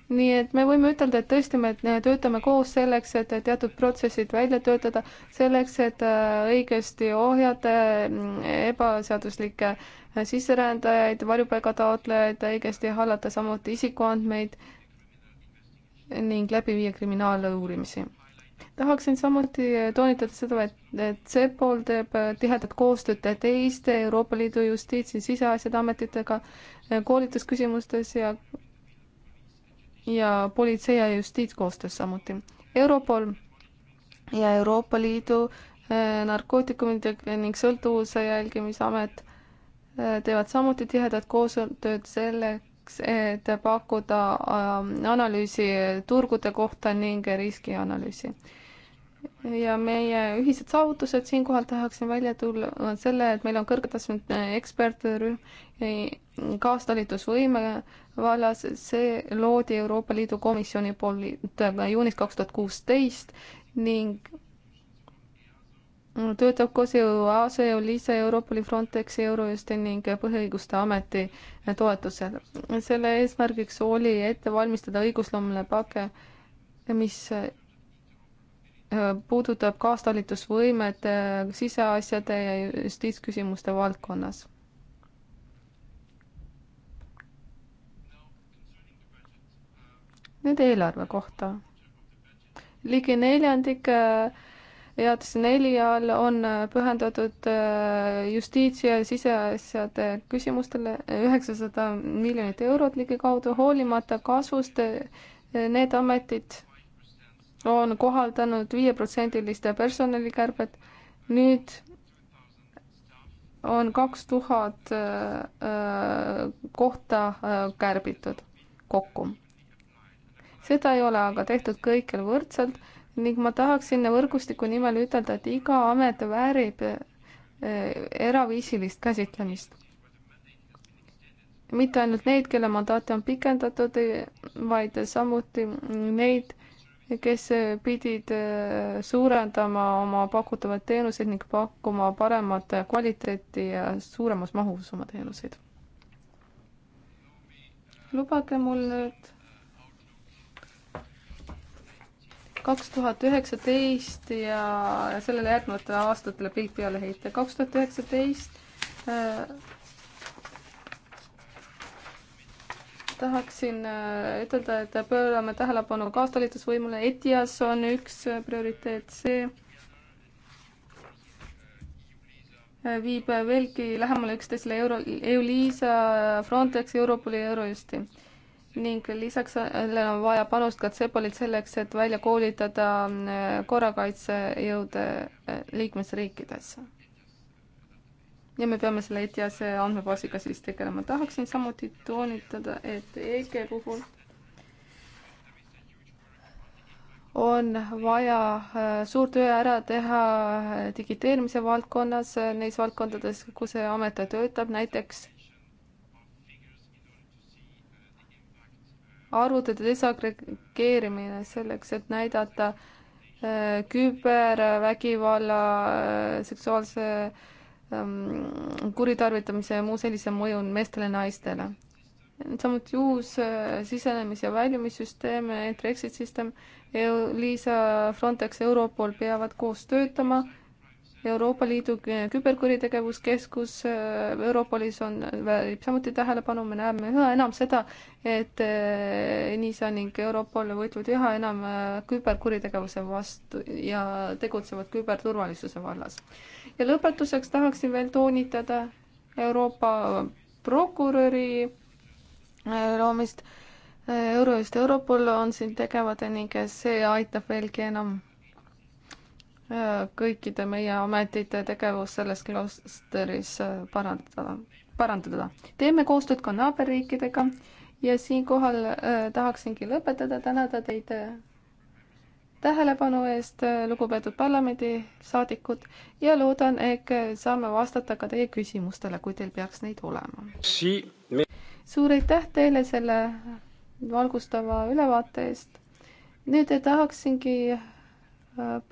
nii et me võime ütelda, et tõesti, me äh, töötame koos selleks, et teatud protsessid välja töötada, selleks, et äh, õigesti ohjata äh, ebaseaduslikke sisserändajaid, varjupaigataotlejaid, õigesti hallata samuti isikuandmeid ning läbi viia kriminaaluurimisi. tahaksin samuti toonitada seda, et CEPOL teeb tihedat koostööd teiste Euroopa Liidu justiits- ja siseasjade ametitega koolitusküsimustes ja ja politsei ja justiits koostöös samuti. Europol ja Euroopa Liidu eh, narkootikumide ning sõltuvuse jälgimisamet eh, teevad samuti tihedat koostööd selleks, et pakkuda eh, analüüsi turgude kohta ning riskianalüüsi ja meie ühised saavutused siinkohal tahaksin välja tulla, on selle, et meil on kõrgetasemeline ekspertrühm kaastalitusvõime vallas, see loodi Euroopa Liidu komisjoni poolt juunis kaks tuhat kuusteist ning töötab koos EUAS-e, EULISE, Europoli, Frontexi, Eurojusti ning Põhiõiguste Ameti toetusel. selle eesmärgiks oli ette valmistada õigusloomeline pake, mis Äh, puudutab kaastalitusvõimet äh, siseasjade ja justiitsküsimuste valdkonnas. nüüd eelarve kohta. ligi neljandik headest äh, neli all on pühendatud justiits- ja siseasjade küsimustele üheksasada miljonit eurot ligikaudu, hoolimata kasvust need ametid on kohaldanud viieprotsendiliste personalikärbet. nüüd on kaks tuhat äh, äh, kohta äh, kärbitud kokku. seda ei ole aga tehtud kõikjal võrdselt ning ma tahaksin võrgustiku nimel ütelda, et iga amet väärib eraviisilist käsitlemist. mitte ainult neid, kelle mandaate on pikendatud, vaid samuti neid, kes äh, pidid äh, suurendama oma pakutavaid teenuseid ning pakkuma paremat kvaliteeti ja suuremas mahus oma teenuseid. lubage mul nüüd kaks tuhat üheksateist ja sellele järgnevate aastatele pilk peale heita. kaks tuhat üheksateist äh, tahaksin äh, ütelda, et pöörame tähelepanu kaastalitusvõimule, ETIAS on üks äh, prioriteet, see äh, viib veelgi lähemale üksteisele euro, EULISA, Frontex, Europoli ja Eurojusti. ning lisaks sellele on vaja panust ka CEPOL-ilt selleks, et välja koolitada korrakaitsejõude liikmesriikidesse ja me peame selle ETIAS-e andmebaasiga siis tegelema. tahaksin samuti toonitada, et EG puhul on vaja äh, suur töö ära teha äh, digiteerimise valdkonnas, äh, neis valdkondades, kus see amet töötab, näiteks arvutite desagregeerimine selleks, et näidata kübervägivalla, seksuaalse äh, Ähm, kuritarvitamise ja muu sellise mõju on meestele ja naistele. samuti uus äh, sisenemis- ja väljumissüsteem, entry-exit system, e Liisa, Frontex, Europol peavad koos töötama Euroopa Liidu küberkuritegevuskeskus äh, Europolis on, väärib samuti tähelepanu, me näeme üha enam seda, et äh, NISA ning Europol võitlevad üha enam küberkuritegevuse vastu ja tegutsevad küberturvalisuse vallas ja lõpetuseks tahaksin veel toonitada Euroopa prokuröri äh, loomist. Äh, Eurojust ja Europol on siin tegevad ning see aitab veelgi enam äh, kõikide meie ametite tegevus selles klostris parandada, parandada. teeme koostööd ka naaberriikidega ja siinkohal tahaksingi lõpetada, tänada teid tähelepanu eest, lugupeetud parlamendisaadikud ja loodan, et saame vastata ka teie küsimustele, kui teil peaks neid olema si. Me... suur aitäh teile selle valgustava ülevaate eest. nüüd tahaksingi äh,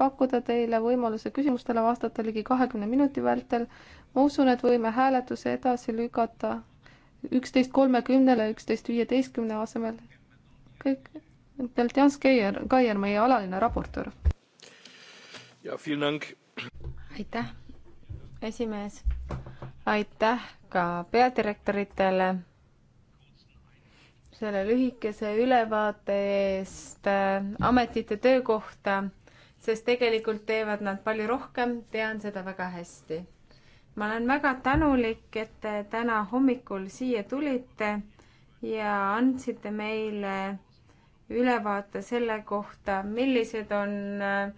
pakkuda teile võimaluse küsimustele vastata ligi kahekümne minuti vältel. ma usun, et võime hääletuse edasi lükata üksteist kolmekümnele, üksteist viieteistkümne asemel. kõik Beltjans Keier, Kaier, meie alaline raportöör. aitäh, esimees. aitäh ka peadirektoritele selle lühikese ülevaate eest äh, ametite töö kohta, sest tegelikult teevad nad palju rohkem, tean seda väga hästi. ma olen väga tänulik, et te täna hommikul siia tulite ja andsite meile ülevaate selle kohta, millised on äh,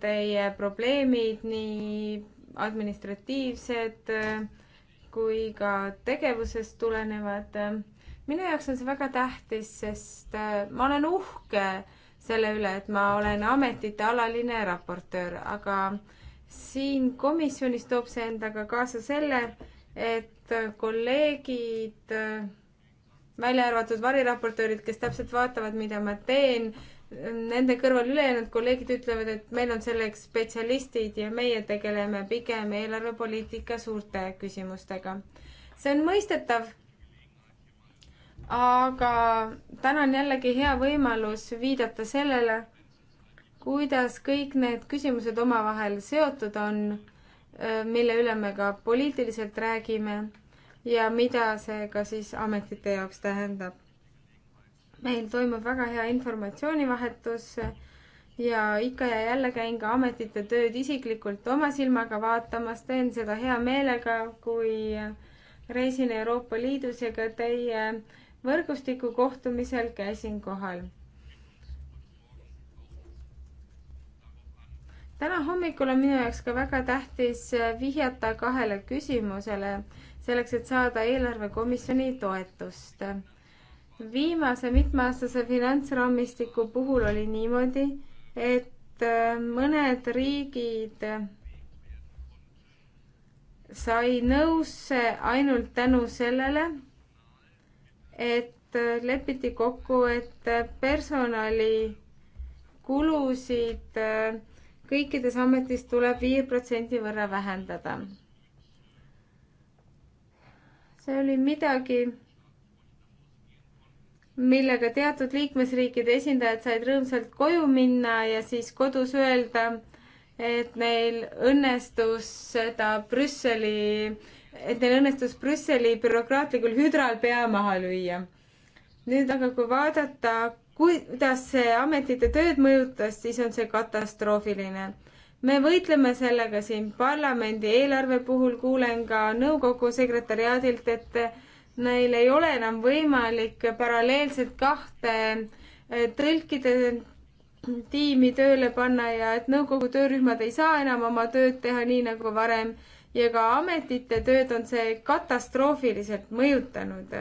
teie probleemid, nii administratiivsed äh, kui ka tegevusest tulenevad. minu jaoks on see väga tähtis, sest äh, ma olen uhke selle üle, et ma olen ametite alaline raportöör, aga siin komisjonis toob see endaga kaasa selle, et kolleegid välja arvatud variraportöörid, kes täpselt vaatavad, mida ma teen. Nende kõrval ülejäänud kolleegid ütlevad, et meil on selleks spetsialistid ja meie tegeleme pigem eelarvepoliitika suurte küsimustega. see on mõistetav. aga täna on jällegi hea võimalus viidata sellele, kuidas kõik need küsimused omavahel seotud on, mille üle me ka poliitiliselt räägime ja mida see ka siis ametite jaoks tähendab. meil toimub väga hea informatsioonivahetus ja ikka ja jälle käin ka ametite tööd isiklikult oma silmaga vaatamas, teen seda hea meelega, kui reisin Euroopa Liidus ja ka teie võrgustiku kohtumisel käisin kohal täna hommikul on minu jaoks ka väga tähtis vihjata kahele küsimusele, selleks, et saada eelarvekomisjoni toetust. viimase mitmeaastase finantsraamistiku puhul oli niimoodi, et äh, mõned riigid sai nõusse ainult tänu sellele, et äh, lepiti kokku, et äh, personalikulusid kõikides ametis tuleb viie protsendi võrra vähendada see oli midagi, millega teatud liikmesriikide esindajad said rõõmsalt koju minna ja siis kodus öelda, et neil õnnestus seda Brüsseli, et neil õnnestus Brüsseli bürokraatlikul hüdral pea maha lüüa. nüüd aga, kui vaadata, kuidas see ametite tööd mõjutas, siis on see katastroofiline me võitleme sellega siin parlamendi eelarve puhul, kuulen ka nõukogu sekretäriaadilt, et neil ei ole enam võimalik paralleelselt kahte eh, tõlkide tiimi tööle panna ja et nõukogu töörühmad ei saa enam oma tööd teha nii nagu varem ja ka ametite tööd on see katastroofiliselt mõjutanud,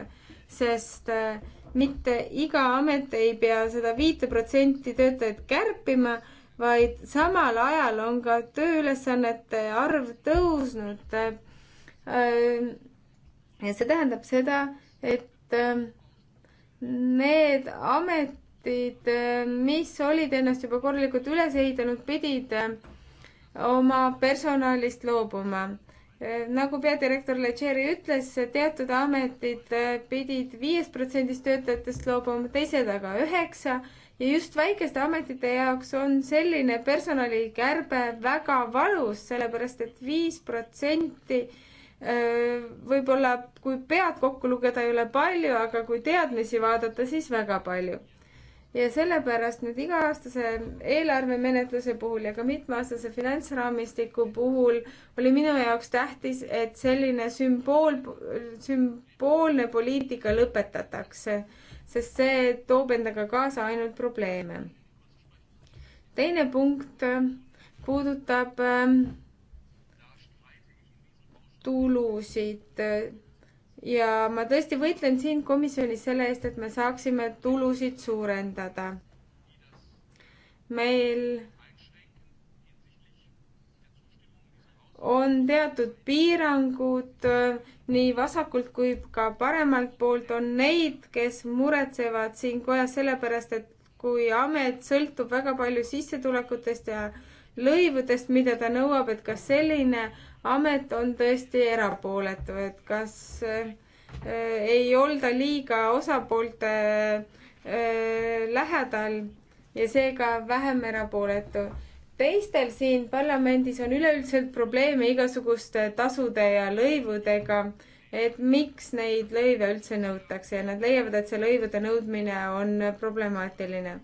sest eh, mitte iga amet ei pea seda viite protsenti töötajaid kärpima vaid samal ajal on ka tööülesannete arv tõusnud. Äh, ja see tähendab seda, et ähm, need ametid, äh, mis olid ennast juba korralikult üles ehitanud, pidid äh, oma personalist loobuma. nagu peadirektor Lecheri ütles, teatud ametid pidid viiest protsendist töötajatest loobuma, teised aga üheksa ja just väikeste ametite jaoks on selline personalikärbe väga valus, sellepärast et viis protsenti võib-olla, kui pead kokku lugeda, ei ole palju, aga kui teadmisi vaadata, siis väga palju. ja sellepärast nüüd iga-aastase eelarvemenetluse puhul ja ka mitmeaastase finantsraamistiku puhul oli minu jaoks tähtis, et selline sümbool, sümboolne poliitika lõpetatakse sest see toob endaga kaasa ainult probleeme. teine punkt äh, puudutab ähm, tulusid äh, ja ma tõesti võitlen siin komisjonis selle eest, et me saaksime tulusid suurendada. meil on teatud piirangud äh, nii vasakult kui ka paremalt poolt on neid, kes muretsevad siin kojas sellepärast, et kui amet sõltub väga palju sissetulekutest ja lõivudest, mida ta nõuab, et kas selline amet on tõesti erapooletu, et kas äh, ei olda liiga osapoolte äh, lähedal ja seega vähem erapooletu teistel siin parlamendis on üleüldiselt probleeme igasuguste tasude ja lõivudega, et miks neid lõive üldse nõutakse ja nad leiavad, et see lõivude nõudmine on problemaatiline.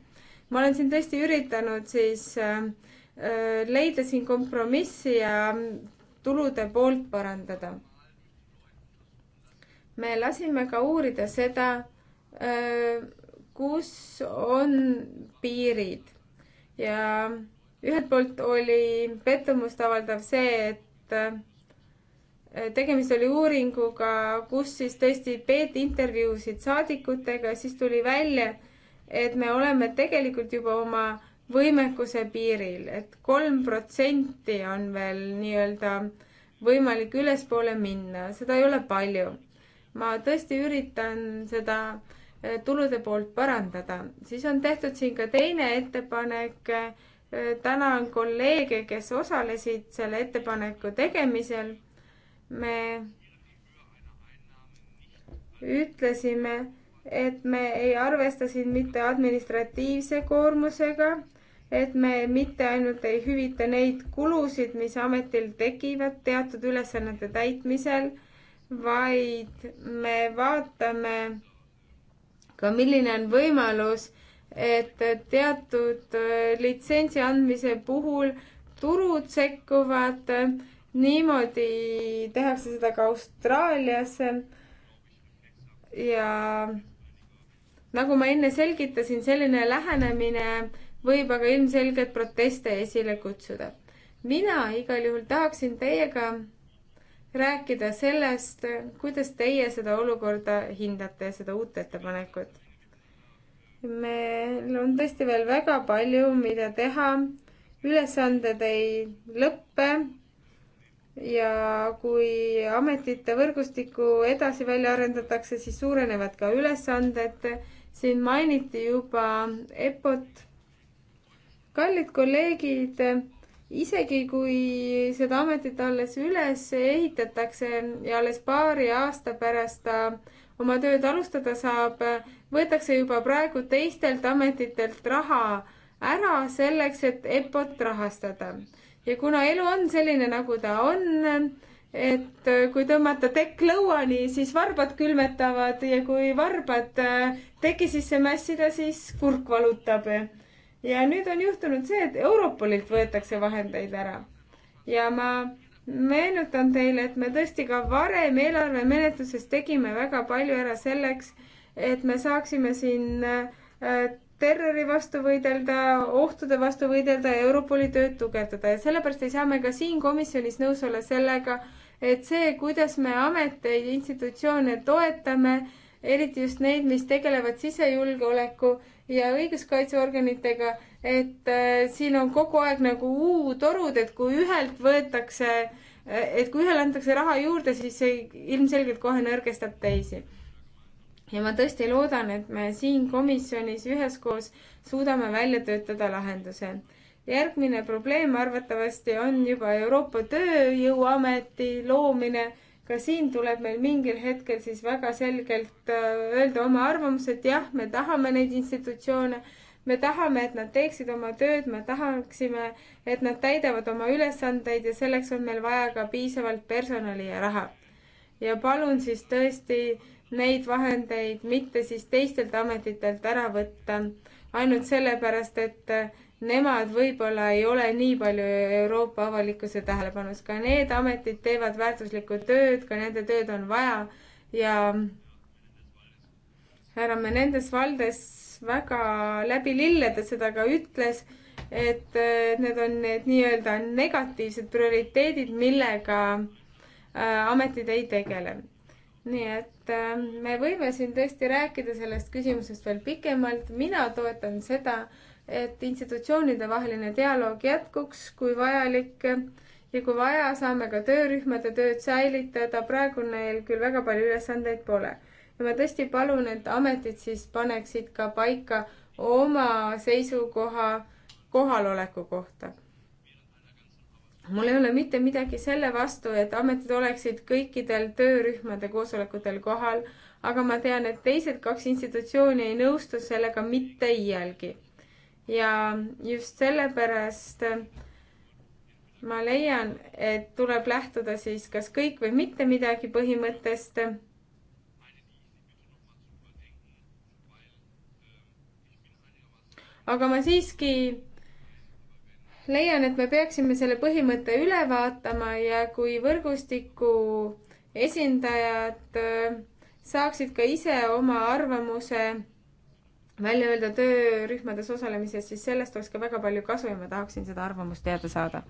ma olen siin tõesti üritanud siis äh, äh leida siin kompromissi ja tulude poolt parandada. me lasime ka uurida seda äh,, kus on piirid ja ühelt poolt oli pettumust avaldav see, et äh, tegemist oli uuringuga, kus siis tõesti peeti intervjuusid saadikutega, siis tuli välja, et me oleme tegelikult juba oma võimekuse piiril et, et kolm protsenti on veel nii-öelda võimalik ülespoole minna, seda ei ole palju. ma tõesti üritan seda äh, tulude poolt parandada, siis on tehtud siin ka teine ettepanek äh, tänan kolleege, kes osalesid selle ettepaneku tegemisel. me ütlesime, et me ei arvesta siin mitte administratiivse koormusega, et me mitte ainult ei hüvita neid kulusid, mis ametil tekivad teatud ülesannete täitmisel, vaid me vaatame ka, milline on võimalus et teatud äh, litsentsi andmise puhul turud sekkuvad, äh, niimoodi tehakse seda ka Austraalias. ja nagu ma enne selgitasin, selline lähenemine võib aga ilmselgelt proteste esile kutsuda. mina igal juhul tahaksin teiega rääkida sellest, kuidas teie seda olukorda hindate, seda uut ettepanekut meil on tõesti veel väga palju, mida teha. ülesanded ei lõppe. ja kui ametite võrgustikku edasi välja arendatakse, siis suurenevad ka ülesanded. siin mainiti juba EPO-t. kallid kolleegid, isegi kui seda ametit alles üles ehitatakse ja alles paari aasta pärast ta oma tööd alustada saab, võetakse juba praegu teistelt ametitelt raha ära selleks, et EPO-t rahastada. ja kuna elu on selline, nagu ta on, et kui tõmmata tekk lõuani, siis varbad külmetavad ja kui varbad äh, teki sisse mässida, siis kurk valutab. ja nüüd on juhtunud see, et Europolilt võetakse vahendeid ära. ja ma meenutan teile, et me tõesti ka varem eelarvemenetluses tegime väga palju ära selleks, et me saaksime siin äh, terrori vastu võidelda, ohtude vastu võidelda ja Europoli tööd tugevdada ja sellepärast ei saa me ka siin komisjonis nõus olla sellega, et see, kuidas me ameteid, institutsioone toetame, eriti just neid, mis tegelevad sisejulgeoleku ja õiguskaitseorganitega, et äh, siin on kogu aeg nagu uutorud, et kui ühelt võetakse, äh, et kui ühele antakse raha juurde, siis see ilmselgelt kohe nõrgestab teisi. ja ma tõesti loodan, et me siin komisjonis üheskoos suudame välja töötada lahenduse järgmine probleem arvatavasti on juba Euroopa Tööjõuameti loomine ka siin tuleb meil mingil hetkel siis väga selgelt äh, öelda oma arvamus, et jah, me tahame neid institutsioone, me tahame, et nad teeksid oma tööd, me tahaksime, et nad täidavad oma ülesandeid ja selleks on meil vaja ka piisavalt personali ja raha. ja palun siis tõesti neid vahendeid mitte siis teistelt ametitelt ära võtta ainult sellepärast, et äh, nemad võib-olla ei ole nii palju Euroopa avalikkuse tähelepanus. ka need ametid teevad väärtuslikku tööd, ka nende tööd on vaja ja härra Menendez Valdes väga läbi lillede seda ka ütles, et need on need nii-öelda negatiivsed prioriteedid, millega äh, ametid ei tegele. nii et äh, me võime siin tõesti rääkida sellest küsimusest veel pikemalt, mina toetan seda, et institutsioonide vaheline dialoog jätkuks, kui vajalik ja kui vaja, saame ka töörühmade tööd säilitada, praegu neil küll väga palju ülesandeid pole. ja ma tõesti palun, et ametid siis paneksid ka paika oma seisukoha kohaloleku kohta. mul ei ole mitte midagi selle vastu, et ametid oleksid kõikidel töörühmade koosolekutel kohal, aga ma tean, et teised kaks institutsiooni ei nõustu sellega mitte iialgi ja just sellepärast ma leian, et tuleb lähtuda siis kas kõik või mitte midagi põhimõttest. aga ma siiski leian, et me peaksime selle põhimõtte üle vaatama ja kui võrgustiku esindajad saaksid ka ise oma arvamuse välja öelda töörühmades osalemisest, siis sellest oleks ka väga palju kasu ja ma tahaksin seda arvamust teada saada.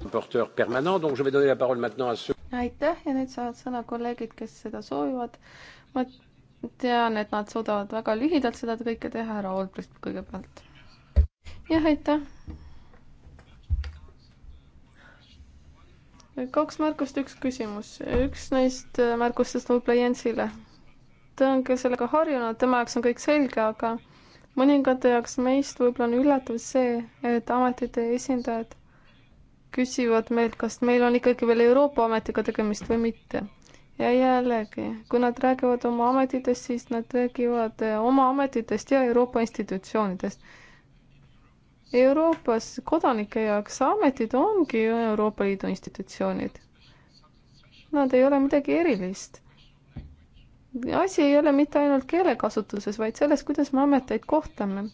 aitäh ja nüüd saavad sõna kolleegid, kes seda soovivad. ma tean, et nad suudavad väga lühidalt seda kõike teha, härra Olbrist kõigepealt. jah, aitäh. kaks märkust, üks küsimus. üks neist märkustest võib-olla Jensile. ta on ka sellega harjunud, tema jaoks on kõik selge, aga mõningate jaoks meist võib-olla on üllatav see, et ametite esindajad küsivad meilt, kas meil on ikkagi veel Euroopa ametiga tegemist või mitte. ja jällegi, kui nad räägivad oma ametitest, siis nad räägivad oma ametitest ja Euroopa institutsioonidest. Euroopas kodanike jaoks ametid ongi ju Euroopa Liidu institutsioonid. Nad ei ole midagi erilist asi ei ole mitte ainult keelekasutuses, vaid selles, kuidas me ameteid kohtame.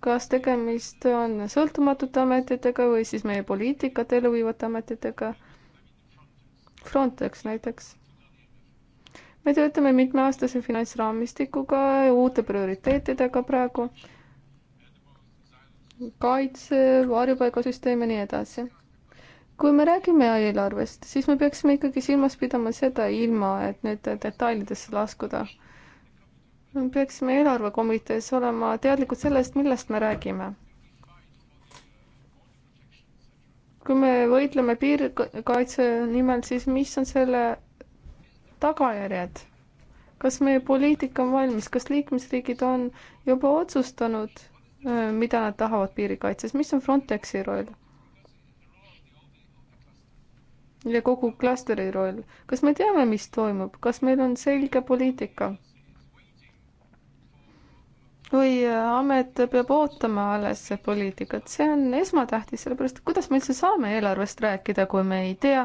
kas tegemist on sõltumatute ametitega või siis meie poliitikat ellu viivate ametitega. Frontex näiteks. me töötame mitmeaastase finantsraamistikuga ja uute prioriteetidega praegu. kaitse, varjupaigasüsteem ja nii edasi kui me räägime eelarvest, siis me peaksime ikkagi silmas pidama seda, ilma et nüüd detailidesse laskuda. me peaksime eelarvekomitees olema teadlikud sellest, millest me räägime. kui me võitleme piirkaitse nimel, siis mis on selle tagajärjed? kas meie poliitika on valmis, kas liikmesriigid on juba otsustanud, mida nad tahavad piirikaitses, mis on Frontexi roll? ja kogu klastri roll. kas me teame, mis toimub, kas meil on selge poliitika? või äh, amet peab ootama alles poliitikat, see on esmatähtis, sellepärast et kuidas me üldse saame eelarvest rääkida, kui me ei tea,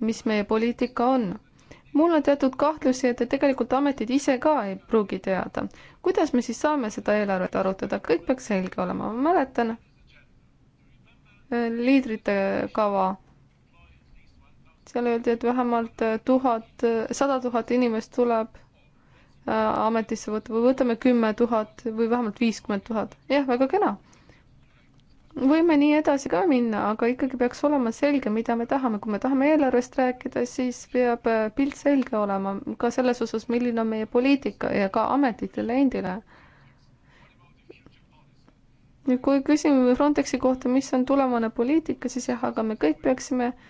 mis meie poliitika on. mul on teatud kahtlusi, et tegelikult ametid ise ka ei pruugi teada. kuidas me siis saame seda eelarvet arutada, kõik peaks selge olema, ma mäletan äh, liidrite kava seal öeldi, et vähemalt äh, tuhat, äh, sada tuhat inimest tuleb äh, ametisse võtta või võtame kümme tuhat või vähemalt viiskümmend tuhat. jah, väga kena. võime nii edasi ka minna, aga ikkagi peaks olema selge, mida me tahame. kui me tahame eelarvest rääkida, siis peab pilt selge olema ka selles osas, milline on meie poliitika ja ka ametitele endile. kui küsime Frontexi kohta, mis on tulevane poliitika, siis jah, aga me kõik peaksime äh,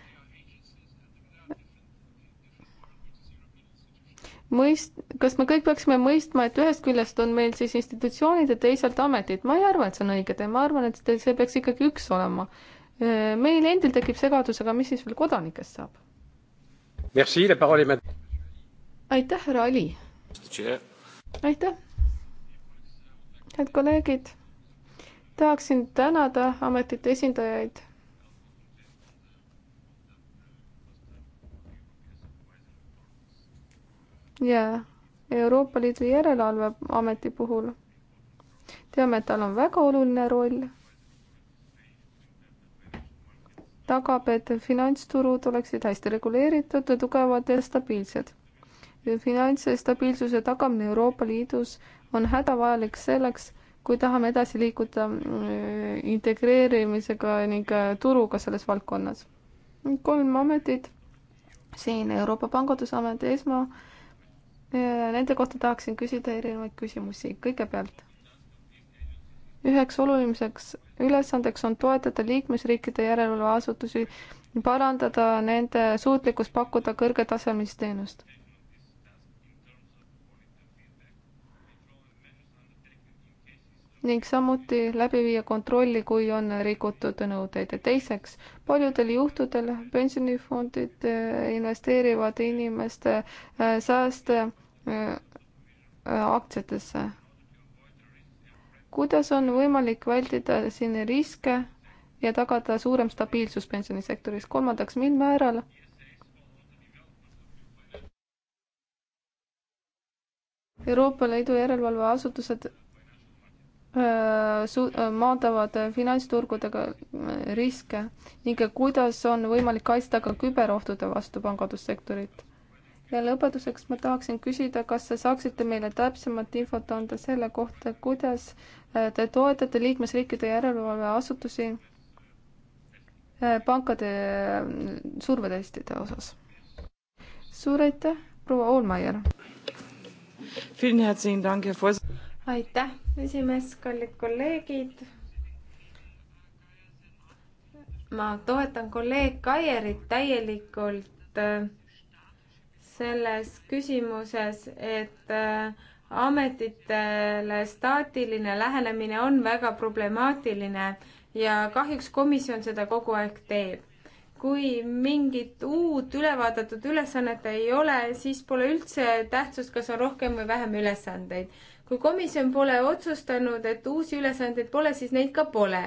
mõist-, kas me kõik peaksime mõistma, et ühest küljest on meil siis institutsioonid ja teisalt ametid, ma ei arva, et see on õige tee, ma arvan, et see peaks ikkagi üks olema. Äh, meil endil tekib segadus, aga mis siis veel kodanikest saab? aitäh, härra Ali! aitäh! head kolleegid, tahaksin tänada ametite esindajaid ja Euroopa Liidu Järelevalveameti puhul teame, et tal on väga oluline roll. tagab, et finantsturud oleksid hästi reguleeritud, tugevad ja stabiilsed. finantsstabiilsuse tagamine Euroopa Liidus on hädavajalik selleks, kui tahame edasi liikuda mm, integreerimisega ning äh, turuga selles valdkonnas. kolm ametit siin Euroopa Pangandusamet, ESMA Äh, nende kohta tahaksin küsida erinevaid küsimusi. kõigepealt, üheks oluliseks ülesandeks on toetada liikmesriikide järelevalveasutusi, parandada nende suutlikkust pakkuda kõrgetasemelist teenust. ning samuti läbi viia kontrolli, kui on rikutud nõudeid. teiseks, paljudel juhtudel pensionifondid äh, investeerivad inimeste äh, sääste Äh, äh, aktsiatesse. kuidas on võimalik vältida siin riske ja tagada suurem stabiilsus pensionisektoris? kolmandaks, mil määral Euroopa Liidu järelevalveasutused äh, su-, maandavad finantsturgudega riske ning kuidas on võimalik kaitsta ka küberohtude vastu pangandussektorit ja lõpetuseks ma tahaksin küsida, kas te saaksite meile täpsemat infot anda selle kohta, kuidas äh, te toetate liikmesriikide järelevalveasutusi äh, pankade äh, survetestide osas? suur aitäh, proua Olmaier! aitäh, esimees, kallid kolleegid! ma toetan kolleeg Kaierit täielikult selles küsimuses, et äh, ametitele staatiline lähenemine on väga problemaatiline ja kahjuks komisjon seda kogu aeg teeb. kui mingit uut ülevaadatud ülesannet ei ole, siis pole üldse tähtsust, kas on rohkem või vähem ülesandeid. kui komisjon pole otsustanud, et uusi ülesandeid pole, siis neid ka pole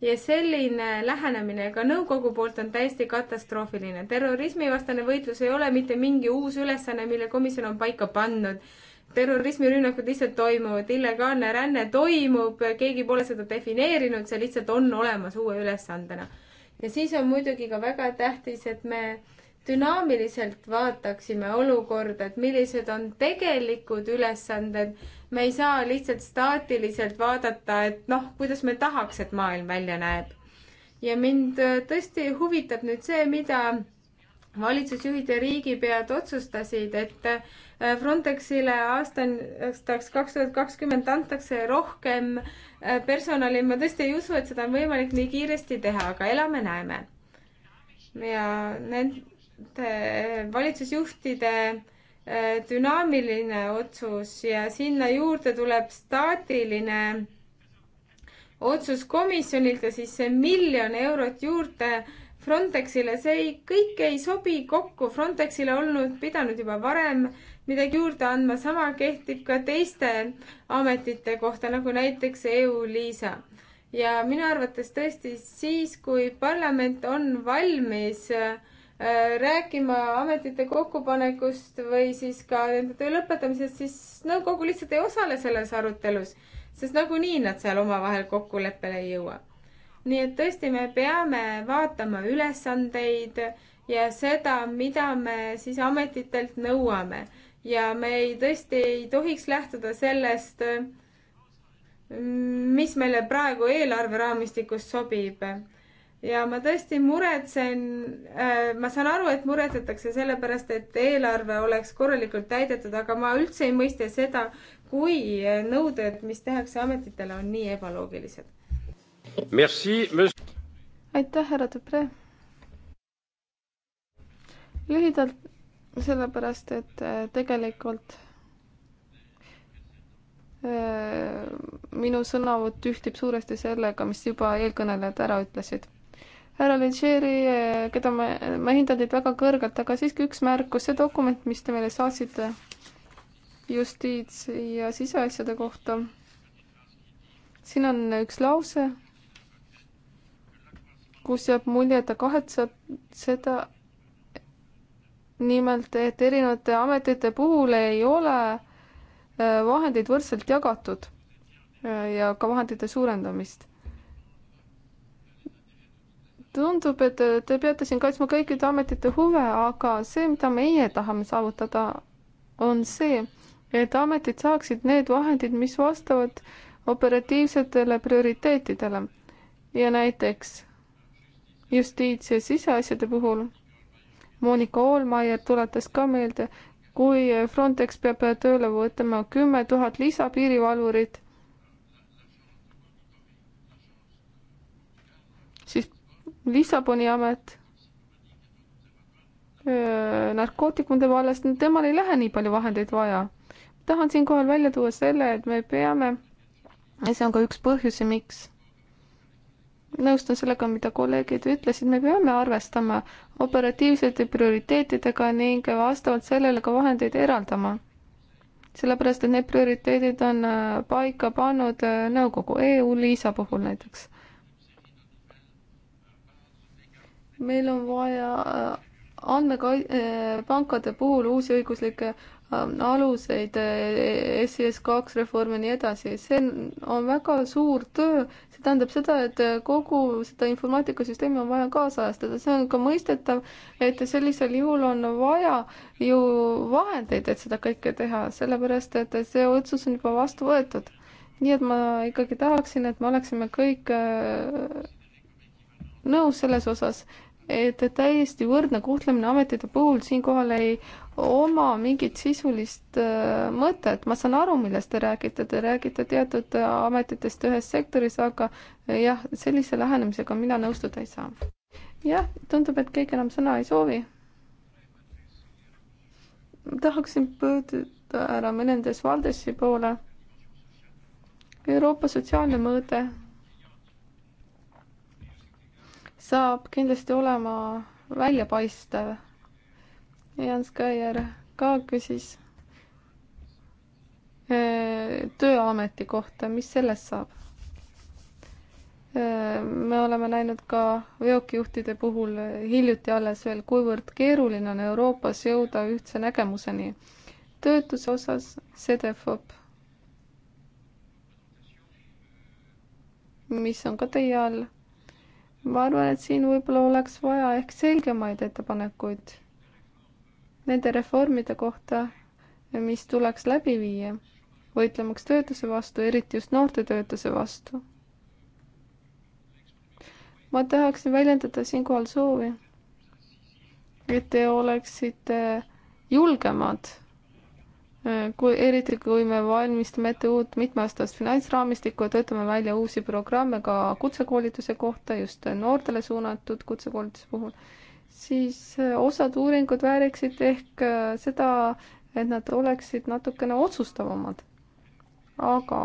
ja selline lähenemine ka nõukogu poolt on täiesti katastroofiline. terrorismivastane võitlus ei ole mitte mingi uus ülesanne, mille komisjon on paika pannud. terrorismirünnakud lihtsalt toimuvad, illegaalne ränne toimub, keegi pole seda defineerinud, see lihtsalt on olemas uue ülesandena. ja siis on muidugi ka väga tähtis, et me dünaamiliselt vaataksime olukorda, et millised on tegelikud ülesanded me ei saa lihtsalt staatiliselt vaadata, et noh, kuidas me tahaks, et maailm välja näeb. ja mind äh, tõesti huvitab nüüd see, mida valitsusjuhid ja riigipead otsustasid, et äh, Frontexile aastaks kaks tuhat kakskümmend antakse rohkem äh, personali. ma tõesti ei usu, et seda on võimalik nii kiiresti teha, aga elame-näeme. ja nende valitsusjuhtide Äh, dünaamiline otsus ja sinna juurde tuleb staatiline otsus komisjonilt ja siis see miljon eurot juurde Frontexile, see ei, kõik ei sobi kokku, Frontexile olnud pidanud juba varem midagi juurde andma, sama kehtib ka teiste ametite kohta, nagu näiteks EU-LISA. ja minu arvates tõesti siis, kui parlament on valmis äh, Äh, rääkima ametite kokkupanekust või siis ka nende töö lõpetamisest, siis nõukogu lihtsalt ei osale selles arutelus, sest nagunii nad seal omavahel kokkuleppele ei jõua. nii et tõesti, me peame vaatama ülesandeid ja seda, mida me siis ametitelt nõuame ja me ei, tõesti ei tohiks lähtuda sellest, mis meile praegu eelarveraamistikus sobib ja ma tõesti muretsen, äh, ma saan aru, et muretsetakse sellepärast, et eelarve oleks korralikult täidetud, aga ma üldse ei mõista seda, kui äh, nõuded, mis tehakse ametitele, on nii ebaloogilised. aitäh, härra Debre. lühidalt sellepärast, et äh, tegelikult minu sõnavõtt ühtib suuresti sellega, mis juba eelkõnelejad ära ütlesid härra Legeri, keda ma, ma hindan teid väga kõrgelt, aga siiski üks märkus, see dokument, mis te meile saatsite justiits- ja siseasjade kohta. siin on üks lause, kus jääb mulje, et ta kahetseb seda, nimelt, et erinevate ametite puhul ei ole äh, vahendeid võrdselt jagatud äh, ja ka vahendite suurendamist tundub, et te peate siin kaitsma kõikide ametite huve, aga see, mida meie tahame saavutada, on see, et ametid saaksid need vahendid, mis vastavad operatiivsetele prioriteetidele. ja näiteks justiits- ja siseasjade puhul Monika Hoolmeier tuletas ka meelde, kui Frontex peab tööle võtma kümme tuhat lisapiirivalvurit, siis Lissaboni amet, narkootikumide vallast, temal ei lähe nii palju vahendeid vaja. tahan siinkohal välja tuua selle, et me peame, ja see on ka üks põhjusi, miks nõustun sellega, mida kolleegid ütlesid, me peame arvestama operatiivsete prioriteetidega ning vastavalt sellele ka vahendeid eraldama. sellepärast, et need prioriteedid on äh, paika pannud äh, nõukogu EU-Liisa puhul näiteks meil on vaja äh, andmepankade äh, puhul uusi õiguslikke äh, aluseid, SES kaks reform ja nii edasi, see on väga suur töö, see tähendab seda, et kogu seda informaatikasüsteemi on vaja kaasajastada, see on ka mõistetav, et sellisel juhul on vaja ju vahendeid, et seda kõike teha, sellepärast et see otsus on juba vastu võetud. nii et ma ikkagi tahaksin, et me oleksime kõik nõus selles osas, et täiesti võrdne kohtlemine ametite puhul siinkohal ei oma mingit sisulist äh, mõtet, ma saan aru, millest te räägite, te räägite teatud äh, ametitest ühes sektoris, aga äh, jah, sellise lähenemisega mina nõustuda ei saa. jah, tundub, et keegi enam sõna ei soovi. tahaksin pöörduda härra Menendez Valdesi poole. Euroopa sotsiaalne mõõde saab kindlasti olema väljapaistev. Jans Kaier ka küsis eh, tööameti kohta, mis sellest saab? Eh, me oleme näinud ka veokijuhtide puhul hiljuti alles veel, kuivõrd keeruline on Euroopas jõuda ühtse nägemuseni. töötuse osas CDFOP, mis on ka teie all ma arvan, et siin võib-olla oleks vaja ehk selgemaid ettepanekuid nende reformide kohta, mis tuleks läbi viia, võitlemaks töötuse vastu, eriti just noorte töötuse vastu. ma tahaksin väljendada siinkohal soovi, et te oleksite julgemad Äh, kui, eriti kui me valmistame ette uut mitmeaastast finantsraamistikku ja töötame välja uusi programme ka kutsekoolituse kohta, just noortele suunatud kutsekoolituse puhul, siis äh, osad uuringud vääriksid ehk äh, seda, et nad oleksid natukene otsustavamad. aga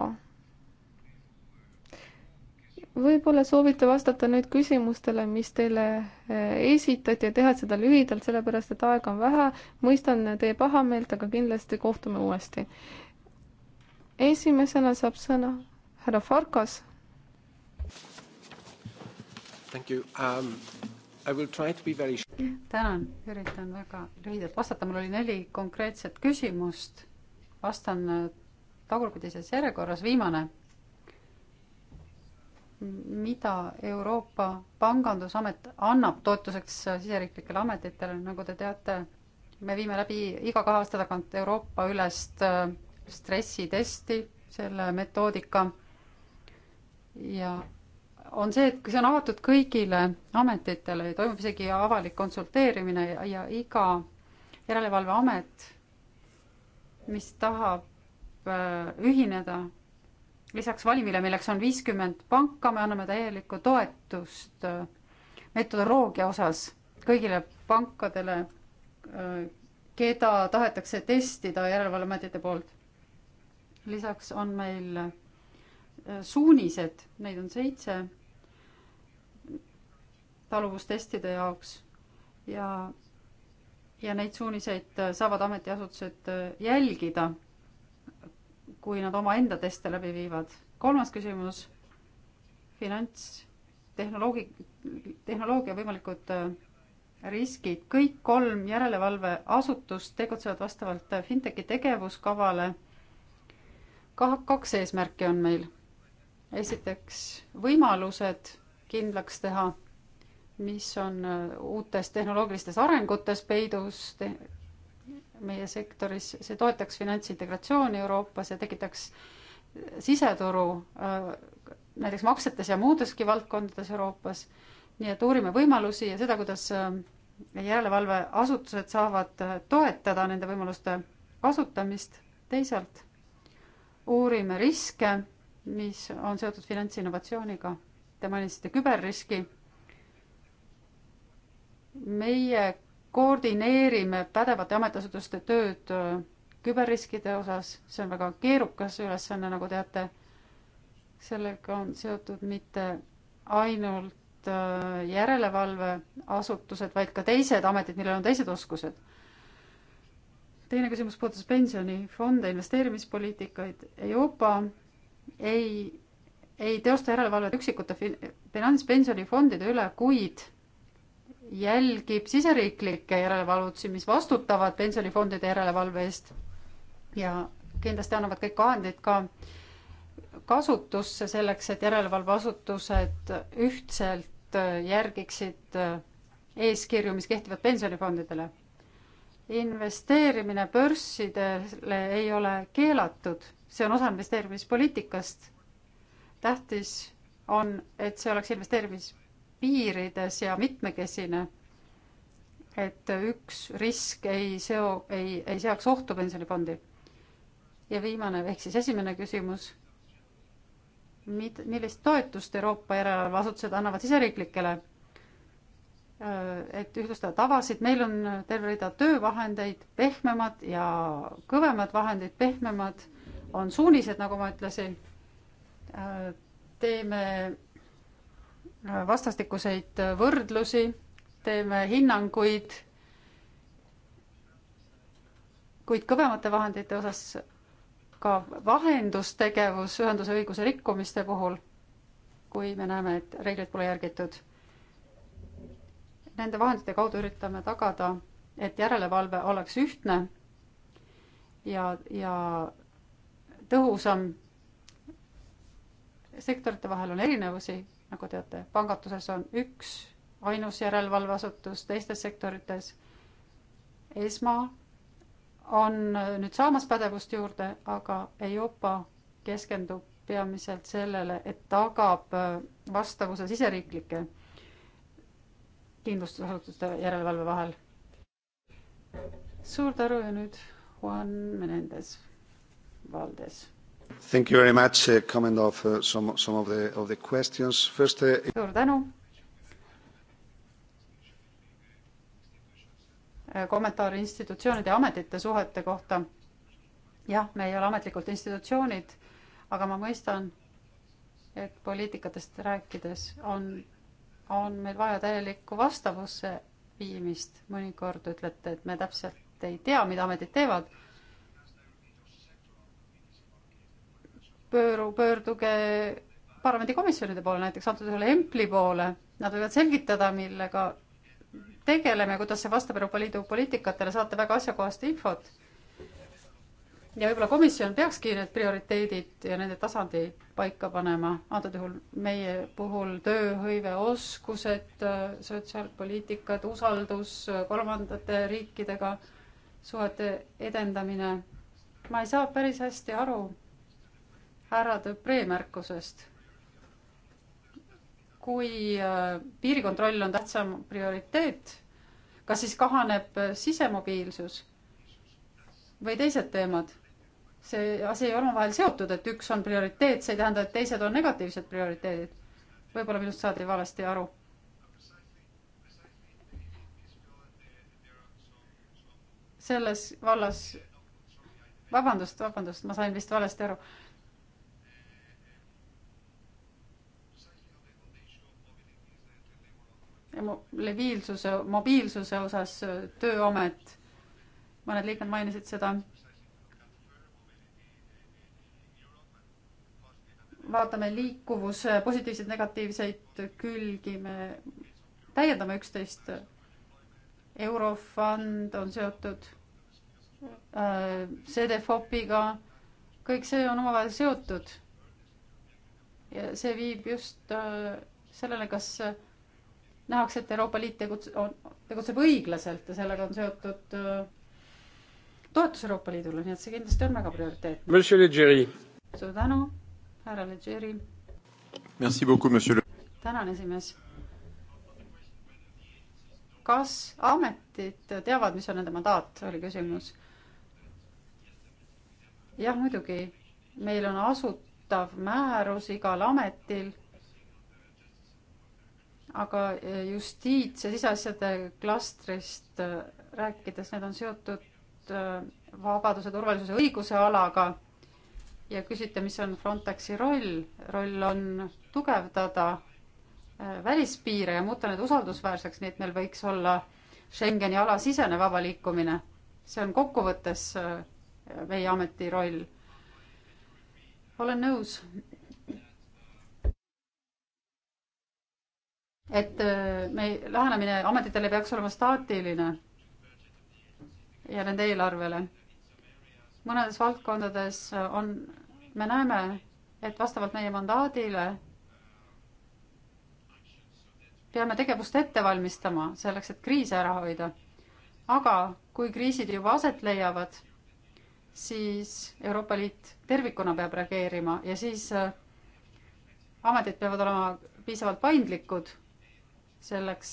võib-olla soovite vastata nüüd küsimustele, mis teile eh, esitati ja teha seda lühidalt, sellepärast et aega on vähe. mõistan teie pahameelt, aga kindlasti kohtume uuesti. esimesena saab sõna härra Farkas. Thank you um,. I will try to be very. tänan, üritan väga lühidalt vastata, mul oli neli konkreetset küsimust. vastan äh, tagurpidises järjekorras, viimane mida Euroopa Pangandusamet annab toetuseks siseriiklikele ametitele, nagu te teate, me viime läbi iga kahe aasta tagant Euroopa-ülest äh, stressitesti, selle metoodika. ja on see, et see on avatud kõigile ametitele, toimub isegi avalik konsulteerimine ja, ja iga järelevalveamet, mis tahab äh, ühineda lisaks valimile, milleks on viiskümmend panka, me anname täielikku toetust äh, metodoloogia osas kõigile pankadele, äh, keda tahetakse testida järelevalveametite poolt. lisaks on meil äh, suunised, neid on seitse taluvustestide jaoks ja, ja neid suuniseid saavad ametiasutused jälgida kui nad omaenda teste läbi viivad. kolmas küsimus, finantstehnoloogi, tehnoloogia võimalikud äh, riskid, kõik kolm järelevalveasutust tegutsevad vastavalt äh, fintechi tegevuskavale. kaks eesmärki on meil. esiteks võimalused kindlaks teha, mis on äh, uutes tehnoloogilistes arengutes peidus te meie sektoris, see toetaks finantsintegratsiooni Euroopas ja tekitaks siseturu äh, näiteks maksetes ja muudeski valdkondades Euroopas. nii et uurime võimalusi ja seda, kuidas äh, järelevalveasutused saavad äh, toetada nende võimaluste kasutamist. teisalt uurime riske, mis on seotud finantsinnovatsiooniga. Te mainisite küberriski. meie koordineerime pädevate ametiasutuste tööd äh, küberriskide osas, see on väga keerukas ülesanne, nagu teate. sellega on seotud mitte ainult äh, järelevalveasutused, vaid ka teised ametid, millel on teised oskused. teine küsimus puudutas pensionifonde, investeerimispoliitikaid. Euroopa ei, ei teosta järelevalvet üksikute finantspensionifondide üle, kuid jälgib siseriiklikke järelevalvutusi, mis vastutavad pensionifondide järelevalve eest ja kindlasti annavad kõik vahendid ka kasutusse selleks, et järelevalveasutused ühtselt järgiksid eeskirju, mis kehtivad pensionifondidele. investeerimine börssidele ei ole keelatud, see on osa investeerimispoliitikast. tähtis on, et see oleks investeerimis piirides ja mitmekesine. et üks risk ei seo, ei, ei seaks ohtu pensionifondi. ja viimane ehk siis esimene küsimus. Mid-, millist toetust Euroopa järelevalveasutused annavad siseriiklikele? Äh, et ühtlustada tavasid, meil on terve rida töövahendeid, pehmemad ja kõvemad vahendid, pehmemad on suunised, nagu ma ütlesin. Äh, teeme vastastikuseid võrdlusi, teeme hinnanguid, kuid kõvemate vahendite osas ka vahendustegevus ühenduse õiguse rikkumiste puhul, kui me näeme, et reegleid pole järgitud. Nende vahendite kaudu üritame tagada, et järelevalve oleks ühtne ja, ja tõhusam. sektorite vahel on erinevusi, nagu teate, panganduses on üks ainus järelevalveasutus, teistes sektorites ESMA on nüüd saamas pädevust juurde, aga EIOPA keskendub peamiselt sellele, et tagab äh, vastavuse siseriiklike kindlustusasutuste järelevalve vahel. suur tänu ja nüüd Juan Menendez Valdes Thank you very much, uh, comment of uh, some, some of the, of the questions. First uh, suur tänu. Äh, kommentaar institutsioonide ja ametite suhete kohta. jah, me ei ole ametlikult institutsioonid, aga ma mõistan, et poliitikatest rääkides on, on meil vaja täielikku vastavusse viimist. mõnikord ütlete, et me täpselt ei tea, mida ametid teevad pööru, pöörduge parlamendikomisjonide poole, näiteks antud juhul EMPLi poole, nad võivad selgitada, millega tegeleme, kuidas see vastab Euroopa Liidu poliitikatele, saate väga asjakohast infot. ja võib-olla komisjon peakski need prioriteedid ja nende tasandi paika panema, antud juhul meie puhul tööhõive, oskused, sotsiaalpoliitikad, usaldus kolmandate riikidega, suhete edendamine. ma ei saa päris hästi aru härra Depree märkusest. kui äh, piirikontroll on tähtsam prioriteet, kas siis kahaneb äh, sisemobiilsus või teised teemad? see asi ei ole omavahel seotud, et üks on prioriteet, see ei tähenda, et teised on negatiivsed prioriteedid. võib-olla minust saadi valesti aru selles vallas, vabandust, vabandust, ma sain vist valesti aru mobiilsuse, mobiilsuse osas äh, tööamet, mõned liikmed mainisid seda. vaatame liikuvuse positiivseid, negatiivseid külgi, me täiendame üksteist. eurofond on seotud äh, CDFOP-iga, kõik see on omavahel seotud. ja see viib just äh, sellele, kas äh, nähakse, et Euroopa Liit tegutse-, tegutseb õiglaselt ja sellega on seotud äh, toetus Euroopa Liidule, nii et see kindlasti on väga prioriteetne. suur tänu, härra Leggeri. tänan, esimees. kas ametid teavad, mis on nende mandaat, oli küsimus. jah, muidugi, meil on asutav määrus igal ametil aga eh, justiits- ja siseasjade klastrist eh, rääkides, need on seotud eh, vabaduse, turvalisuse, õiguse alaga ja küsite, mis on Frontexi roll. roll on tugevdada välispiire ja muuta need usaldusväärseks, nii et meil võiks olla Schengeni ala sisene vaba liikumine. see on kokkuvõttes meie ameti roll. olen nõus et äh, me, lähenemine ametitele peaks olema staatiline ja nende eelarvele. mõnedes valdkondades on, me näeme, et vastavalt meie mandaadile peame tegevust ette valmistama selleks, et kriise ära hoida. aga kui kriisid juba aset leiavad, siis Euroopa Liit tervikuna peab reageerima ja siis äh, ametid peavad olema piisavalt paindlikud selleks,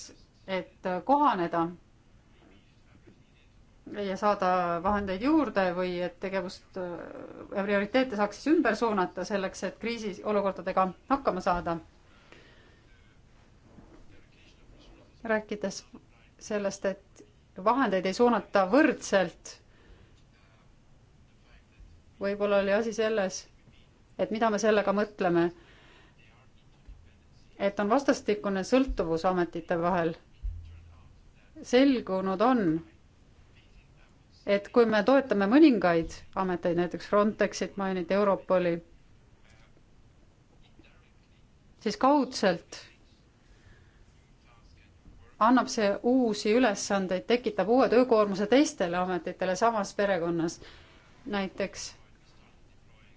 et kohaneda ja saada vahendeid juurde või et tegevust ja prioriteete saaks siis ümber suunata selleks, et kriisiolukordadega hakkama saada. rääkides sellest, et vahendeid ei suunata võrdselt, võib-olla oli asi selles, et mida me sellega mõtleme et on vastastikune sõltuvus ametite vahel. selgunud on, et kui me toetame mõningaid ameteid, näiteks Frontexit mainiti, Europoli, siis kaudselt annab see uusi ülesandeid, tekitab uue töökoormuse teistele ametitele samas perekonnas. näiteks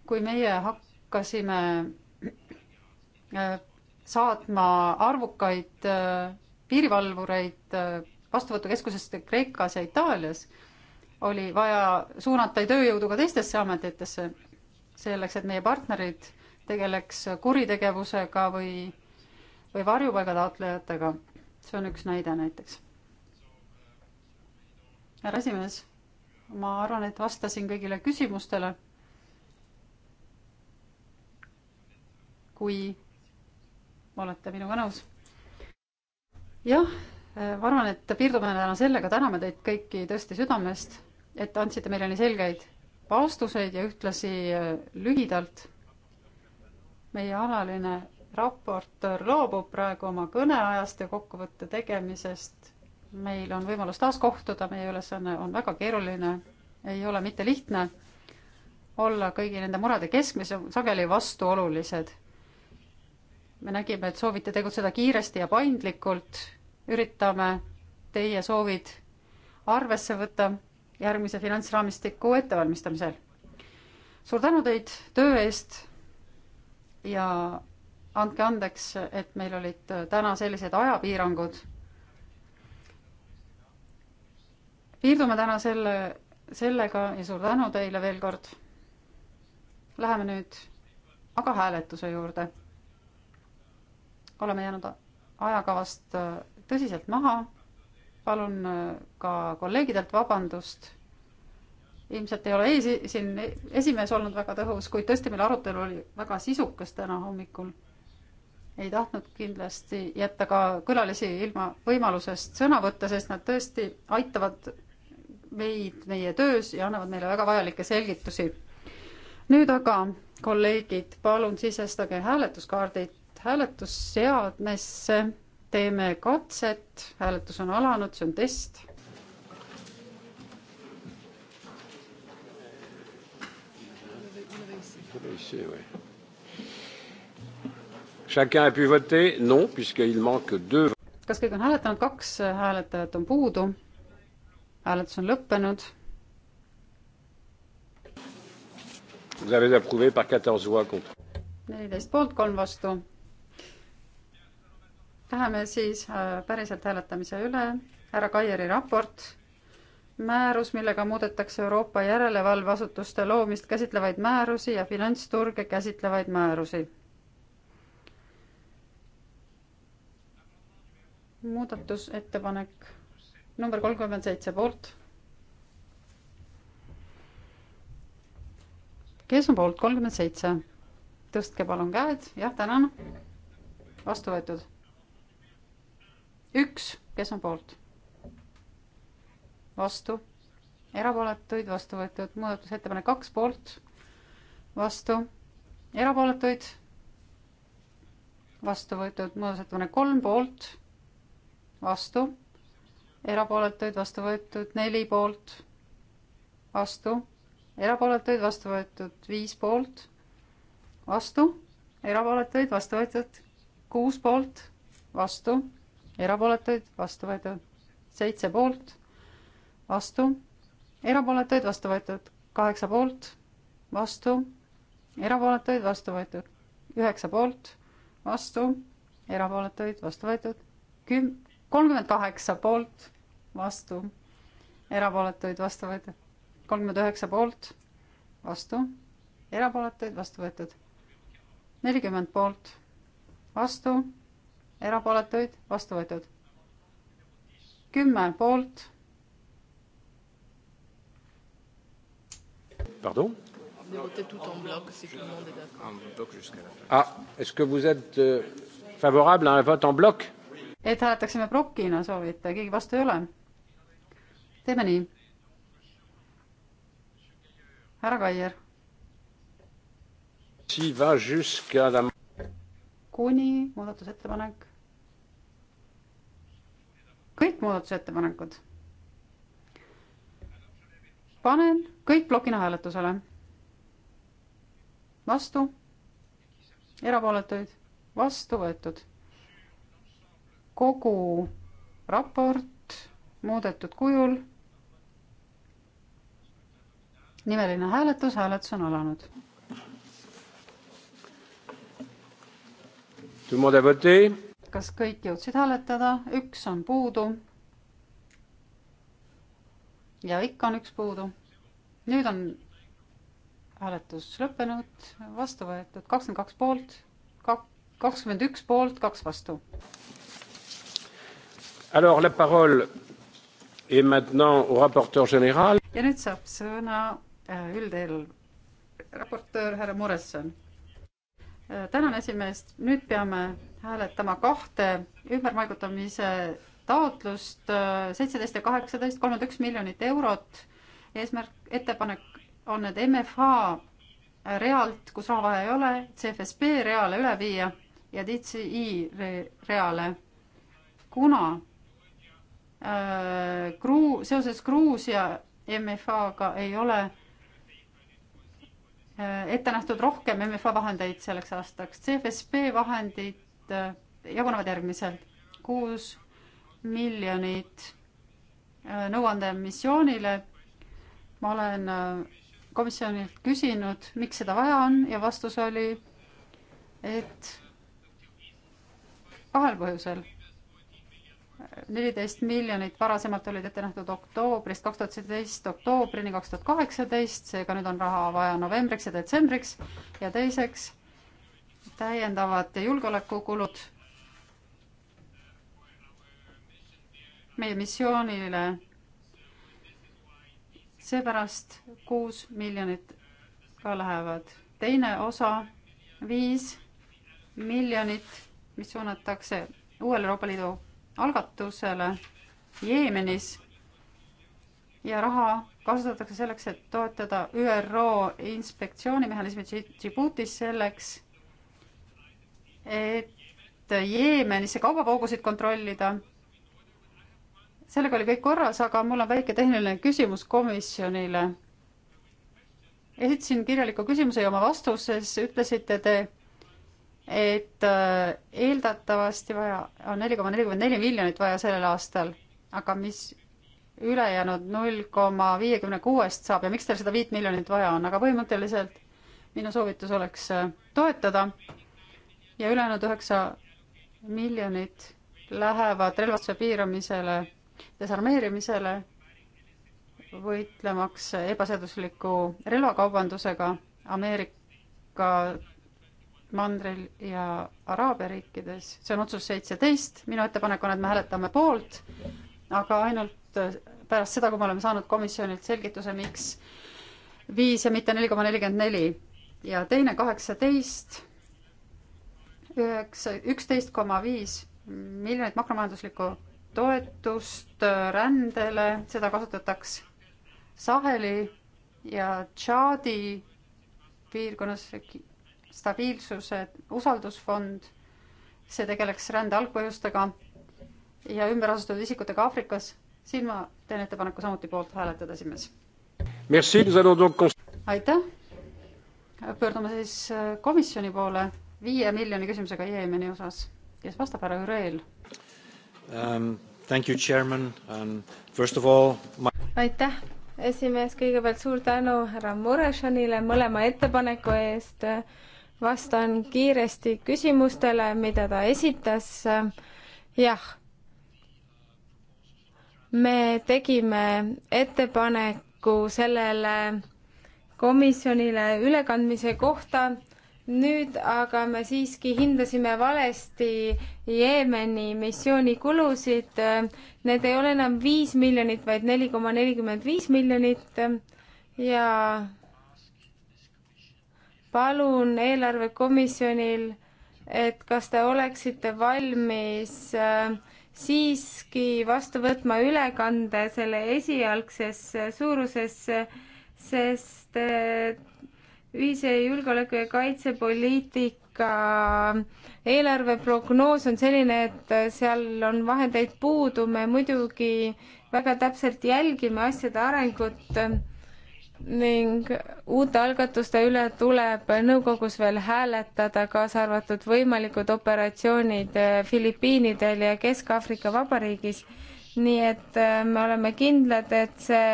kui meie hakkasime äh, saatma arvukaid äh, piirivalvureid äh, vastuvõtukeskusesse Kreekas ja Itaalias, oli vaja suunata tööjõudu ka teistesse ametitesse, selleks et meie partnerid tegeleks kuritegevusega või, või varjupaiga taotlejatega. see on üks näide näiteks. härra esimees, ma arvan, et vastasin kõigile küsimustele. kui olete minuga nõus? jah, äh, ma arvan, et piirdume täna sellega, täname teid kõiki tõesti südamest, et andsite meile nii selgeid vastuseid ja ühtlasi äh, lühidalt. meie alaline raportöör loobub praegu oma kõneajast ja kokkuvõtte tegemisest. meil on võimalus taas kohtuda, meie ülesanne on väga keeruline, ei ole mitte lihtne olla kõigi nende murede keskmes ja sageli vastuolulised me nägime, et soovite tegutseda kiiresti ja paindlikult, üritame teie soovid arvesse võtta järgmise finantsraamistiku ettevalmistamisel. suur tänu teid töö eest ja andke andeks, et meil olid täna sellised ajapiirangud. piirdume täna selle, sellega ja suur tänu teile veel kord. Läheme nüüd aga hääletuse juurde oleme jäänud ajakavast äh, tõsiselt maha. palun äh, ka kolleegidelt vabandust. ilmselt ei ole eesi, siin e-, esimees olnud väga tõhus, kuid tõesti, meil arutelu oli väga sisukas täna hommikul. ei tahtnud kindlasti jätta ka külalisi ilma võimalusest sõna võtta, sest nad tõesti aitavad meid meie töös ja annavad meile väga vajalikke selgitusi. nüüd aga, kolleegid, palun sisestage hääletuskaardid hääletusseadmesse, teeme katset, hääletus on alanud, see on test. kas kõik on hääletanud, kaks hääletajat on puudu. hääletus on lõppenud Vous avez approuvé par 14 voix contre. 14 poolt, 3 vastu. Läheme siis äh, päriselt hääletamise üle. härra Kaieri raport, määrus, millega muudetakse Euroopa järelevalveasutuste loomist käsitlevaid määrusi ja finantsturge käsitlevaid määrusi. muudatusettepanek number kolmkümmend seitse poolt. kes on poolt kolmkümmend seitse? tõstke palun käed, jah, tänan. vastu võetud üks, kes on poolt? vastu, erapooletuid, vastu võetud, muudatusettepanek kaks poolt, vastu, erapooletuid, vastu võetud, muudatusettepanek kolm poolt, vastu, erapooletuid, vastu võetud, neli poolt, vastu, erapooletuid, vastu võetud, viis poolt, vastu, erapooletuid, vastu võetud, kuus poolt, vastu erapooletuid, vastu võetud seitse poolt, vastu, erapooletuid, vastu võetud kaheksa poolt, vastu, erapooletuid, vastu võetud üheksa poolt, vastu, erapooletuid, vastu võetud küm-, kolmkümmend kaheksa poolt, vastu, erapooletuid, vastu võetud kolmkümmend üheksa poolt, vastu, erapooletuid, vastu võetud nelikümmend poolt, vastu erapooletuid, vastu võetud. kümme poolt. Pardon Ah, est-ce que vous êtes euh, favorable à un vote en bloc et hääletaksime plokina, soovite, keegi vastu ei ole? teeme nii. härra Kaier. kuni muudatusettepanek kõik muudatusettepanekud. panen kõik plokina hääletusele. vastu, erapooletuid, vastu võetud. kogu raport muudetud kujul. nimeline hääletus, hääletus on alanud. Tout le monde a voté kas kõik jõudsid hääletada, üks on puudu. ja ikka on üks puudu. nüüd on hääletus lõppenud, vastu võetud kakskümmend kaks poolt, kakskümmend üks poolt, kaks vastu. Alors la parole est maintenant au rapporteur général. ja nüüd saab sõna äh, üldeel raportöör härra Muresson. Äh, tänan esimeest, nüüd peame hääletama kahte ümberpaigutamise taotlust, seitseteist ja kaheksateist, kolmkümmend üks miljonit eurot. eesmärk, ettepanek on need MFH realt, kus raha vaja ei ole, CFSB reale üle viia ja DCI reale. kuna äh, Gruu-, seoses Gruusia MFA-ga ei ole äh, ette nähtud rohkem MFA vahendeid selleks aastaks, CFSB vahendid miljonit äh, jagunevad järgmiselt. kuus miljonit äh, nõuandemissioonile. ma olen äh, komisjonilt küsinud, miks seda vaja on ja vastus oli, et kahel põhjusel. neliteist miljonit varasemalt olid ette nähtud oktoobrist kaks tuhat seitseteist oktoobrini kaks tuhat kaheksateist, seega nüüd on raha vaja novembriks ja detsembriks ja teiseks täiendavad julgeolekukulud meie missioonile. seepärast kuus miljonit ka lähevad. teine osa, viis miljonit, mis suunatakse uuele Euroopa Liidu algatusele Jeemenis ja raha kasutatakse selleks, et toetada ÜRO inspektsioonimehhanismi Djiboutis selleks, et Jeemenisse kaubavoogusid kontrollida. sellega oli kõik korras, aga mul on väike tehniline küsimus komisjonile. esitasin kirjaliku küsimuse ja oma vastuses ütlesite te, et äh, eeldatavasti vaja on neli koma nelikümmend neli miljonit vaja sellel aastal, aga mis ülejäänud null koma viiekümne kuuest saab ja miks teil seda viit miljonit vaja on, aga põhimõtteliselt minu soovitus oleks äh, toetada ja ülejäänud üheksa miljonit lähevad relvastuse piiramisele, desarmeerimisele, võitlemaks ebaseadusliku relvakaubandusega Ameerika mandril ja Araabia riikides. see on otsus seitseteist, minu ettepanek on, et me hääletame poolt, aga ainult pärast seda, kui me oleme saanud komisjonilt selgituse, miks viis ja mitte neli koma nelikümmend neli. ja teine kaheksateist üheksa, üksteist koma viis miljonit makromajanduslikku toetust äh, rändele, seda kasutatakse Saheli ja Tšaadi piirkonnas stabiilsuse usaldusfond, see tegeleks rände algpõhjustega ja ümberasustatud isikutega Aafrikas. siin ma teen ettepaneku samuti poolt hääletada, esimees. aitäh. pöördume siis äh, komisjoni poole viie miljoni küsimusega Jeemeni osas. kes vastab, härra Jureel um,? Thank you, chairman um,. First of all my.... aitäh, esimees, kõigepealt suur tänu härra Murešanile mõlema ettepaneku eest. vastan kiiresti küsimustele, mida ta esitas. jah, me tegime ettepaneku sellele komisjonile ülekandmise kohta nüüd aga me siiski hindasime valesti Jeemeni missiooni kulusid. Need ei ole enam viis miljonit, vaid neli koma nelikümmend viis miljonit ja palun eelarvekomisjonil, et kas te oleksite valmis äh, siiski vastu võtma ülekande selle esialgsesse suurusesse, sest et äh, ühise julgeoleku ja kaitsepoliitika eelarveprognoos on selline, et seal on vahendeid puudu, me muidugi väga täpselt jälgime asjade arengut ning uute algatuste üle tuleb nõukogus veel hääletada, kaasa arvatud võimalikud operatsioonid Filipiinidel ja Kesk-Aafrika Vabariigis. nii et äh, me oleme kindlad, et see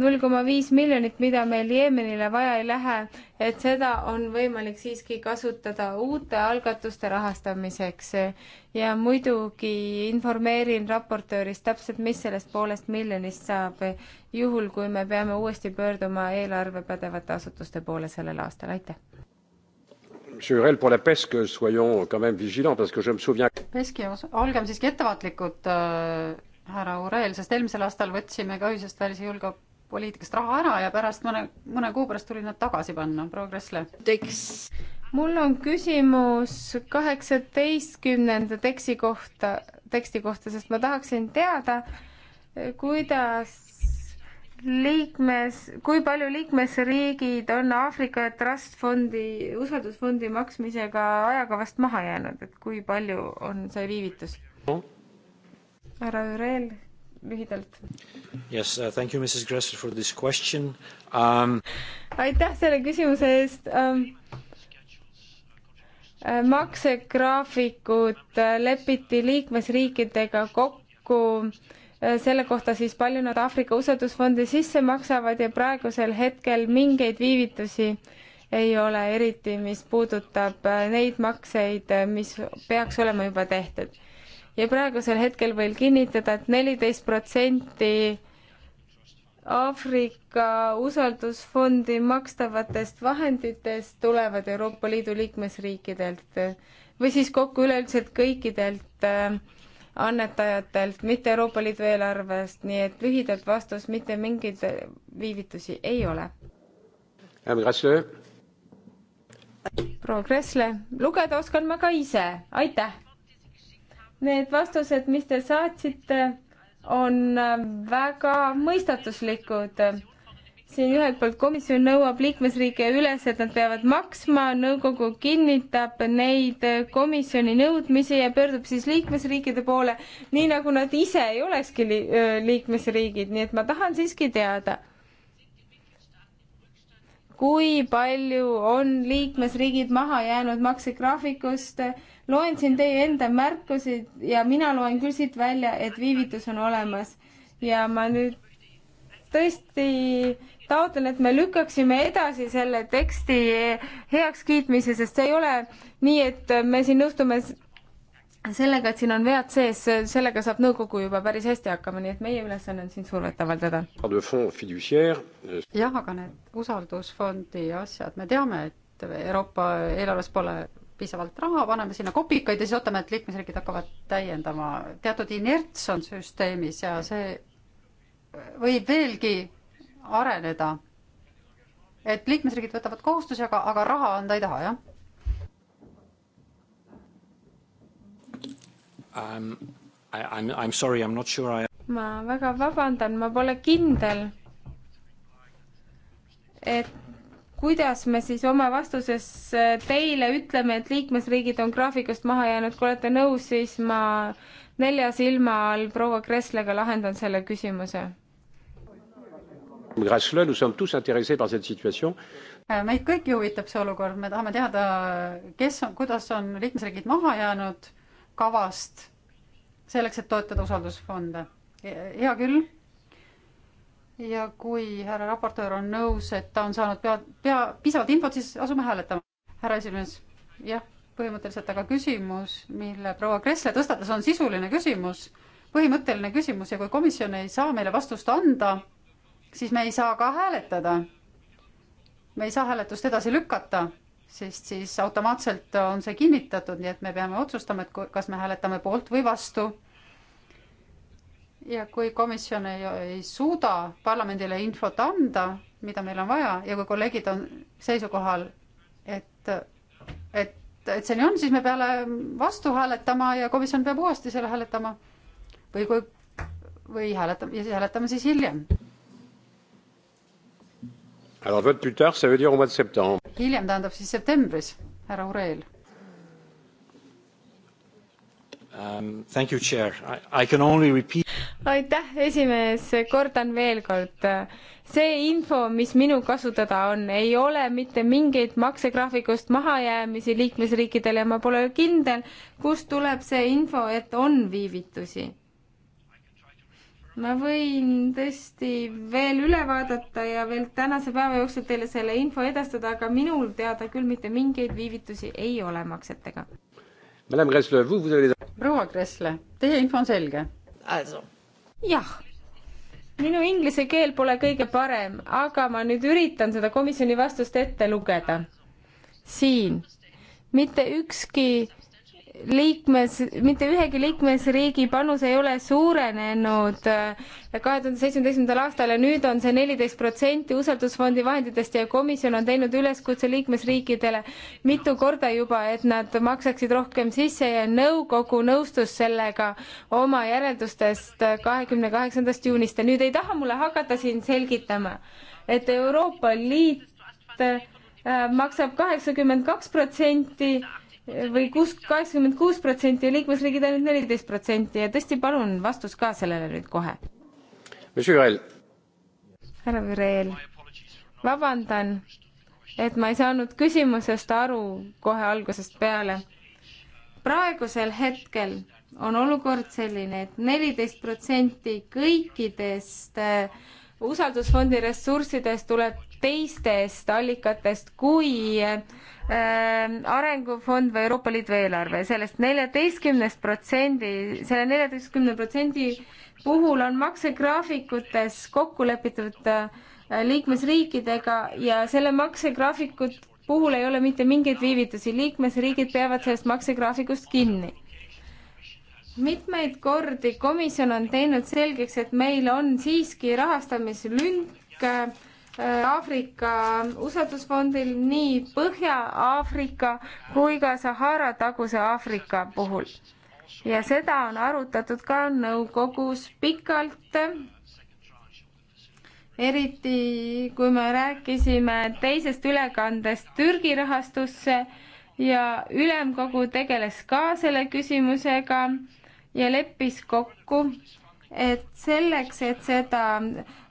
null koma viis miljonit, mida meil Jeemenile vaja ei lähe, et seda on võimalik siiski kasutada uute algatuste rahastamiseks. ja muidugi informeerin raportöörist täpselt, mis sellest poolest miljonist saab, juhul kui me peame uuesti pöörduma eelarve pädevate asutuste poole sellel aastal, aitäh. Monsieur Hurel, pour la pesque, soyons quand même vigilants parce que je me souviens. Peski, olgem siiski ettevaatlikud äh,, härra Urel, sest eelmisel aastal võtsime ka ühisest välis- ja julge-, poliitikast raha ära ja pärast mõne, mõne kuu pärast tuli nad tagasi panna, progressile. mul on küsimus kaheksateistkümnenda teksti kohta, teksti kohta, sest ma tahaksin teada, kuidas liikmes, kui palju liikmesriigid on Aafrika Trust Fondi, usaldusfondi maksmisega ajakavast maha jäänud, et kui palju on see viivitus? härra Jürel lühidalt. Yes uh,, thank you, Mrs Gressel for this question um.... aitäh selle küsimuse eest um, äh,. maksegraafikud äh, lepiti liikmesriikidega kokku äh, selle kohta siis palju nad Aafrika usaldusfondi sisse maksavad ja praegusel hetkel mingeid viivitusi ei ole, eriti mis puudutab neid makseid, mis peaks olema juba tehtud ja praegusel hetkel võin kinnitada et, et neliteist protsenti Aafrika usaldusfondi makstavatest vahenditest tulevad Euroopa Liidu liikmesriikidelt või siis kokku üleüldiselt kõikidelt äh, annetajatelt, mitte Euroopa Liidu eelarvest, nii et lühidalt vastus, mitte mingeid äh, viivitusi ei ole. proua Kressle, lugeda oskan ma ka ise, aitäh! Need vastused, mis te saatsite, on äh, väga mõistatuslikud. siin ühelt poolt komisjon nõuab liikmesriike üles, et nad peavad maksma, nõukogu kinnitab neid komisjoni nõudmisi ja pöördub siis liikmesriikide poole, nii nagu nad ise ei olekski li liikmesriigid, nii et ma tahan siiski teada kui palju on liikmesriigid maha jäänud maksegraafikust, loen siin teie enda märkusi ja mina loen küll siit välja, et viivitus on olemas ja ma nüüd tõesti taotlen, et me lükkaksime edasi selle teksti heakskiitmise, sest see ei ole nii, et me siin nõustume sellega, et siin on vead sees, sellega saab nõukogu juba päris hästi hakkama, nii et meie ülesanne on siin survet avaldada. Euh jah, aga need usaldusfondi asjad, me teame, et Euroopa eelarves pole piisavalt raha, paneme sinna kopikaid ja siis ootame, et liikmesriigid hakkavad täiendama. teatud inerts on süsteemis ja see võib veelgi areneda. et liikmesriigid võtavad kohustusi, aga, aga raha anda ei taha, jah um,? I, I m sorry, I m not sure I ma väga vabandan, ma pole kindel, et kuidas me siis oma vastuses äh, teile ütleme, et liikmesriigid on graafikust maha jäänud, kui olete nõus, siis ma nelja silma all proua Kresslega lahendan selle küsimuse. Äh, meid kõiki huvitab see olukord, me tahame teada, kes on, kuidas on liikmesriigid maha jäänud kavast selleks, et toetada usaldusfonde. hea küll ja kui härra raportöör on nõus, et ta on saanud pea, pea, piisavalt infot, siis asume hääletama. härra esimees, jah, põhimõtteliselt, aga küsimus, mille proua Kressle tõstatas, on sisuline küsimus, põhimõtteline küsimus ja kui komisjon ei saa meile vastust anda, siis me ei saa ka hääletada. me ei saa hääletust edasi lükata, sest siis automaatselt on see kinnitatud, nii et me peame otsustama, et kas me hääletame poolt või vastu ja kui komisjon ei, ei suuda parlamendile infot anda, mida meil on vaja ja kui kolleegid on seisukohal, et, et, et see nii on, siis me peame vastu hääletama ja komisjon peab uuesti selle hääletama. või kui, või hääletame ja siis hääletame siis hiljem. hiljem tähendab siis septembris, härra Ureel Um, thank you, chair. I can only repeat. aitäh, esimees, kordan veel kord. see info, mis minu kasutada on, ei ole mitte mingeid maksegraafikust mahajäämisi liikmesriikidele ja ma pole kindel, kust tuleb see info, et on viivitusi. ma võin tõesti veel üle vaadata ja veel tänase päeva jooksul teile selle info edastada, aga minul teada küll mitte mingeid viivitusi ei ole maksetega proua Kressle, teie info on selge? jah minu inglise keel pole kõige parem, aga ma nüüd üritan seda komisjoni vastust ette lugeda. siin mitte ükski liikmes, mitte ühegi liikmesriigi panus ei ole suurenenud kahe tuhande seitsmeteistkümnendal aastal ja nüüd on see neliteist protsenti usaldusfondi vahenditest ja komisjon on teinud üleskutse liikmesriikidele mitu korda juba, et nad maksaksid rohkem sisse ja nõukogu nõustus sellega oma järeldustest kahekümne kaheksandast juunist ja nüüd ei taha mulle hakata siin selgitama, et Euroopa Liit äh, maksab kaheksakümmend kaks protsenti või kuus, kaheksakümmend kuus protsenti ja liikmesriigid ainult neliteist protsenti ja tõesti palun vastus ka sellele nüüd kohe. härra Vireel, vabandan, et ma ei saanud küsimusest aru kohe algusest peale. praegusel hetkel on olukord selline et, et neliteist protsenti kõikidest äh, usaldusfondi ressurssidest tuleb teistest allikatest kui äh, arengufond või Euroopa Liidu eelarve sellest. sellest neljateistkümnest protsendi, selle neljateistkümne protsendi puhul on maksegraafikutes kokku lepitud äh, liikmesriikidega ja selle maksegraafikut puhul ei ole mitte mingeid viivitusi, liikmesriigid peavad sellest maksegraafikust kinni mitmeid kordi komisjon on teinud selgeks, et meil on siiski rahastamislünk äh, Aafrika usaldusfondil nii Põhja-Aafrika kui ka Sahara taguse Aafrika puhul. ja seda on arutatud ka nõukogus pikalt eriti kui me rääkisime teisest ülekandest Türgi rahastusse ja ülemkogu tegeles ka selle küsimusega ja leppis kokku, et selleks, et seda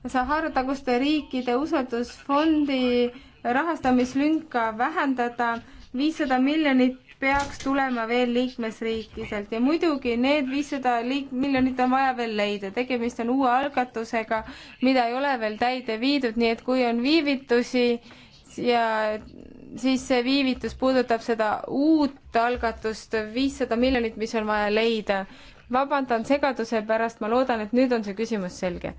Sahara taguste riikide usaldusfondi rahastamislünka vähendada, viissada miljonit peaks tulema veel liikmesriikiselt ja muidugi need viissada liik-, miljonit on vaja veel leida, tegemist on uue algatusega, mida ei ole veel täide viidud, nii et kui on viivitusi ja siis see viivitus puudutab seda uut algatust, viissada miljonit, mis on vaja leida vabandan segaduse pärast, ma loodan, et nüüd on see küsimus selge.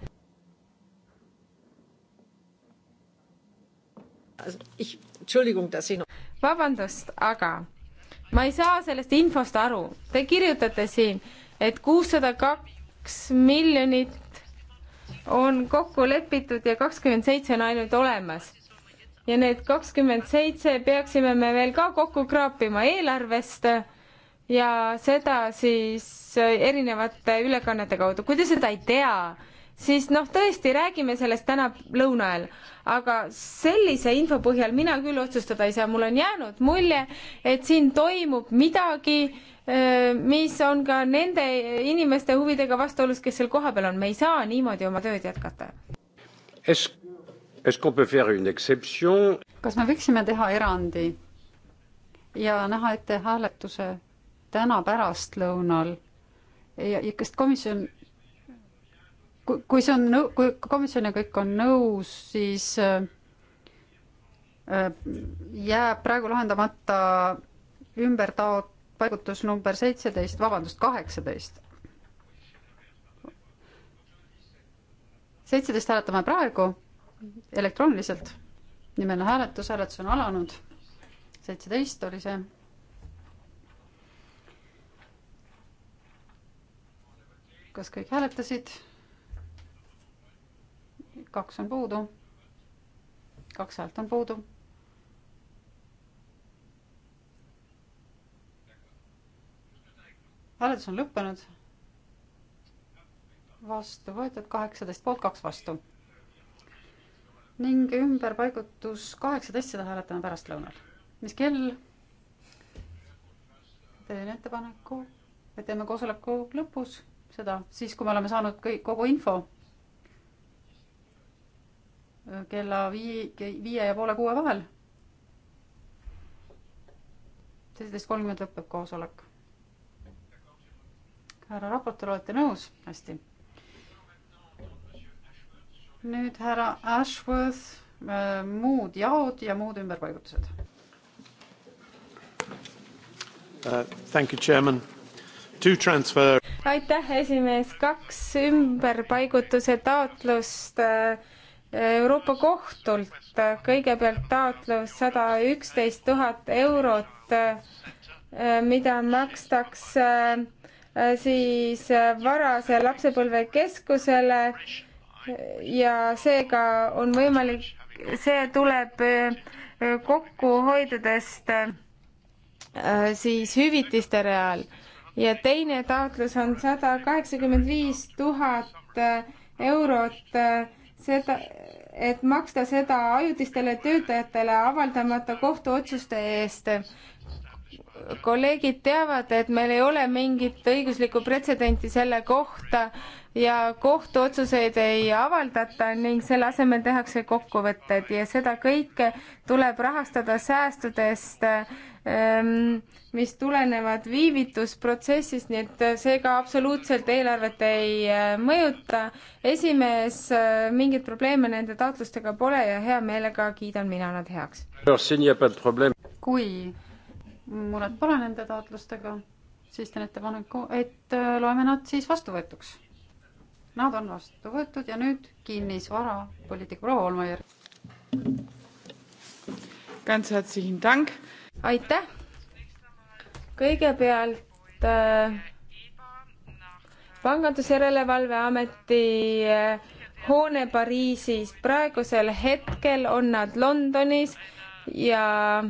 vabandust, aga ma ei saa sellest infost aru. Te kirjutate siin, et kuussada kaks miljonit on kokku lepitud ja kakskümmend seitse on ainult olemas ja need kakskümmend seitse peaksime me veel ka kokku kraapima eelarvest ja seda siis erinevate ülekannete kaudu. kui te seda ei tea, siis noh, tõesti, räägime sellest täna lõuna ajal, aga sellise info põhjal mina küll otsustada ei saa, mul on jäänud mulje, et siin toimub midagi, mis on ka nende inimeste huvidega vastuolus, kes seal kohapeal on, me ei saa niimoodi oma tööd jätkata. kas me võiksime teha erandi ja näha ette hääletuse täna pärastlõunal ja, ja kas komisjon, kui, kui see on nõu-, kui komisjon ja kõik on nõus, siis äh, jääb praegu lahendamata ümbertaot-, paigutus number seitseteist, vabandust, kaheksateist. seitseteist hääletame praegu elektrooniliselt, nimeline hääletus, hääletus on alanud, seitseteist oli see kas kõik hääletasid? kaks on puudu. kaks häält on puudu. hääletus on lõppenud. vastu võetud kaheksateist poolt, kaks vastu. ning ümberpaigutus kaheksateist, seda hääletame pärastlõunal. mis kell? teen ettepaneku, et teeme koosoleku lõpus seda siis, kui me oleme saanud kõik, kogu info kella vii-, viie ja poole kuue vahel. seitseteist kolmkümmend lõpeb koosolek. härra raportöör, olete nõus? hästi. nüüd härra Ashworth, äh, muud jaod ja muud ümberpaigutused uh,. Thank you, chairman aitäh, esimees, kaks ümberpaigutuse taotlust äh, Euroopa Kohtult. kõigepealt taotlus sada üksteist tuhat eurot, äh, mida makstakse äh, siis varase lapsepõlve keskusele ja seega on võimalik, see tuleb kokkuhoidudest siis hüvitiste real ja teine taotlus on sada kaheksakümmend viis tuhat äh, eurot äh, seda, et maksta seda ajutistele töötajatele avaldamata kohtuotsuste eest kolleegid teavad, et meil ei ole mingit õiguslikku pretsedenti selle kohta ja kohtuotsuseid ei avaldata ning selle asemel tehakse kokkuvõtted ja seda kõike tuleb rahastada säästudest, ehm, mis tulenevad viivitusprotsessist, nii et see ka absoluutselt eelarvet ei eh, mõjuta. esimees, eh, mingeid probleeme nende taotlustega pole ja hea meelega kiidan mina nad heaks. kui muret pole nende taotlustega, siis teen ettepaneku, et äh, loeme nad siis vastuvõetuks. Nad on vastu võetud ja nüüd kinnisvara poliitika proua Olmajärv. aitäh. kõigepealt äh, pangandusjärelevalveameti äh, hoone Pariisis, praegusel hetkel on nad Londonis ja äh,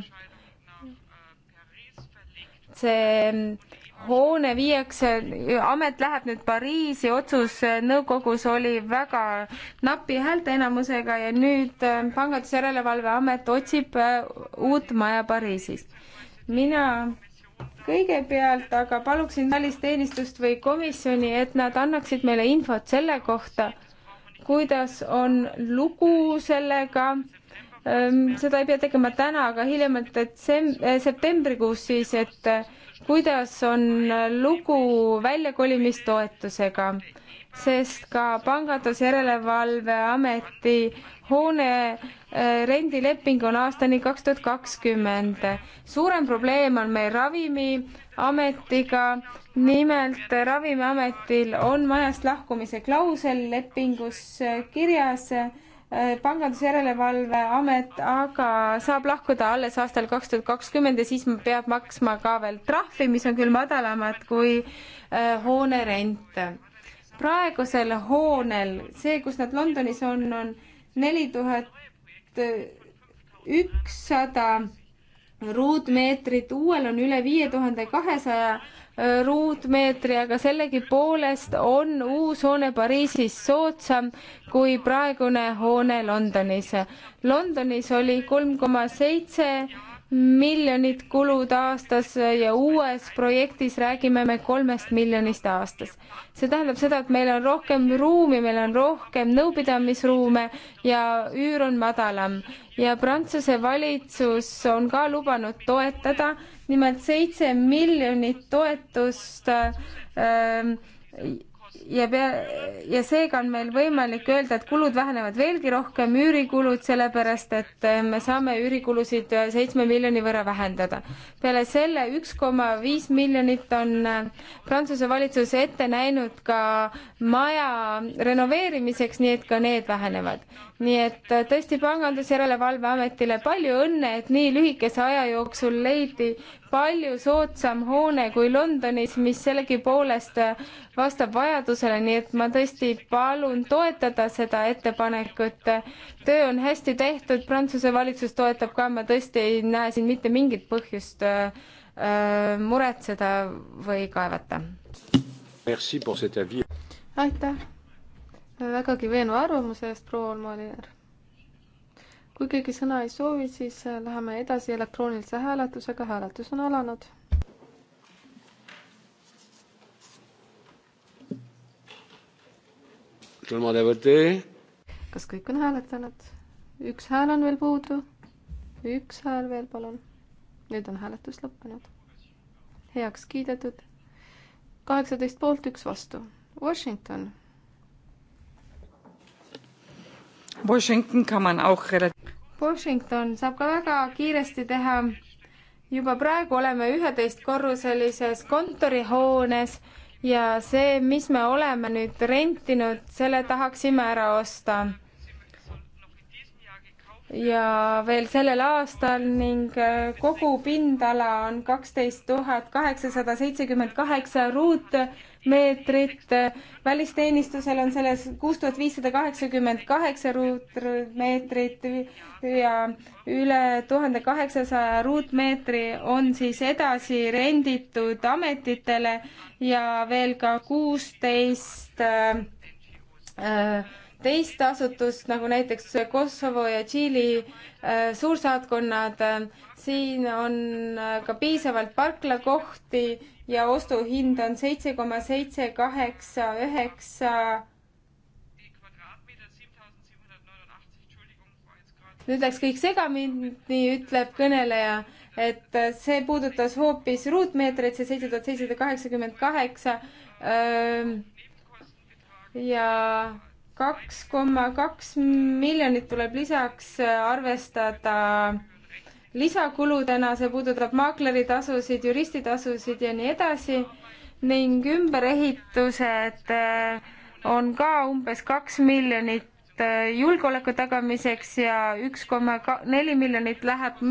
see hoone viiakse, amet läheb nüüd Pariisi, otsus nõukogus oli väga napi häälteenamusega ja nüüd äh, Pangandusjärelevalveamet otsib äh, uut maja Pariisis. mina kõigepealt aga paluksin välisteenistust või komisjoni, et nad annaksid meile infot selle kohta, kuidas on lugu sellega Ehm, seda ei pea tegema täna, aga hiljemalt detsem-, eh, septembrikuus siis, et eh, kuidas on eh, lugu väljakolimistoetusega, sest ka Pangandusjärelevalveameti hoone rendileping on aastani kaks tuhat kakskümmend. suurem probleem on meil Ravimiametiga, nimelt Ravimiametil on majast lahkumise klausel lepingus kirjas Äh, pangandusjärelevalveamet aga saab lahkuda alles aastal kaks tuhat kakskümmend ja siis peab maksma ka veel trahvi, mis on küll madalamad kui äh, hoone rent. praegusel hoonel, see, kus nad Londonis on, on neli tuhat ükssada ruutmeetrit, uuel on üle viie tuhande kahesaja ruutmeetri, aga sellegipoolest on uus hoone Pariisis soodsam kui praegune hoone Londonis. Londonis oli kolm koma seitse miljonit kulud aastas ja uues projektis räägime me kolmest miljonist aastas. see tähendab seda, et meil on rohkem ruumi, meil on rohkem nõupidamisruume ja üür on madalam ja Prantsuse valitsus on ka lubanud toetada nimelt seitse miljonit toetust ähm, ja pea, ja seega on meil võimalik öelda, et kulud vähenevad veelgi rohkem, üürikulud, sellepärast et ähm, me saame üürikulusid seitsme miljoni võrra vähendada. peale selle üks koma viis miljonit on äh, Prantsuse valitsus ette näinud ka maja renoveerimiseks, nii et ka need vähenevad. nii et äh, tõesti Pangandusjärelevalveametile palju õnne, et nii lühikese aja jooksul leidi palju soodsam hoone kui Londonis, mis sellegipoolest vastab vajadusele, nii et ma tõesti palun toetada seda ettepanekut. töö on hästi tehtud, Prantsuse valitsus toetab ka, ma tõesti ei näe siin mitte mingit põhjust äh, äh muretseda või kaevata. aitäh vägagi veenva arvamuse eest, proua Olmalier kui keegi sõna ei soovi, siis äh, läheme edasi elektroonilise hääletusega, hääletus on alanud. kas kõik on hääletanud? üks hääl on veel puudu. üks hääl veel, palun. nüüd on hääletus lõppenud. heaks kiidetud. kaheksateist poolt, üks vastu. Washington Washington kann man auch relativ Washington saab ka väga kiiresti teha. juba praegu oleme üheteistkorruselises kontorihoones ja see, mis me oleme nüüd rentinud, selle tahaksime ära osta. ja veel sellel aastal ning äh, kogu pindala on kaksteist tuhat kaheksasada seitsekümmend kaheksa ruut meetrit, välisteenistusel on selles kuus tuhat viissada kaheksakümmend kaheksa ruutmeetrit ja üle tuhande kaheksasaja ruutmeetri on siis edasi renditud ametitele ja veel ka kuusteist äh, teist asutust, nagu näiteks Kosovo ja Tšiili äh, suursaatkonnad. siin on äh, ka piisavalt parklakohti ja ostuhind on seitse koma seitse kaheksa üheksa nüüd läks kõik segamini, ütleb kõneleja, et see puudutas hoopis ruutmeetreid, see seitse tuhat seitsesada kaheksakümmend kaheksa ähm, ja kaks koma kaks miljonit tuleb lisaks arvestada äh, lisakuludena, see puudutab maakleritasusid, juristitasusid ja nii edasi ning ümberehitused äh, on ka umbes kaks miljonit äh, julgeoleku tagamiseks ja üks koma neli miljonit läheb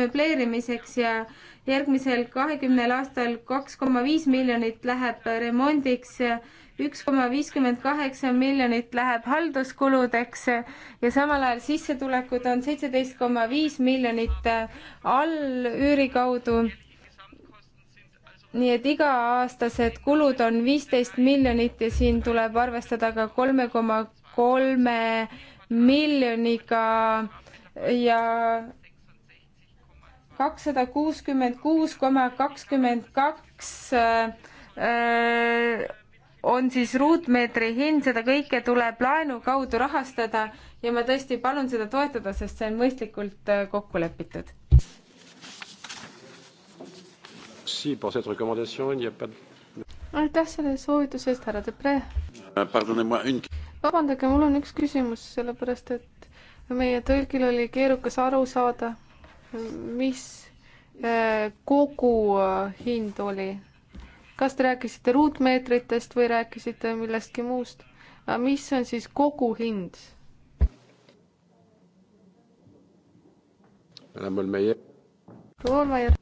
möbleerimiseks ja järgmisel kahekümnel aastal kaks koma viis miljonit läheb remondiks üks koma viiskümmend kaheksa miljonit läheb halduskuludeks ja samal ajal sissetulekud on seitseteist koma viis miljonit allüüri kaudu. nii et iga-aastased kulud on viisteist miljonit ja siin tuleb arvestada ka kolme koma kolme miljoniga ja kakssada kuuskümmend kuus koma kakskümmend kaks äh, on siis ruutmeetri hind, seda kõike tuleb laenu kaudu rahastada ja ma tõesti palun seda toetada, sest see on mõistlikult äh, kokku lepitud. aitäh selle soovituse eest, härra Depre. Euh, vabandage, mul on üks küsimus, sellepärast et meie tõlgil oli keerukas aru saada, mis äh, koguhind äh, oli kas te rääkisite ruutmeetritest või rääkisite millestki muust? mis on siis koguhind? proua Olmeier.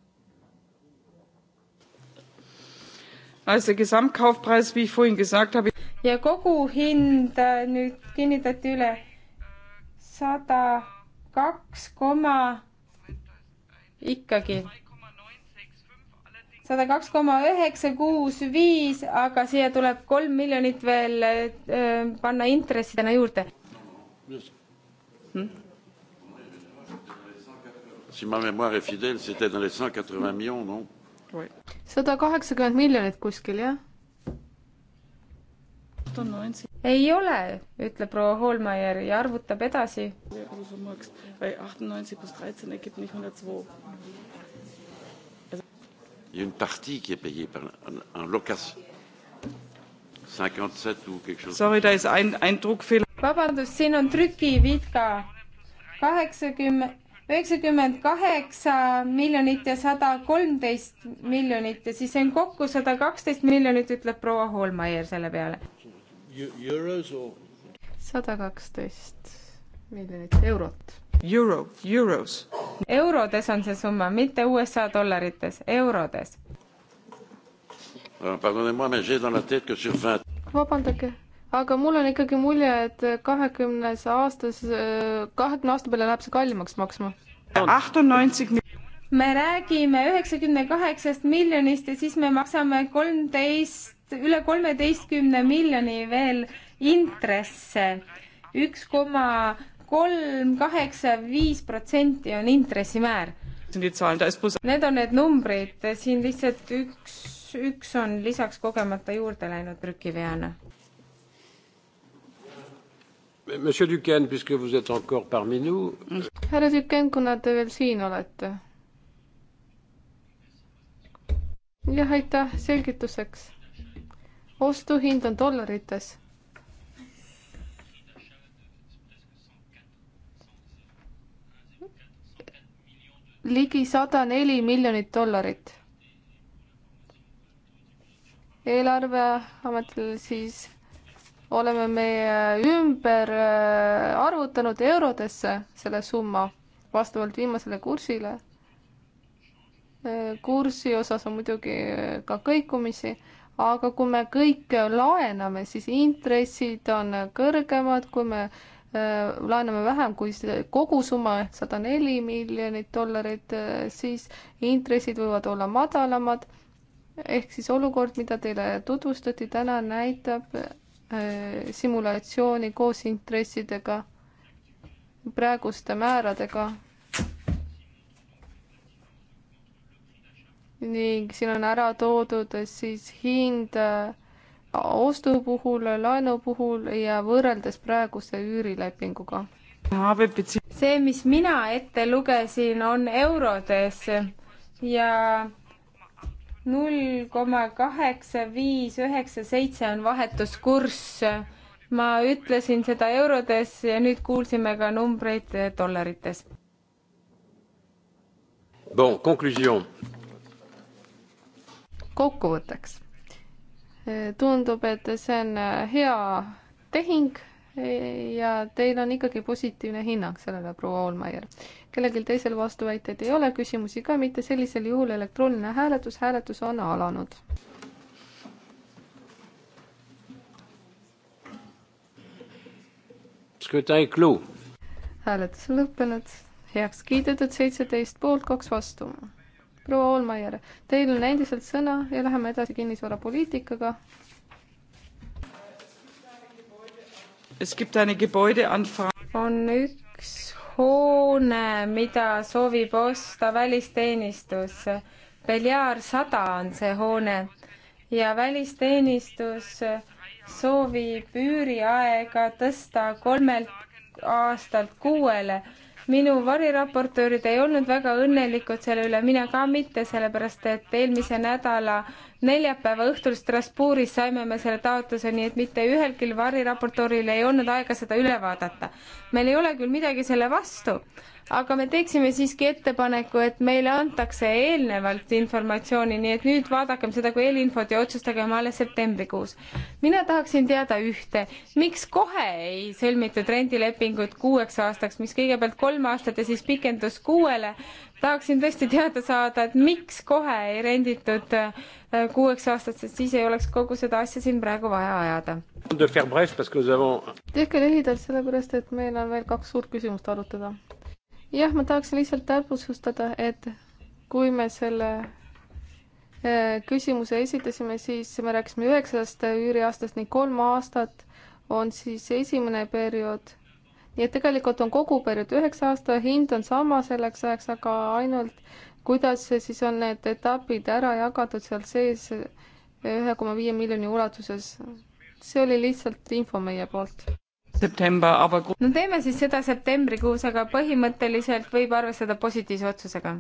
Also Gesamtkaufpreis, wie ich vorhin gesagt habe. ja koguhind äh, nüüd kinnitati üle sada kaks koma ikkagi sada kaks koma üheksa kuus viis, aga siia tuleb kolm miljonit veel öö, äh, panna intressidena juurde hm?. Si ma mémoire est fidèle, c'était dans les 180 millions, non oui.? sada kaheksakümmend miljonit kuskil, jah? ei ole, ütleb proua Holmeier ja arvutab edasi. Il y a une partie qui est payée par, en, en location. 57 ou quelque chose. Sorry, da ist ein, ein Druckfehler. vabandust, siin on trükividga kaheksakümmend, üheksakümmend kaheksa miljonit ja sada kolmteist miljonit ja siis on kokku sada kaksteist miljonit, ütleb proua Holmeier selle peale. sada kaksteist miljonit eurot Euro, euros. eurodes on see summa, mitte USA dollarites, eurodes. vabandage, aga mul on ikkagi mulje, et kahekümnes aastas, äh, kahekümne aasta peale läheb see kallimaks maksma. me räägime üheksakümne kaheksast miljonist ja siis me maksame kolmteist, üle kolmeteistkümne miljoni veel intresse. üks koma kolm, kaheksa, viis protsenti on intressimäär. Need on need numbrid, siin lihtsalt üks, üks on lisaks kogemata juurde läinud trükiveana. Monsieur Duquesne, puisque vous êtes encore parmi nous. härra Duquesne, kuna te veel siin olete. jah, aitäh selgituseks. ostuhind on dollarites ligi sada neli miljonit dollarit. eelarveametil siis oleme me ümber äh, arvutanud eurodesse selle summa vastavalt viimasele kursile. Äh, kursi osas on muidugi äh, ka kõikumisi, aga kui me kõik laename, siis intressid on kõrgemad, kui me Äh, laename vähem kui kogusumma ehk sada neli miljonit dollarit, äh, siis intressid võivad olla madalamad. ehk siis olukord, mida teile tutvustati täna, näitab äh, simulatsiooni koos intressidega, praeguste määradega. ning siin on ära toodud siis hind ostu puhul, laenu puhul ja võrreldes praeguse üürilepinguga? see, mis mina ette lugesin, on eurodes ja null koma kaheksa, viis, üheksa, seitse on vahetuskurss. ma ütlesin seda eurodes ja nüüd kuulsime ka numbreid dollarites. Bon, konklusioon. kokkuvõtteks tundub, et see on äh, hea tehing e, ja teil on ikkagi positiivne hinnang sellele, proua Olmeier. kellelgi teisel vastuväiteid ei ole, küsimusi ka mitte, sellisel juhul elektrooniline hääletus, hääletus on alanud. hääletus on lõppenud, heaks kiidetud seitseteist poolt, kaks vastu proua Olmaier, teil on endiselt sõna ja läheme edasi kinnisvarapoliitikaga. on üks hoone, mida soovib osta välisteenistus. Beljar sada on see hoone ja välisteenistus soovib üüriaega tõsta kolmelt aastalt kuuele minu variraportöörid ei olnud väga õnnelikud selle üle, mina ka mitte, sellepärast et eelmise nädala neljapäeva õhtul Strasbourgis saime me selle taotluse, nii et mitte ühelgi variraportööril ei olnud aega seda üle vaadata. meil ei ole küll midagi selle vastu, aga me teeksime siiski ettepaneku, et meile antakse eelnevalt informatsiooni, nii et nüüd vaadakem seda kui eelinfot ja otsustagem alles septembrikuus. mina tahaksin teada ühte, miks kohe ei sõlmitud rendilepingut kuueks aastaks, mis kõigepealt kolm aastat ja siis pikendus kuuele, tahaksin tõesti teada saada, et miks kohe ei renditud äh, kuueks aastaks, sest siis ei oleks kogu seda asja siin praegu vaja ajada. tehke lühidalt, sellepärast et meil on veel kaks suurt küsimust arutada jah, ma tahaks lihtsalt täpsustada, et kui me selle äh, küsimuse esitasime, siis me rääkisime üheksast üüriaastast ning kolm aastat on siis esimene periood. nii et tegelikult on kogu periood üheksa aasta hind on sama selleks ajaks, aga ainult kuidas siis on need etapid ära jagatud seal sees ühe koma viie miljoni ulatuses. see oli lihtsalt info meie poolt. Aga... no teeme siis seda septembrikuus, aga põhimõtteliselt võib arvestada positiivse otsusega.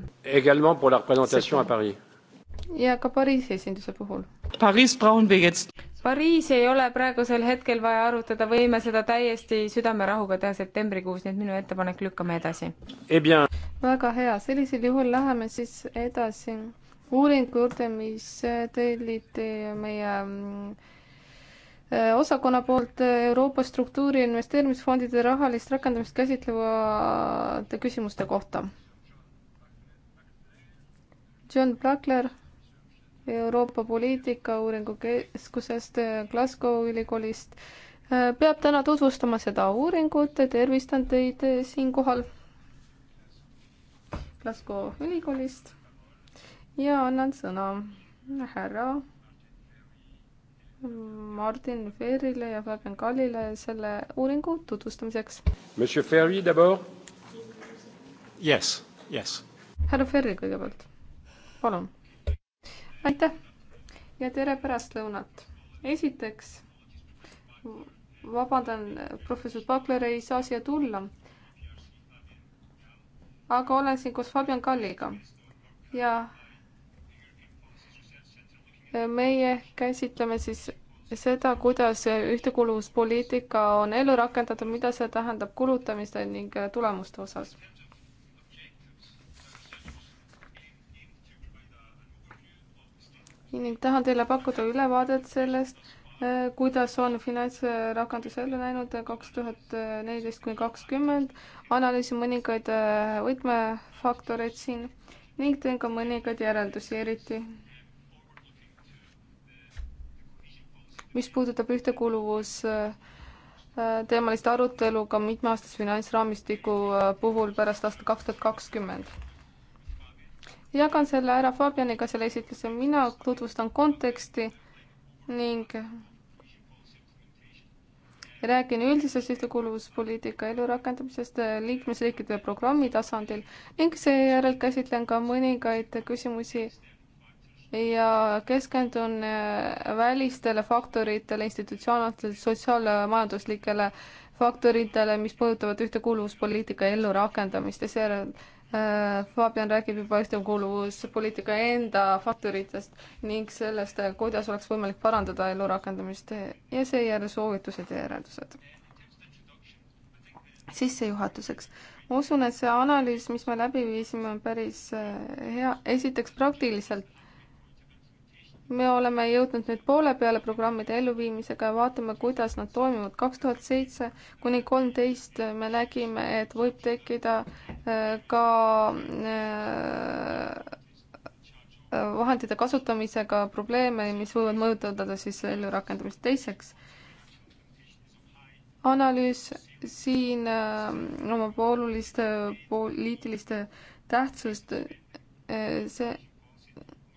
ja ka Pariisi esinduse puhul. Pariisi ei ole praegusel hetkel vaja arutada, võime seda täiesti südamerahuga teha septembrikuus, nii et minu ettepanek lükkame edasi eh. väga hea, sellisel juhul läheme siis edasi uuringu juurde, mis telliti meie mm, Äh, osakonna poolt äh, Euroopa struktuuri investeerimisfondide rahalist rakendamist käsitlevate küsimuste kohta. John Blackler Euroopa Poliitikauuringu Keskusest äh, Glasgow ülikoolist peab täna tutvustama seda uuringut, tervistan teid siinkohal Glasgow ülikoolist ja annan sõna härra Martin Ferrile ja Fabian Kallile selle uuringu tutvustamiseks. Monsieur Ferri d'abord. Yes, yes. härra Ferri kõigepealt, palun. aitäh ja tere pärastlõunat. esiteks vabandan, professor Pakler ei saa siia tulla. aga olen siin koos Fabian Kalliga ja meie käsitleme siis seda, kuidas ühtekuuluvuspoliitika on ellu rakendatud, mida see tähendab kulutamiste ning tulemuste osas. ning tahan teile pakkuda ülevaadet sellest, kuidas on finantsrakendus ellu näinud kaks tuhat neliteist kuni kakskümmend, analüüsin mõningaid võtmefaktoreid siin ning teen ka mõningaid järeldusi, eriti mis puudutab ühtekuuluvus äh, teemalist arutelu ka mitmeaastase finantsraamistiku äh, puhul pärast aastat kaks tuhat kakskümmend. jagan selle ära Fabianiga, selle esitlesin mina, tutvustan konteksti ning räägin üldisest ühtekuuluvuspoliitika elu rakendamisest äh, liikmesriikide programmi tasandil ning seejärel käsitlen ka mõningaid küsimusi ja keskendun äh, välistele faktoritele, institutsionaalsetele, sotsiaalmajanduslikele faktoritele, mis puudutavad ühtekuuluvuspoliitika ellurakendamist ja seejärel äh, Fabian räägib juba ühtekuuluvuspoliitika enda faktoritest ning sellest, äh, kuidas oleks võimalik parandada ellurakendamist ja seejärel soovitused ja järeldused. sissejuhatuseks ma usun, et see analüüs, mis me läbi viisime, on päris hea, esiteks praktiliselt me oleme jõudnud nüüd poole peale programmide elluviimisega ja vaatame, kuidas nad toimivad. kaks tuhat seitse kuni kolmteist me nägime, et võib tekkida äh, ka äh, vahendite kasutamisega probleeme, mis võivad mõjutada siis ellurakendamist. teiseks, analüüs siin äh, oma oluliste poliitiliste tähtsust, see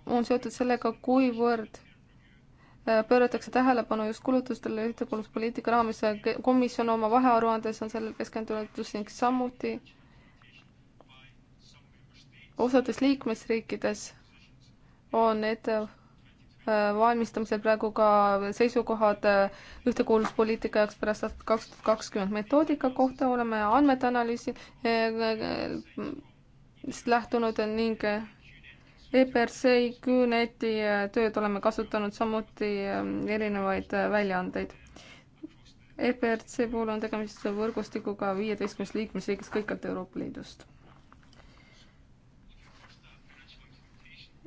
on seotud sellega, kuivõrd äh, pööratakse tähelepanu just kulutustele ühtekuuluvuspoliitika raames. komisjon oma vahearuandes on sellele keskendunud ning samuti osades liikmesriikides on ette äh, valmistamisel praegu ka seisukohad äh, ühtekuuluvuspoliitika jaoks pärast aastat kaks tuhat kakskümmend metoodika kohta oleme andmete analüüsi lähtunud ning EPRC QNeti tööd oleme kasutanud samuti ähm, erinevaid äh, väljaandeid. EPRC puhul on tegemist võrgustikuga viieteistkümnest liikmesriigist kõikjalt Euroopa Liidust.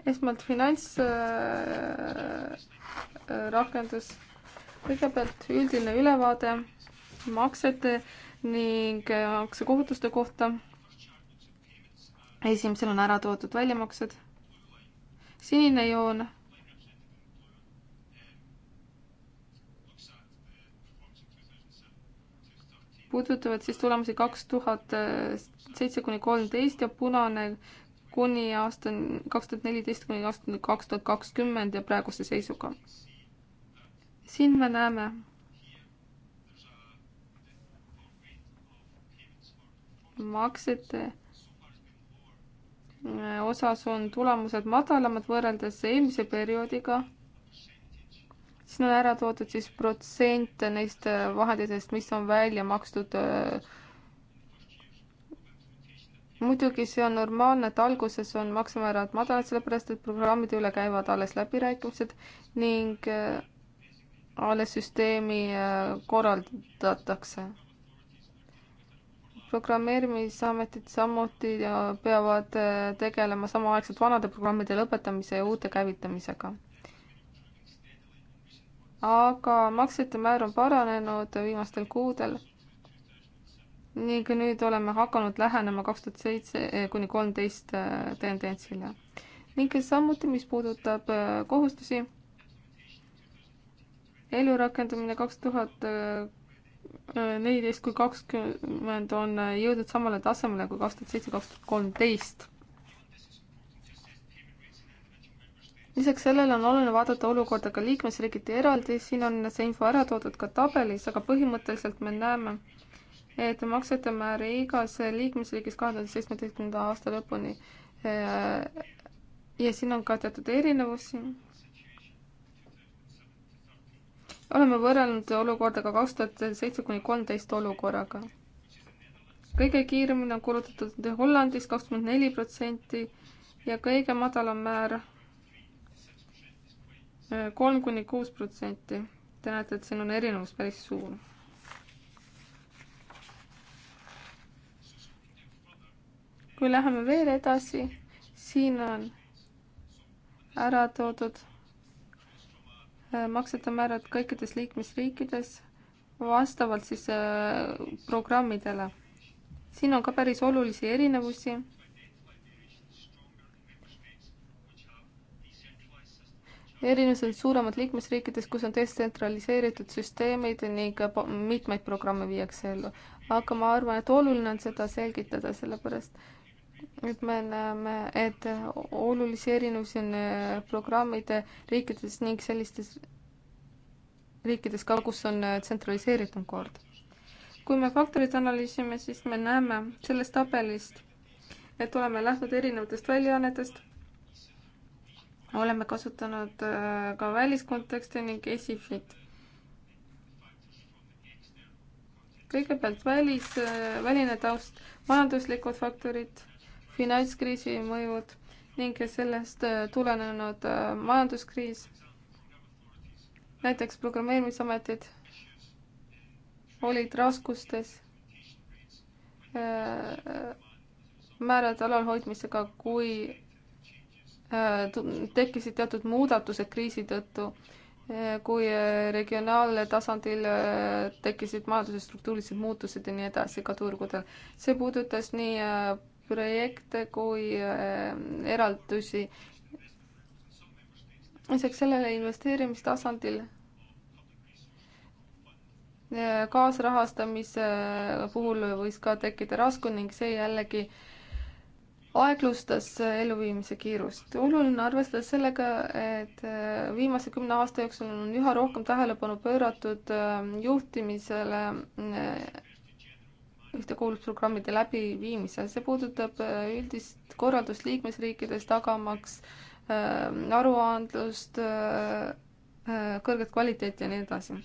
esmalt finantsrakendus, äh, äh, kõigepealt üldine ülevaade maksete ning maksekohutuste kohta. esimesel on ära toodud väljamaksed sinine joon puudutavad siis tulemusi kaks tuhat seitse kuni kolmteist ja punane kuni aastani kaks tuhat neliteist kuni aastani kaks tuhat kakskümmend ja praeguse seisuga. siin me näeme maksete osas on tulemused madalamad võrreldes eelmise perioodiga, siin on ära toodud siis protsent neist vahenditest, mis on välja makstud. muidugi see on normaalne, et alguses on maksemäärad madalad, sellepärast et programmide üle käivad alles läbirääkimised ning äh, alles süsteemi äh, korraldatakse programmeerimisametid samuti äh, peavad äh, tegelema samaaegselt vanade programmide lõpetamise ja uute käivitamisega. aga maksete määr on paranenud viimastel kuudel ning nüüd oleme hakanud lähenema kaks tuhat seitse äh, kuni kolmteist tendentsile. ning samuti, mis puudutab kohustusi, ellurakendamine kaks tuhat neliteist kui kakskümmend on jõudnud samale tasemele kui kaks tuhat seitse, kaks tuhat kolmteist. lisaks sellele on oluline vaadata olukorda ka liikmesriigiti eraldi, siin on see info ära toodud ka tabelis, aga põhimõtteliselt me näeme, et maksete määr igas liikmesriigis kahe tuhande seitsmeteistkümnenda aasta lõpuni ja siin on ka teatud erinevusi oleme võrrelnud olukorda ka kaks tuhat seitse kuni kolmteist olukorraga. kõige kiiremini on kulutatud Hollandis kakskümmend neli protsenti ja kõige madalam määr äh, kolm kuni kuus protsenti. Te näete, et siin on erinevus päris suur. kui läheme veel edasi, siin on ära toodud Äh, maksete määrad kõikides liikmesriikides vastavalt siis äh, programmidele. siin on ka päris olulisi erinevusi. erinevused suuremad liikmesriikides, kus on detsentraliseeritud süsteemid ning mitmeid programme viiakse ellu. aga ma arvan, et oluline on seda selgitada, sellepärast nüüd me näeme, et olulisi erinevusi on äh, programmide riikides ning sellistes riikides ka, kus on äh, tsentraliseeritum kord. kui me faktorid analüüsime, siis me näeme sellest tabelist, et oleme lähtunud erinevatest väljaannetest, oleme kasutanud äh, ka väliskonteksti ning ESIF-it. kõigepealt välis, väline taust, majanduslikud faktorid finantskriisi mõjud ning sellest äh, tulenenud äh, majanduskriis, näiteks programmeerimisametid olid raskustes äh, määrade alalhoidmisega, kui tekkisid teatud muudatused kriisi tõttu, kui regionaaltasandil tekkisid majanduse struktuurilised muutused ja nii edasi ka turgudel. see puudutas nii projekte kui äh, eraldusi. lisaks sellele investeerimistasandil äh, kaasrahastamise puhul võis ka tekkida rasku ning see jällegi aeglustas elluviimise kiirust. oluline arvestada sellega, et äh, viimase kümne aasta jooksul on üha rohkem tähelepanu pööratud juhtimisele ühtekuuluvusprogrammide läbiviimisel. see puudutab äh, üldist korraldust liikmesriikides, tagamaks äh, aruandlust äh,, äh kõrget kvaliteeti ja nii edasi.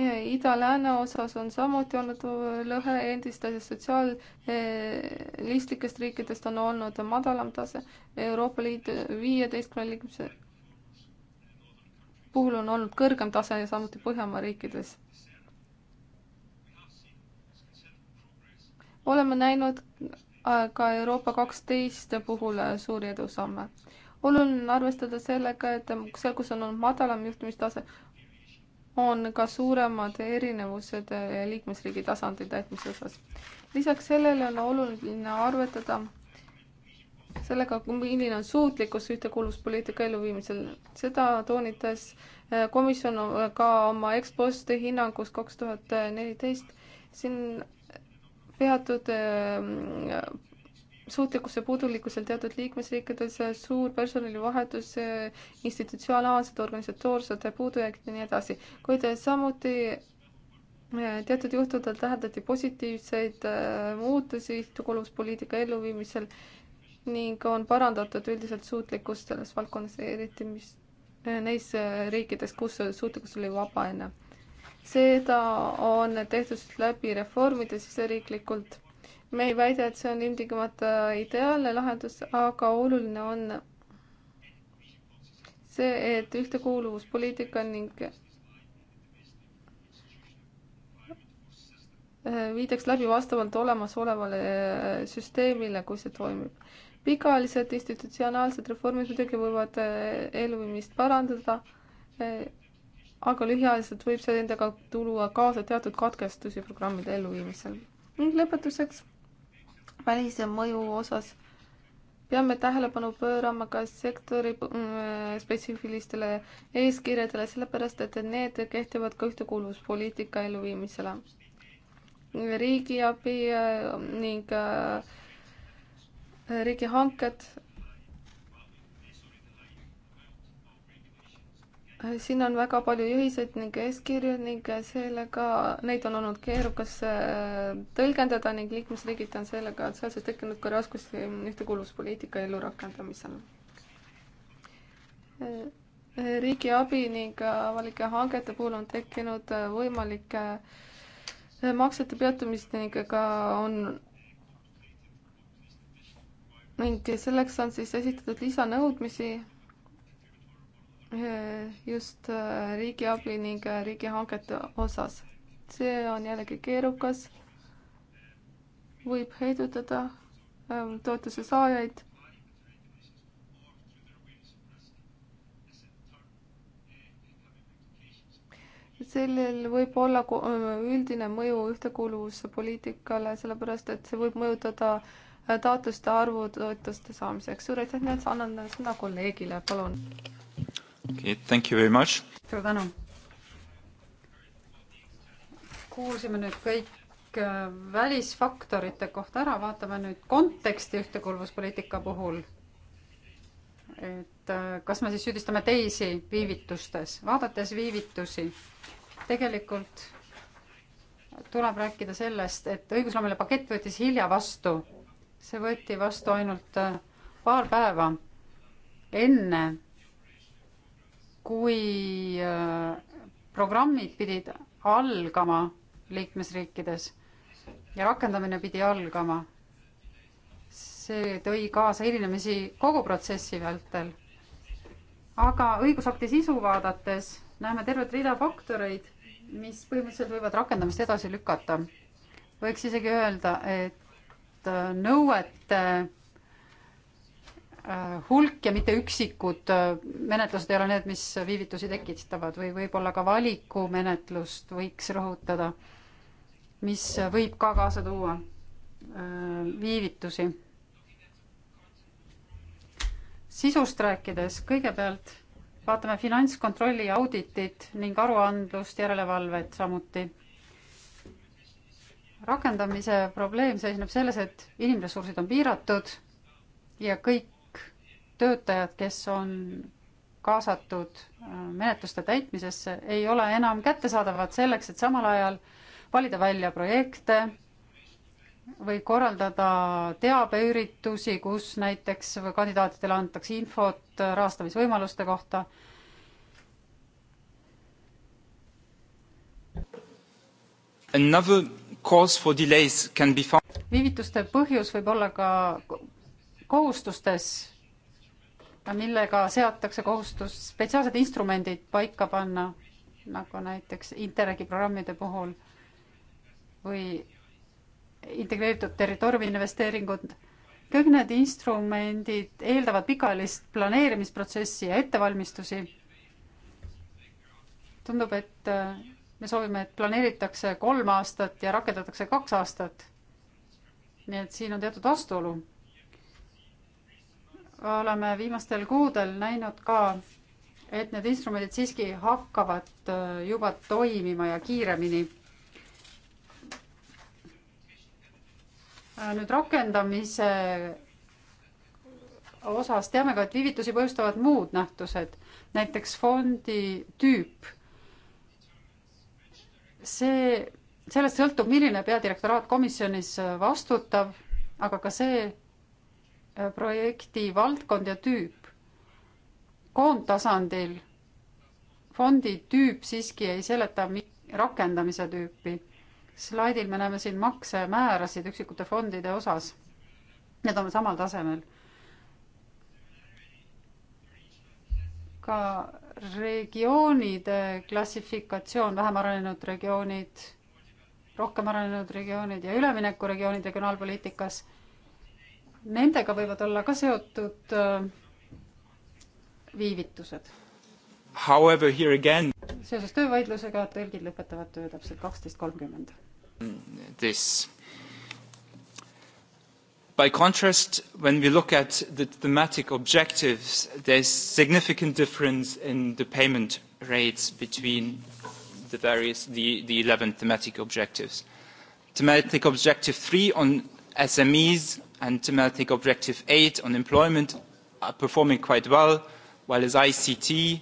Ida-lääne osas on samuti olnud lõhe endistest sotsiaalistlikest äh, riikidest on olnud madalam tase, Euroopa Liidu viieteistkümne liikmesriigi puhul on olnud kõrgem tase ja samuti Põhjamaa riikides oleme näinud äh, ka Euroopa kaksteist puhul äh, suuri edusamme. oluline on arvestada sellega, et seal, kus on olnud madalam juhtimistase, on ka suuremad erinevused äh, liikmesriigi tasandi täitmise osas. lisaks sellele on oluline arvetada sellega, milline on suutlikkus ühtekuuluvuspoliitika elluviimisel. seda toonitas komisjon ka oma ekspost hinnangus kaks tuhat neliteist. siin peatud ehm, suutlikkuse puudulikkusel teatud liikmesriikides suur personalivahetus, institutsionaalsed, organisatoorsed puudujäägid ja nii edasi, kuid samuti eh, teatud juhtudel täheldati positiivseid eh, muutusi ühtekuuluvuspoliitika elluviimisel ning on parandatud üldiselt suutlikkust selles valdkonnas, eriti mis eh, neis riikides, kus suutlikkus oli vaba enne seda on tehtud läbi reformide siseriiklikult. me ei väida, et see on ilmtingimata ideaalne lahendus, aga oluline on see, et ühtekuuluvuspoliitika ning viidaks läbi vastavalt olemasolevale süsteemile, kui see toimib. pikaajalised institutsionaalsed reformid muidugi võivad elluviimist parandada aga lühiajaliselt võib see endaga tuua kaasa teatud katkestusi programmide elluviimisel. ning lõpetuseks välise mõju osas peame tähelepanu pöörama ka sektori mm, spetsiifilistele eeskirjadele, sellepärast et need kehtivad ka ühtekuuluvuspoliitika elluviimisele. riigiabi äh, ning äh, riigihanked siin on väga palju juhiseid ning eeskirju ning sellega, neid on olnud keerukas äh, tõlgendada ning liikmesriigid on sellega seoses tekkinud ka raskusi ühtekuuluvuspoliitika ellurakendamisel. Äh, äh, riigi abi ning avalike hangete puhul on tekkinud võimalike maksete peatumist ning ka on ning selleks on siis esitatud lisanõudmisi just äh, riigiabi ning äh, riigihangete osas. see on jällegi keerukas, võib heidutada ähm, toetuse saajaid sellel võib olla äh, üldine mõju ühtekuuluvuspoliitikale, sellepärast et see võib mõjutada taotluste arvu toetuste saamiseks. suur aitäh, Nets, annan sõna kolleegile, palun okay,. suur tänu. kuulsime nüüd kõik äh, välisfaktorite kohta ära, vaatame nüüd konteksti ühtekuuluvuspoliitika puhul. et äh, kas me siis süüdistame teisi viivitustes, vaadates viivitusi, tegelikult tuleb rääkida sellest, et õigusloomeline pakett võttis hilja vastu. see võeti vastu ainult äh, paar päeva enne kui äh, programmid pidid algama liikmesriikides ja rakendamine pidi algama, see tõi kaasa erinemisi kogu protsessi vältel. aga õigusakti sisu vaadates näeme tervet rida faktoreid, mis põhimõtteliselt võivad rakendamist edasi lükata. võiks isegi öelda, et äh, nõuete Äh, hulk ja mitte üksikud äh, menetlused ei ole need, mis viivitusi tekitavad või võib-olla ka valikumenetlust võiks rõhutada, mis võib ka kaasa tuua äh, viivitusi. sisust rääkides kõigepealt vaatame finantskontrolli auditit ning aruandlust, järelevalvet samuti. rakendamise probleem seisneb selles, et inimressursid on piiratud ja kõik töötajad, kes on kaasatud äh, menetluste täitmisesse, ei ole enam kättesaadavad selleks, et samal ajal valida välja projekte või korraldada teabeüritusi, kus näiteks kandidaatidele antakse infot äh, rahastamisvõimaluste kohta. Another cause for delays can be found. viivituste põhjus võib olla ka kohustustes millega seatakse kohustus spetsiaalsed instrumendid paika panna, nagu näiteks Interregi programmide puhul või integreeritud territooriumi investeeringud. kõik need instrumendid eeldavad pikaajalist planeerimisprotsessi ja ettevalmistusi. tundub, et äh, me soovime, et planeeritakse kolm aastat ja rakendatakse kaks aastat. nii et siin on teatud vastuolu oleme viimastel kuudel näinud ka, et need instrumendid siiski hakkavad äh, juba toimima ja kiiremini. Äh, nüüd rakendamise osas teame ka, et viivitusi põhjustavad muud nähtused, näiteks fondi tüüp. see, sellest sõltub, milline peadirektoraat komisjonis äh, vastutab, aga ka see, projekti valdkond ja tüüp. koondtasandil fondi tüüp siiski ei seleta rakendamise tüüpi. slaidil me näeme siin maksemäärasid üksikute fondide osas. Need on samal tasemel. ka regioonide klassifikatsioon, vähem arenenud regioonid, rohkem arenenud regioonid ja üleminekuregioonid regionaalpoliitikas nendega võivad olla ka seotud äh, viivitused. However here again seoses töövaidlusega tõlgid lõpetavad töö täpselt kaksteist kolmkümmend. This By contrast, when we look at the thematic objectives, there's significant difference in the payment rates between the various, the, the 11 thematic objectives. Thematic objective three on SMEs and thematic objective 8 on employment are performing quite well, while as ICT,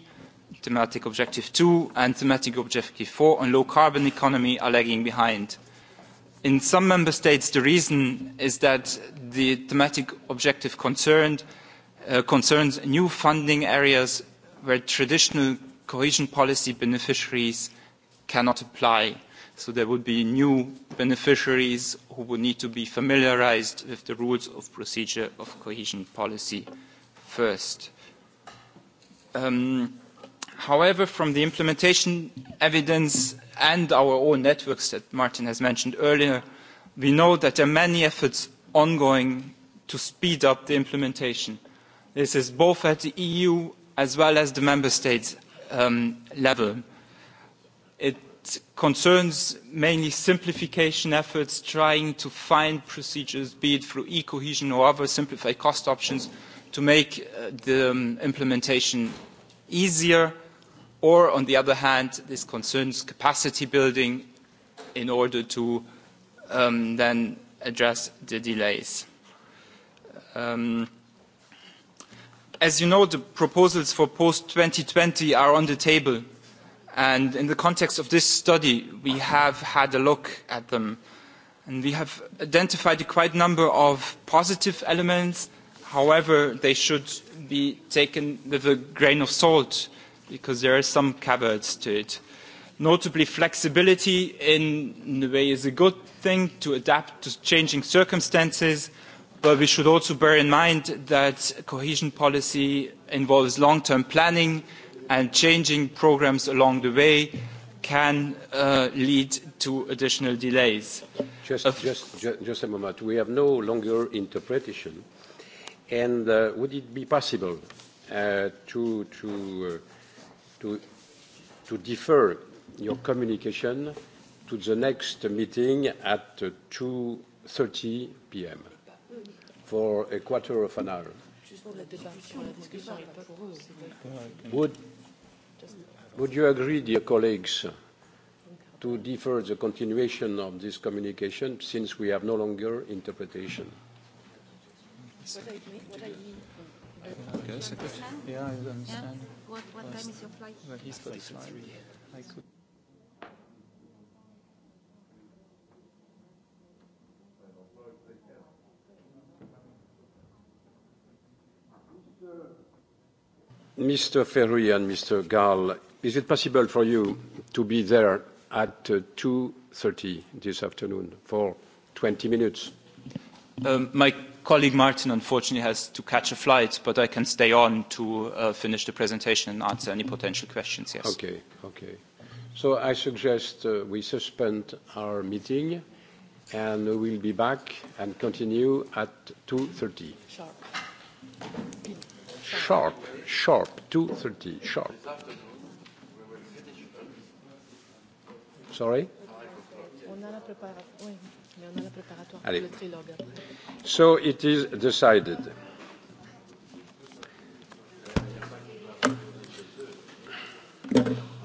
thematic objective 2 and thematic objective 4 on low carbon economy are lagging behind. In some member states, the reason is that the thematic objective concerned uh, concerns new funding areas where traditional cohesion policy beneficiaries cannot apply. So there would be new beneficiaries who would need to be familiarized with the rules of procedure of cohesion policy first. Um, however, from the implementation evidence and our own networks that Martin has mentioned earlier, we know that there are many efforts ongoing to speed up the implementation. This is both at the EU as well as the member states um, level. It concerns mainly simplification efforts, trying to find procedures, be it through e-cohesion or other simplified cost options, to make uh, the um, implementation easier, or on the other hand, this concerns capacity building in order to um, then address the delays. Um, as you know, the proposals for post-2020 are on the table And in the context of this study, we have had a look at them. And we have identified a quite number of positive elements. However, they should be taken with a grain of salt because there are some caveats to it. Notably, flexibility in, in a way is a good thing to adapt to changing circumstances, but we should also bear in mind that cohesion policy involves long-term planning, and changing programs along the way can uh, lead to additional delays. Just, uh, just, just, just a moment. We have no longer interpretation. And uh, would it be possible uh, to, to, uh, to, to defer your communication to the next meeting at 2.30 p.m. for a quarter of an hour? Would Would you agree, dear colleagues, to defer the continuation of this communication since we have no longer interpretation? What I mean, what I mean Okay, so good. Yeah, I understand. Yeah. What, what time is your flight? Well, he's got his flight. I could. Mr. Ferri and Mr. Gall, Is it possible for you to be there at 2:30 uh, this afternoon for 20 minutes? Um, my colleague Martin unfortunately has to catch a flight, but I can stay on to uh, finish the presentation and answer any potential questions, yes. Okay, okay. So I suggest uh, we suspend our meeting and we'll be back and continue at 2.30. Sharp. Sharp, sharp, 2.30, sharp. Sorry. On a la préparatoire. Oui, mais on a la préparatoire Allez. pour le trilogue après. So it is decided. Thank you.